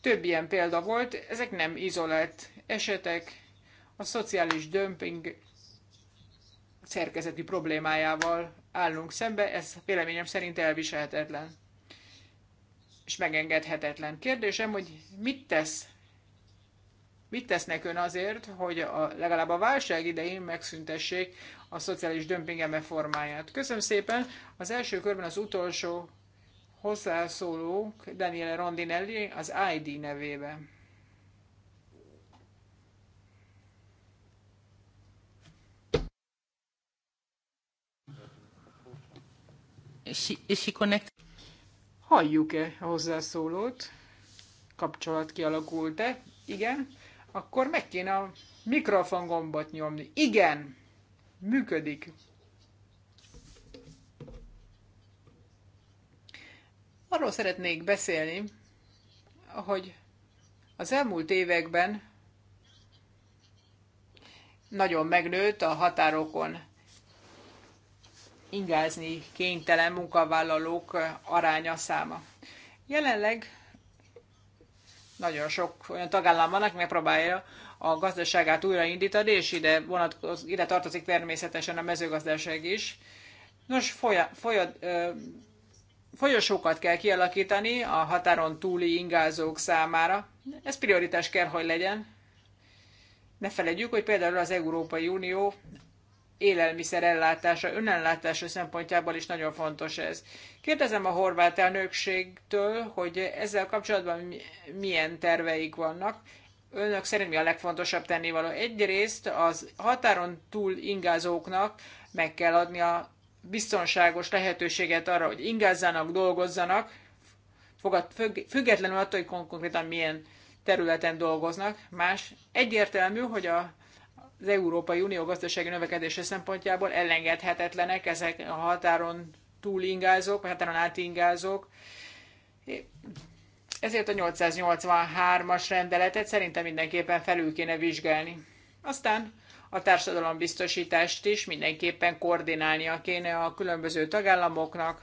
Több ilyen példa volt, ezek nem izolált esetek, a szociális dömping szerkezeti problémájával állunk szembe, ez véleményem szerint elviselhetetlen és megengedhetetlen. Kérdésem, hogy mit tesz Mit tesznek ön azért, hogy a, legalább a válság idején megszüntessék a szociális dömpingem formáját? Köszönöm szépen! Az első körben az utolsó hozzászólók Daniele Rondinelli az ID nevébe. Halljuk-e a hozzászólót? Kapcsolat kialakult-e? Igen akkor meg kéne a mikrofon gombot nyomni. Igen, működik. Arról szeretnék beszélni, hogy az elmúlt években nagyon megnőtt a határokon ingázni kénytelen munkavállalók aránya száma. Jelenleg nagyon sok olyan tagállam vannak, megpróbálja a gazdaságát újraindítani, és ide, vonatkoz, ide tartozik természetesen a mezőgazdaság is. Nos, folya, folya, ö, folyosókat kell kialakítani a határon túli ingázók számára. Ez prioritás kell, hogy legyen. Ne felejtjük, hogy például az Európai Unió élelmiszer ellátása, önellátása szempontjából is nagyon fontos ez. Kérdezem a horvát elnökségtől, hogy ezzel kapcsolatban milyen terveik vannak. Önök szerint mi a legfontosabb tennivaló? Egyrészt az határon túl ingázóknak meg kell adni a biztonságos lehetőséget arra, hogy ingázzanak, dolgozzanak, függetlenül attól, hogy konkrétan milyen területen dolgoznak. Más egyértelmű, hogy a az Európai Unió gazdasági növekedése szempontjából elengedhetetlenek ezek a határon túl ingázók, vagy határon át ingázók. Ezért a 883-as rendeletet szerintem mindenképpen felül kéne vizsgálni. Aztán a társadalombiztosítást is mindenképpen koordinálnia kéne a különböző tagállamoknak.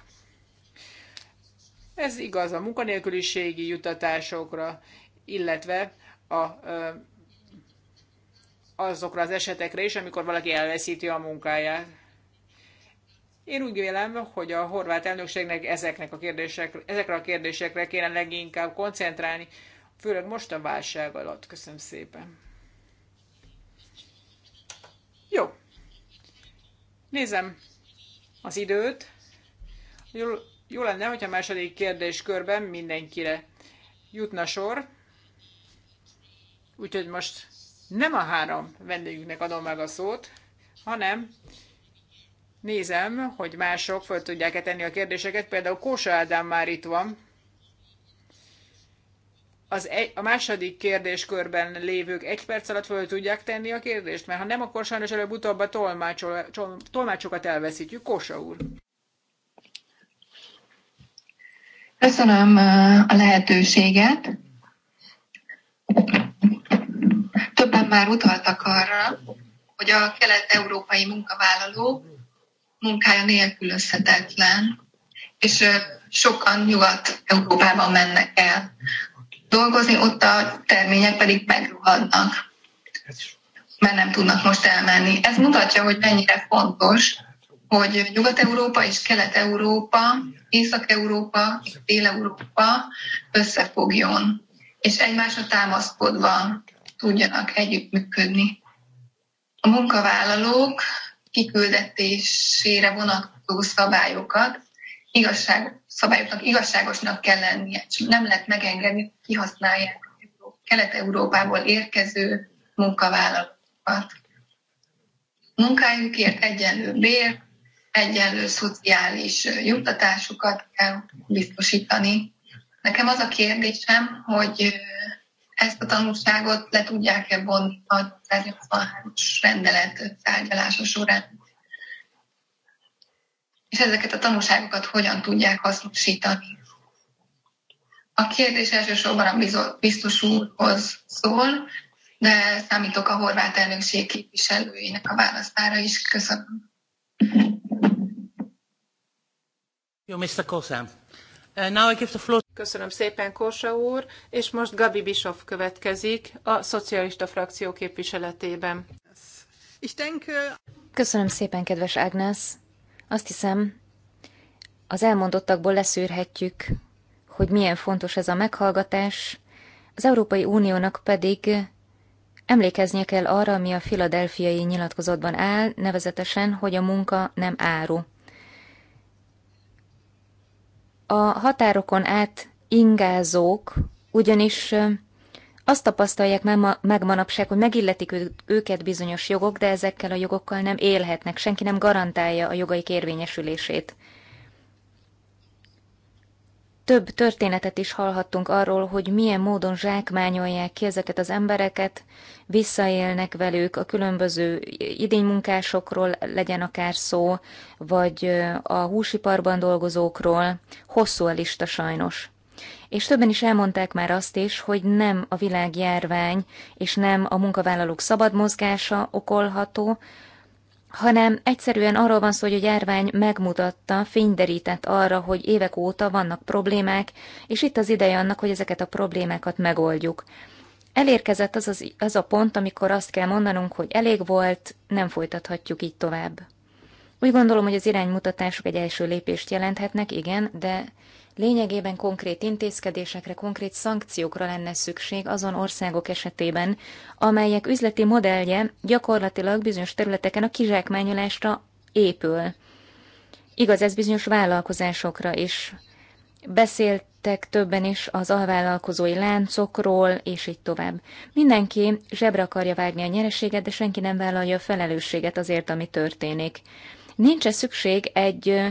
Ez igaz a munkanélküliségi jutatásokra, illetve a azokra az esetekre is, amikor valaki elveszíti a munkáját. Én úgy vélem, hogy a horvát elnökségnek ezeknek a kérdésekre, ezekre a kérdésekre kéne leginkább koncentrálni, főleg most a válság alatt. Köszönöm szépen. Jó. Nézem az időt. Jó, jó lenne, hogyha a második kérdéskörben mindenkire jutna sor. Úgyhogy most nem a három vendégünknek adom meg a szót, hanem nézem, hogy mások föl tudják-e tenni a kérdéseket. Például Kósa Ádám már itt van. Az egy, a második kérdéskörben lévők egy perc alatt föl tudják tenni a kérdést? Mert ha nem, akkor sajnos előbb-utóbb a tolmácsol, tolmácsokat elveszítjük. Kósa úr. Köszönöm a lehetőséget már utaltak arra, hogy a kelet-európai munkavállaló munkája nélkülözhetetlen, és sokan Nyugat-Európában mennek el dolgozni, ott a termények pedig megruhadnak, mert nem tudnak most elmenni. Ez mutatja, hogy mennyire fontos, hogy Nyugat-Európa és Kelet-Európa, Észak-Európa és Dél-Európa összefogjon, és egymásra támaszkodva tudjanak együttműködni. A munkavállalók kiküldetésére vonatkozó szabályokat igazság, szabályoknak igazságosnak kell lennie. és nem lehet megengedni, hogy kihasználják Kelet-Európából érkező munkavállalókat. Munkájukért egyenlő bér, egyenlő szociális juttatásukat kell biztosítani. Nekem az a kérdésem, hogy ezt a tanulságot le tudják-e vonni a 183-as rendelet tárgyalása során. És ezeket a tanulságokat hogyan tudják hasznosítani. A kérdés elsősorban a biztos úrhoz szól, de számítok a horvát elnökség képviselőjének a választára is. Köszönöm. Jó, Mr. Kosám. Uh, now I give the floor. Köszönöm szépen, Korsa úr, és most Gabi Bischoff következik a szocialista frakció képviseletében. Köszönöm szépen, kedves Ágnász. Azt hiszem, az elmondottakból leszűrhetjük, hogy milyen fontos ez a meghallgatás, az Európai Uniónak pedig emlékeznie kell arra, ami a filadelfiai nyilatkozatban áll, nevezetesen, hogy a munka nem áru. A határokon át ingázók ugyanis azt tapasztalják meg manapság, hogy megilletik őket bizonyos jogok, de ezekkel a jogokkal nem élhetnek, senki nem garantálja a jogaik érvényesülését. Több történetet is hallhattunk arról, hogy milyen módon zsákmányolják ki ezeket az embereket, visszaélnek velük a különböző idénymunkásokról legyen akár szó, vagy a húsiparban dolgozókról, hosszú a lista sajnos. És többen is elmondták már azt is, hogy nem a világjárvány és nem a munkavállalók szabad mozgása okolható, hanem egyszerűen arról van szó, hogy a járvány megmutatta, fényderített arra, hogy évek óta vannak problémák, és itt az ideje annak, hogy ezeket a problémákat megoldjuk. Elérkezett az, az, az a pont, amikor azt kell mondanunk, hogy elég volt, nem folytathatjuk így tovább. Úgy gondolom, hogy az iránymutatások egy első lépést jelenthetnek, igen, de lényegében konkrét intézkedésekre, konkrét szankciókra lenne szükség azon országok esetében, amelyek üzleti modellje gyakorlatilag bizonyos területeken a kizsákmányolásra épül. Igaz, ez bizonyos vállalkozásokra is. Beszéltek többen is az alvállalkozói láncokról, és így tovább. Mindenki zsebre akarja vágni a nyereséget, de senki nem vállalja a felelősséget azért, ami történik. Nincs-e szükség egy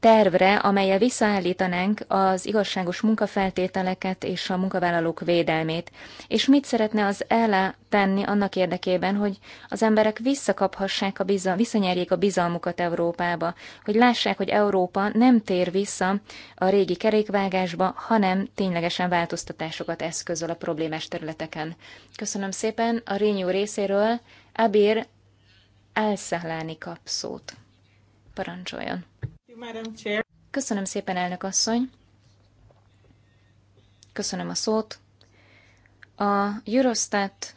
tervre, amelyel visszaállítanánk az igazságos munkafeltételeket és a munkavállalók védelmét. És mit szeretne az ELA tenni annak érdekében, hogy az emberek visszakaphassák a bizal, visszanyerjék a bizalmukat Európába, hogy lássák, hogy Európa nem tér vissza a régi kerékvágásba, hanem ténylegesen változtatásokat eszközöl a problémás területeken. Köszönöm szépen a Rényú részéről, Abir Elszehlálni kap szót. Parancsoljon. Köszönöm szépen, elnök asszony. Köszönöm a szót. A Eurostat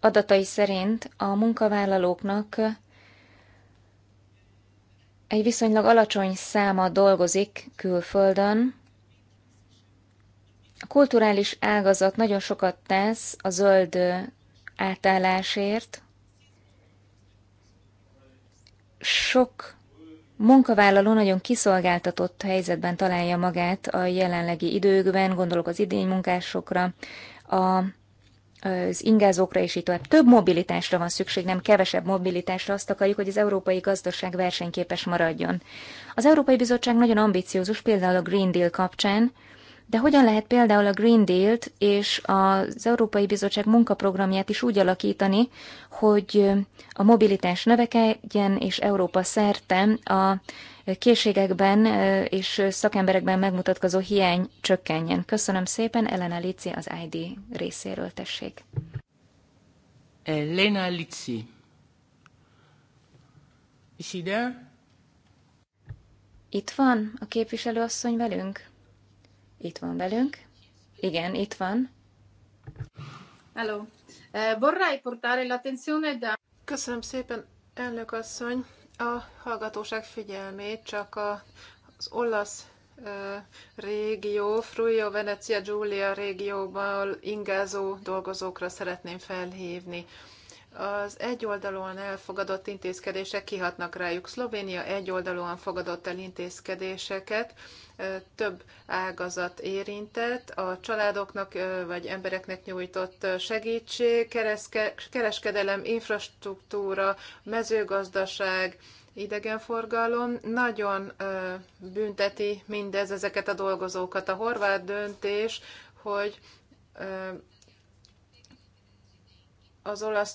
adatai szerint a munkavállalóknak egy viszonylag alacsony száma dolgozik külföldön. A kulturális ágazat nagyon sokat tesz a zöld átállásért, sok munkavállaló nagyon kiszolgáltatott helyzetben találja magát a jelenlegi időkben, gondolok az idénymunkásokra, a az ingázókra és így tovább. Több mobilitásra van szükség, nem kevesebb mobilitásra. Azt akarjuk, hogy az európai gazdaság versenyképes maradjon. Az Európai Bizottság nagyon ambiciózus, például a Green Deal kapcsán, de hogyan lehet például a Green Deal-t és az Európai Bizottság munkaprogramját is úgy alakítani, hogy a mobilitás növekedjen, és Európa szerte a készségekben és szakemberekben megmutatkozó hiány csökkenjen. Köszönöm szépen, Elena Lici az ID részéről tessék. Elena Lici. Is ide? Itt van a képviselőasszony velünk? Itt van velünk. Igen, itt van. Hello. Eh, vorrei portare l'attenzione da... Köszönöm szépen, elnök asszony. A hallgatóság figyelmét csak a, az olasz eh, régió, Frujo Venezia Giulia régióban ingázó dolgozókra szeretném felhívni az egyoldalúan elfogadott intézkedések kihatnak rájuk. Szlovénia egyoldalúan fogadott el intézkedéseket, több ágazat érintett, a családoknak vagy embereknek nyújtott segítség, kereskedelem, infrastruktúra, mezőgazdaság, idegenforgalom. Nagyon bünteti mindez ezeket a dolgozókat. A horvát döntés, hogy az olasz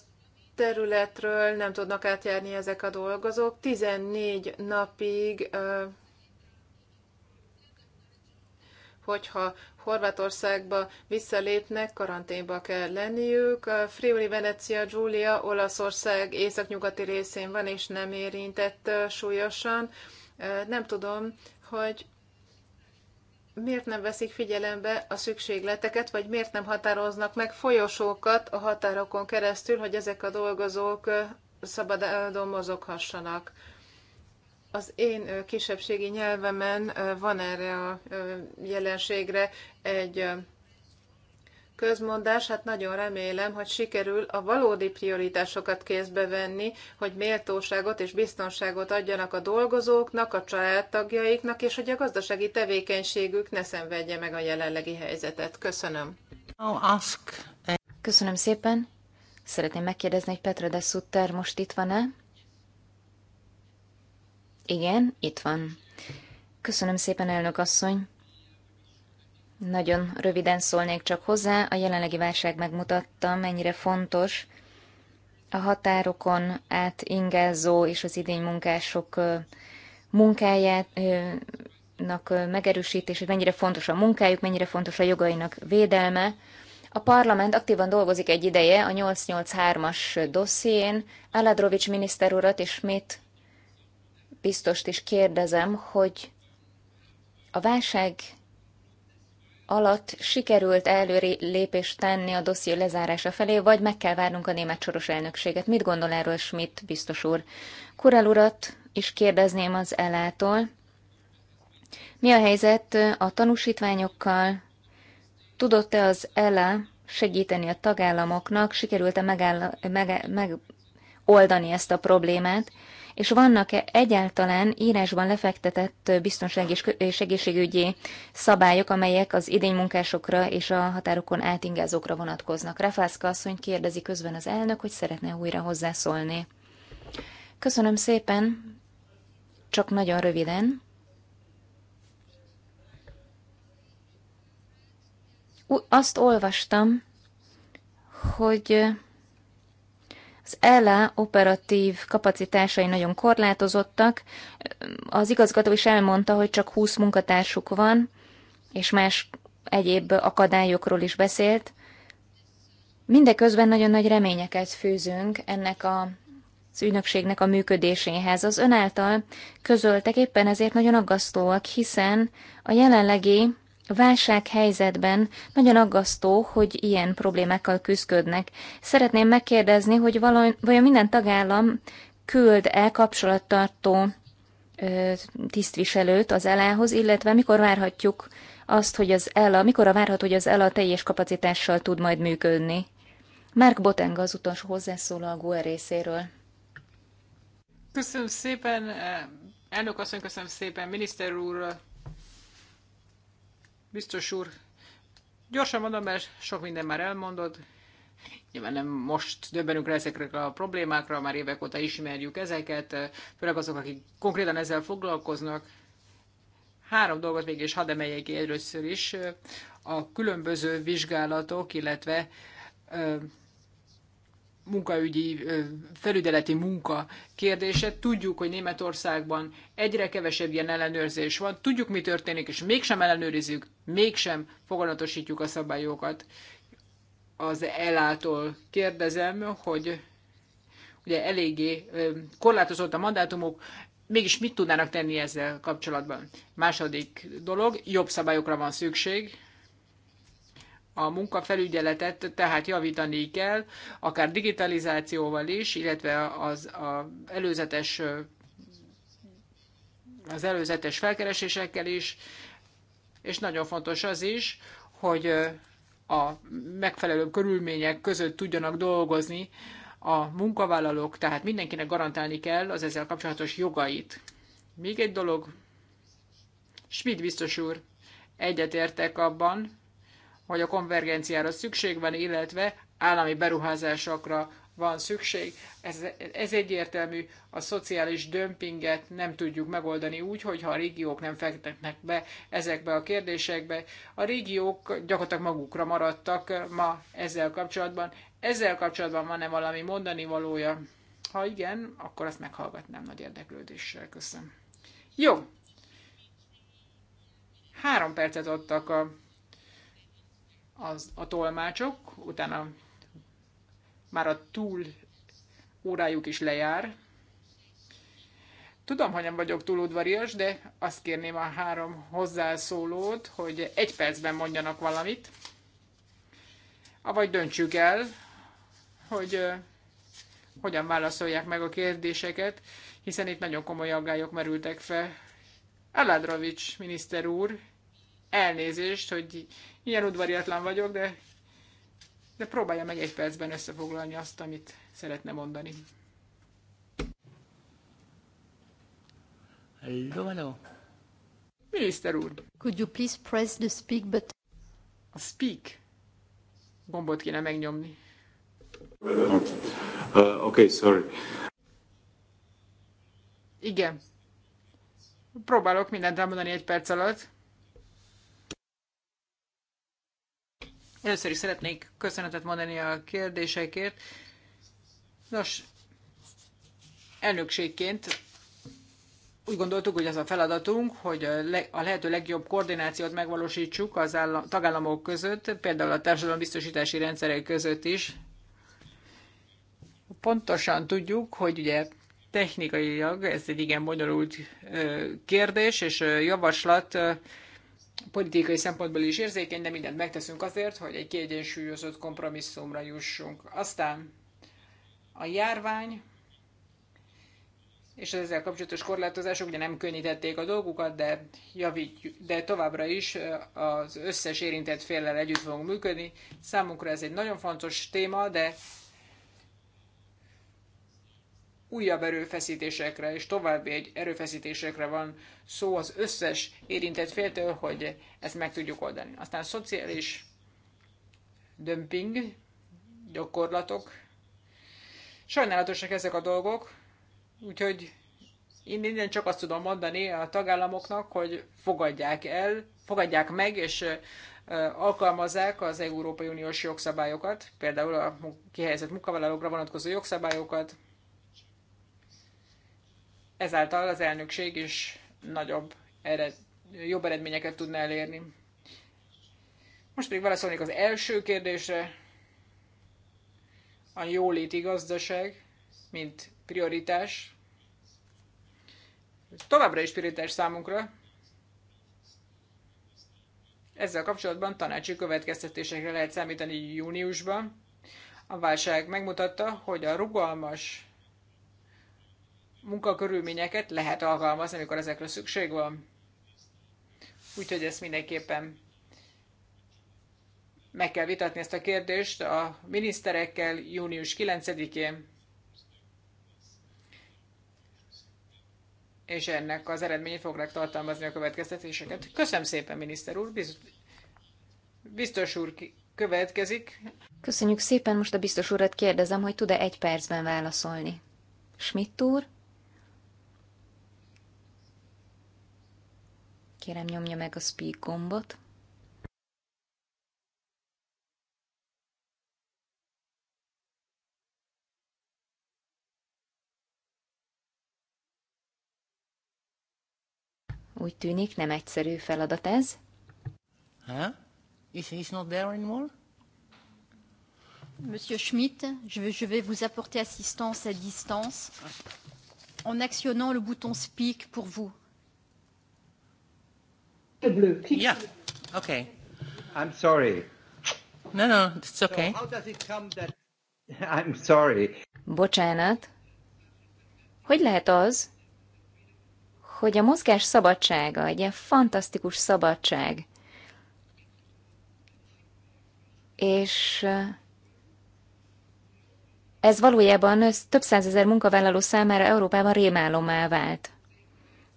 területről nem tudnak átjárni ezek a dolgozók. 14 napig, hogyha Horvátországba visszalépnek, karanténba kell lenniük. Friuli, Venecia, Giulia, Olaszország északnyugati részén van, és nem érintett súlyosan. Nem tudom, hogy miért nem veszik figyelembe a szükségleteket, vagy miért nem határoznak meg folyosókat a határokon keresztül, hogy ezek a dolgozók szabadon mozoghassanak. Az én kisebbségi nyelvemen van erre a jelenségre egy közmondás, hát nagyon remélem, hogy sikerül a valódi prioritásokat kézbe venni, hogy méltóságot és biztonságot adjanak a dolgozóknak, a családtagjaiknak, és hogy a gazdasági tevékenységük ne szenvedje meg a jelenlegi helyzetet. Köszönöm. Köszönöm szépen. Szeretném megkérdezni, hogy Petra de Sutter most itt van-e? Igen, itt van. Köszönöm szépen, elnök asszony. Nagyon röviden szólnék csak hozzá, a jelenlegi válság megmutatta, mennyire fontos a határokon át ingázó és az idény munkások munkájának megerősítés, hogy mennyire fontos a munkájuk, mennyire fontos a jogainak védelme. A parlament aktívan dolgozik egy ideje a 883-as dosszién. Aladrovics miniszter urat és mit biztost is kérdezem, hogy a válság alatt sikerült előre lépést tenni a dosszió lezárása felé, vagy meg kell várnunk a német soros elnökséget. Mit gondol erről Schmidt biztos úr? Kurel urat is kérdezném az elától. Mi a helyzet a tanúsítványokkal? Tudott-e az ELA segíteni a tagállamoknak? Sikerült-e megoldani meg, ezt a problémát? és vannak-e egyáltalán írásban lefektetett biztonság és egészségügyi szabályok, amelyek az idénymunkásokra és a határokon átingázókra vonatkoznak? Rafászka asszony kérdezi közben az elnök, hogy szeretne újra hozzászólni. Köszönöm szépen, csak nagyon röviden. Azt olvastam, hogy az ELA operatív kapacitásai nagyon korlátozottak. Az igazgató is elmondta, hogy csak 20 munkatársuk van, és más egyéb akadályokról is beszélt. Mindeközben nagyon nagy reményeket fűzünk ennek a az ügynökségnek a működéséhez. Az ön által közöltek éppen ezért nagyon aggasztóak, hiszen a jelenlegi válsághelyzetben nagyon aggasztó, hogy ilyen problémákkal küzdködnek. Szeretném megkérdezni, hogy vajon minden tagállam küld-e kapcsolattartó tisztviselőt az elához, illetve mikor várhatjuk azt, hogy az ELA, mikor a várhat, hogy az ELA teljes kapacitással tud majd működni? Márk Botenga az utolsó hozzászóló a GUE részéről. Köszönöm szépen, eh, elnök asszony, köszönöm szépen, miniszter úr, biztos úr. Gyorsan mondom, mert sok minden már elmondod. Nyilván nem most döbbenünk rá ezekre a problémákra, már évek óta ismerjük ezeket, főleg azok, akik konkrétan ezzel foglalkoznak. Három dolgot végig is hadd emeljek ki először is. A különböző vizsgálatok, illetve munkaügyi, felügyeleti munka kérdése. Tudjuk, hogy Németországban egyre kevesebb ilyen ellenőrzés van, tudjuk, mi történik, és mégsem ellenőrizzük, mégsem foganatosítjuk a szabályokat. Az elától kérdezem, hogy ugye eléggé korlátozott a mandátumok, mégis mit tudnának tenni ezzel kapcsolatban? Második dolog, jobb szabályokra van szükség, a munkafelügyeletet tehát javítani kell, akár digitalizációval is, illetve az a előzetes az előzetes felkeresésekkel is, és nagyon fontos az is, hogy a megfelelő körülmények között tudjanak dolgozni a munkavállalók, tehát mindenkinek garantálni kell az ezzel kapcsolatos jogait. Még egy dolog, Schmidt biztos úr, egyetértek abban, hogy a konvergenciára szükség van, illetve állami beruházásokra van szükség. Ez, ez egyértelmű, a szociális dömpinget nem tudjuk megoldani úgy, hogyha a régiók nem fektetnek be ezekbe a kérdésekbe. A régiók gyakorlatilag magukra maradtak ma ezzel kapcsolatban. Ezzel kapcsolatban van-e valami mondani valója? Ha igen, akkor azt meghallgatnám nagy érdeklődéssel. Köszönöm. Jó. Három percet adtak a az, a tolmácsok, utána már a túl órájuk is lejár. Tudom, hogy nem vagyok udvarias, de azt kérném a három hozzászólót, hogy egy percben mondjanak valamit. Avagy döntsük el, hogy hogyan válaszolják meg a kérdéseket, hiszen itt nagyon komoly aggályok merültek fel. Aladrovics miniszter úr Elnézést, hogy ilyen udvariatlan vagyok, de, de próbálja meg egy percben összefoglalni azt, amit szeretne mondani. Hello, hello. Miniszter úr! Could you please press the speak button? A speak gombot kéne megnyomni. Uh, okay, sorry. Igen. Próbálok mindent elmondani egy perc alatt. Először is szeretnék köszönetet mondani a kérdésekért. Nos, elnökségként úgy gondoltuk, hogy az a feladatunk, hogy a lehető legjobb koordinációt megvalósítsuk az állam, tagállamok között, például a társadalombiztosítási rendszerek között is. Pontosan tudjuk, hogy ugye technikailag ez egy igen bonyolult kérdés, és javaslat politikai szempontból is érzékeny, de mindent megteszünk azért, hogy egy kiegyensúlyozott kompromisszumra jussunk. Aztán a járvány és az ezzel kapcsolatos korlátozások ugye nem könnyítették a dolgukat, de, javít, de továbbra is az összes érintett féllel együtt fogunk működni. Számunkra ez egy nagyon fontos téma, de újabb erőfeszítésekre és további egy erőfeszítésekre van szó az összes érintett féltől, hogy ezt meg tudjuk oldani. Aztán a szociális dömping gyakorlatok. Sajnálatosak ezek a dolgok, úgyhogy én minden csak azt tudom mondani a tagállamoknak, hogy fogadják el, fogadják meg, és alkalmazzák az Európai Uniós jogszabályokat, például a kihelyezett munkavállalókra vonatkozó jogszabályokat, ezáltal az elnökség is nagyobb ered, jobb eredményeket tudna elérni. Most pedig válaszolnék az első kérdésre. A jóléti gazdaság, mint prioritás. Továbbra is prioritás számunkra. Ezzel kapcsolatban tanácsi következtetésekre lehet számítani júniusban. A válság megmutatta, hogy a rugalmas munkakörülményeket lehet alkalmazni, amikor ezekre szükség van. Úgyhogy ezt mindenképpen meg kell vitatni ezt a kérdést a miniszterekkel június 9-én, és ennek az eredményét fogják tartalmazni a következtetéseket. Köszönöm szépen, miniszter úr, biztos úr következik. Köszönjük szépen, most a biztos urat kérdezem, hogy tud-e egy percben válaszolni. Schmidt úr? Kérem nyomja meg a speak gombot. Úgy tűnik, nem egyszerű feladat ez. Huh? Is he's not there anymore? Monsieur Schmidt, je vais, je vais vous apporter assistance à distance en actionnant le bouton speak pour vous the blue picture. Yeah. Okay. I'm sorry. No, no, it's okay. So how does it come that... I'm sorry. Bocsánat. Hogy lehet az, hogy a mozgás szabadsága, egy ilyen fantasztikus szabadság, és eh, ez valójában több százezer munkavállaló számára Európában rémálommá vált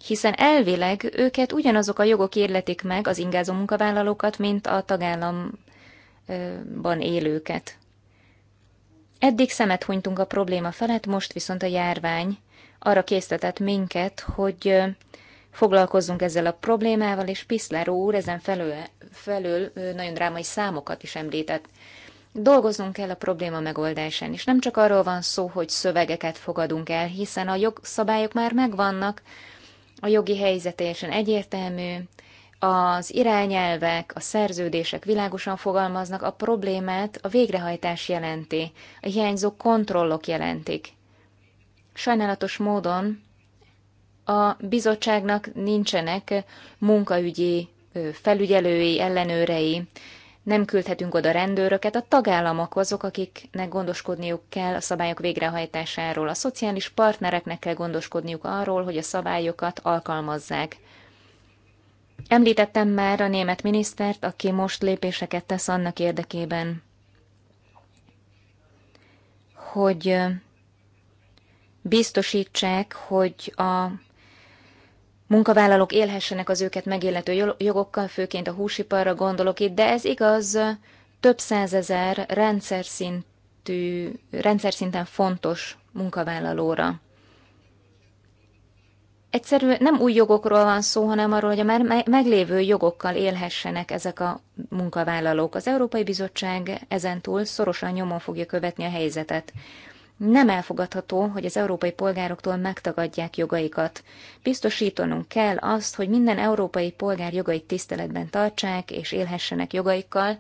hiszen elvileg őket ugyanazok a jogok érletik meg az ingázó munkavállalókat, mint a tagállamban élőket. Eddig szemet hunytunk a probléma felett, most viszont a járvány arra késztetett minket, hogy foglalkozzunk ezzel a problémával, és Piszler úr ezen felől, felől nagyon drámai számokat is említett. Dolgoznunk kell a probléma megoldásán, és nem csak arról van szó, hogy szövegeket fogadunk el, hiszen a jogszabályok már megvannak, a jogi helyzet teljesen egyértelmű, az irányelvek, a szerződések világosan fogalmaznak, a problémát a végrehajtás jelenti, a hiányzó kontrollok jelentik. Sajnálatos módon a bizottságnak nincsenek munkaügyi felügyelői, ellenőrei, nem küldhetünk oda rendőröket, a tagállamok azok, akiknek gondoskodniuk kell a szabályok végrehajtásáról. A szociális partnereknek kell gondoskodniuk arról, hogy a szabályokat alkalmazzák. Említettem már a német minisztert, aki most lépéseket tesz annak érdekében, hogy biztosítsák, hogy a munkavállalók élhessenek az őket megillető jogokkal, főként a húsiparra gondolok itt, de ez igaz, több százezer rendszer, szintű, rendszer szinten fontos munkavállalóra. Egyszerűen nem új jogokról van szó, hanem arról, hogy a már meglévő jogokkal élhessenek ezek a munkavállalók. Az Európai Bizottság ezentúl szorosan nyomon fogja követni a helyzetet. Nem elfogadható, hogy az európai polgároktól megtagadják jogaikat. Biztosítanunk kell azt, hogy minden európai polgár jogait tiszteletben tartsák és élhessenek jogaikkal,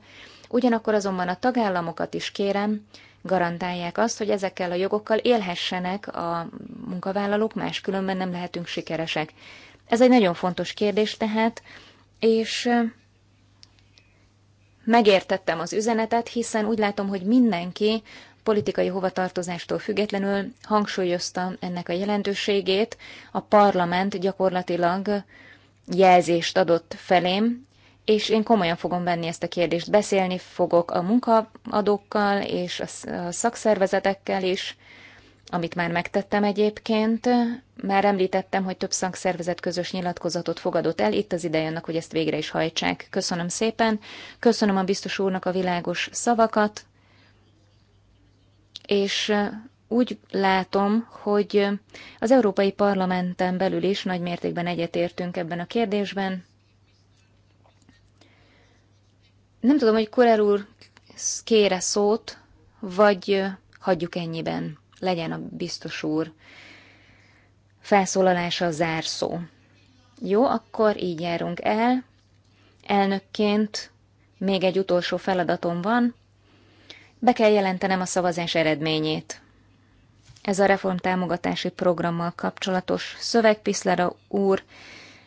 ugyanakkor azonban a tagállamokat is kérem, garantálják azt, hogy ezekkel a jogokkal élhessenek a munkavállalók, máskülönben nem lehetünk sikeresek. Ez egy nagyon fontos kérdés tehát, és megértettem az üzenetet, hiszen úgy látom, hogy mindenki politikai hovatartozástól függetlenül hangsúlyozta ennek a jelentőségét. A parlament gyakorlatilag jelzést adott felém, és én komolyan fogom venni ezt a kérdést. Beszélni fogok a munkaadókkal és a szakszervezetekkel is, amit már megtettem egyébként. Már említettem, hogy több szakszervezet közös nyilatkozatot fogadott el, itt az ideje annak, hogy ezt végre is hajtsák. Köszönöm szépen, köszönöm a biztos úrnak a világos szavakat, és úgy látom, hogy az Európai Parlamenten belül is nagy mértékben egyetértünk ebben a kérdésben. Nem tudom, hogy Kurel úr kére szót, vagy hagyjuk ennyiben, legyen a biztos úr felszólalása a zárszó. Jó, akkor így járunk el. Elnökként még egy utolsó feladatom van, be kell jelentenem a szavazás eredményét. Ez a reform támogatási programmal kapcsolatos szöveg Piszlera úr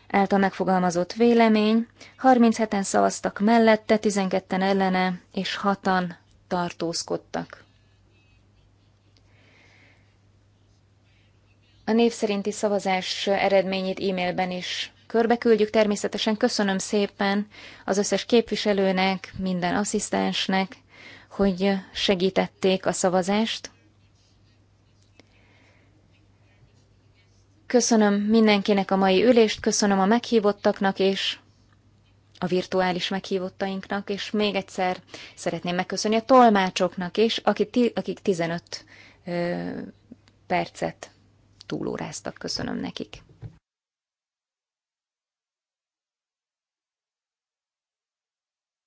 által megfogalmazott vélemény. 37-en szavaztak mellette, 12-en ellene, és 6-an tartózkodtak. A név szerinti szavazás eredményét e-mailben is körbeküldjük. Természetesen köszönöm szépen az összes képviselőnek, minden asszisztensnek, hogy segítették a szavazást. Köszönöm mindenkinek a mai ülést, köszönöm a meghívottaknak és a virtuális meghívottainknak, és még egyszer szeretném megköszönni a tolmácsoknak is, akik 15 percet túlóráztak. Köszönöm nekik.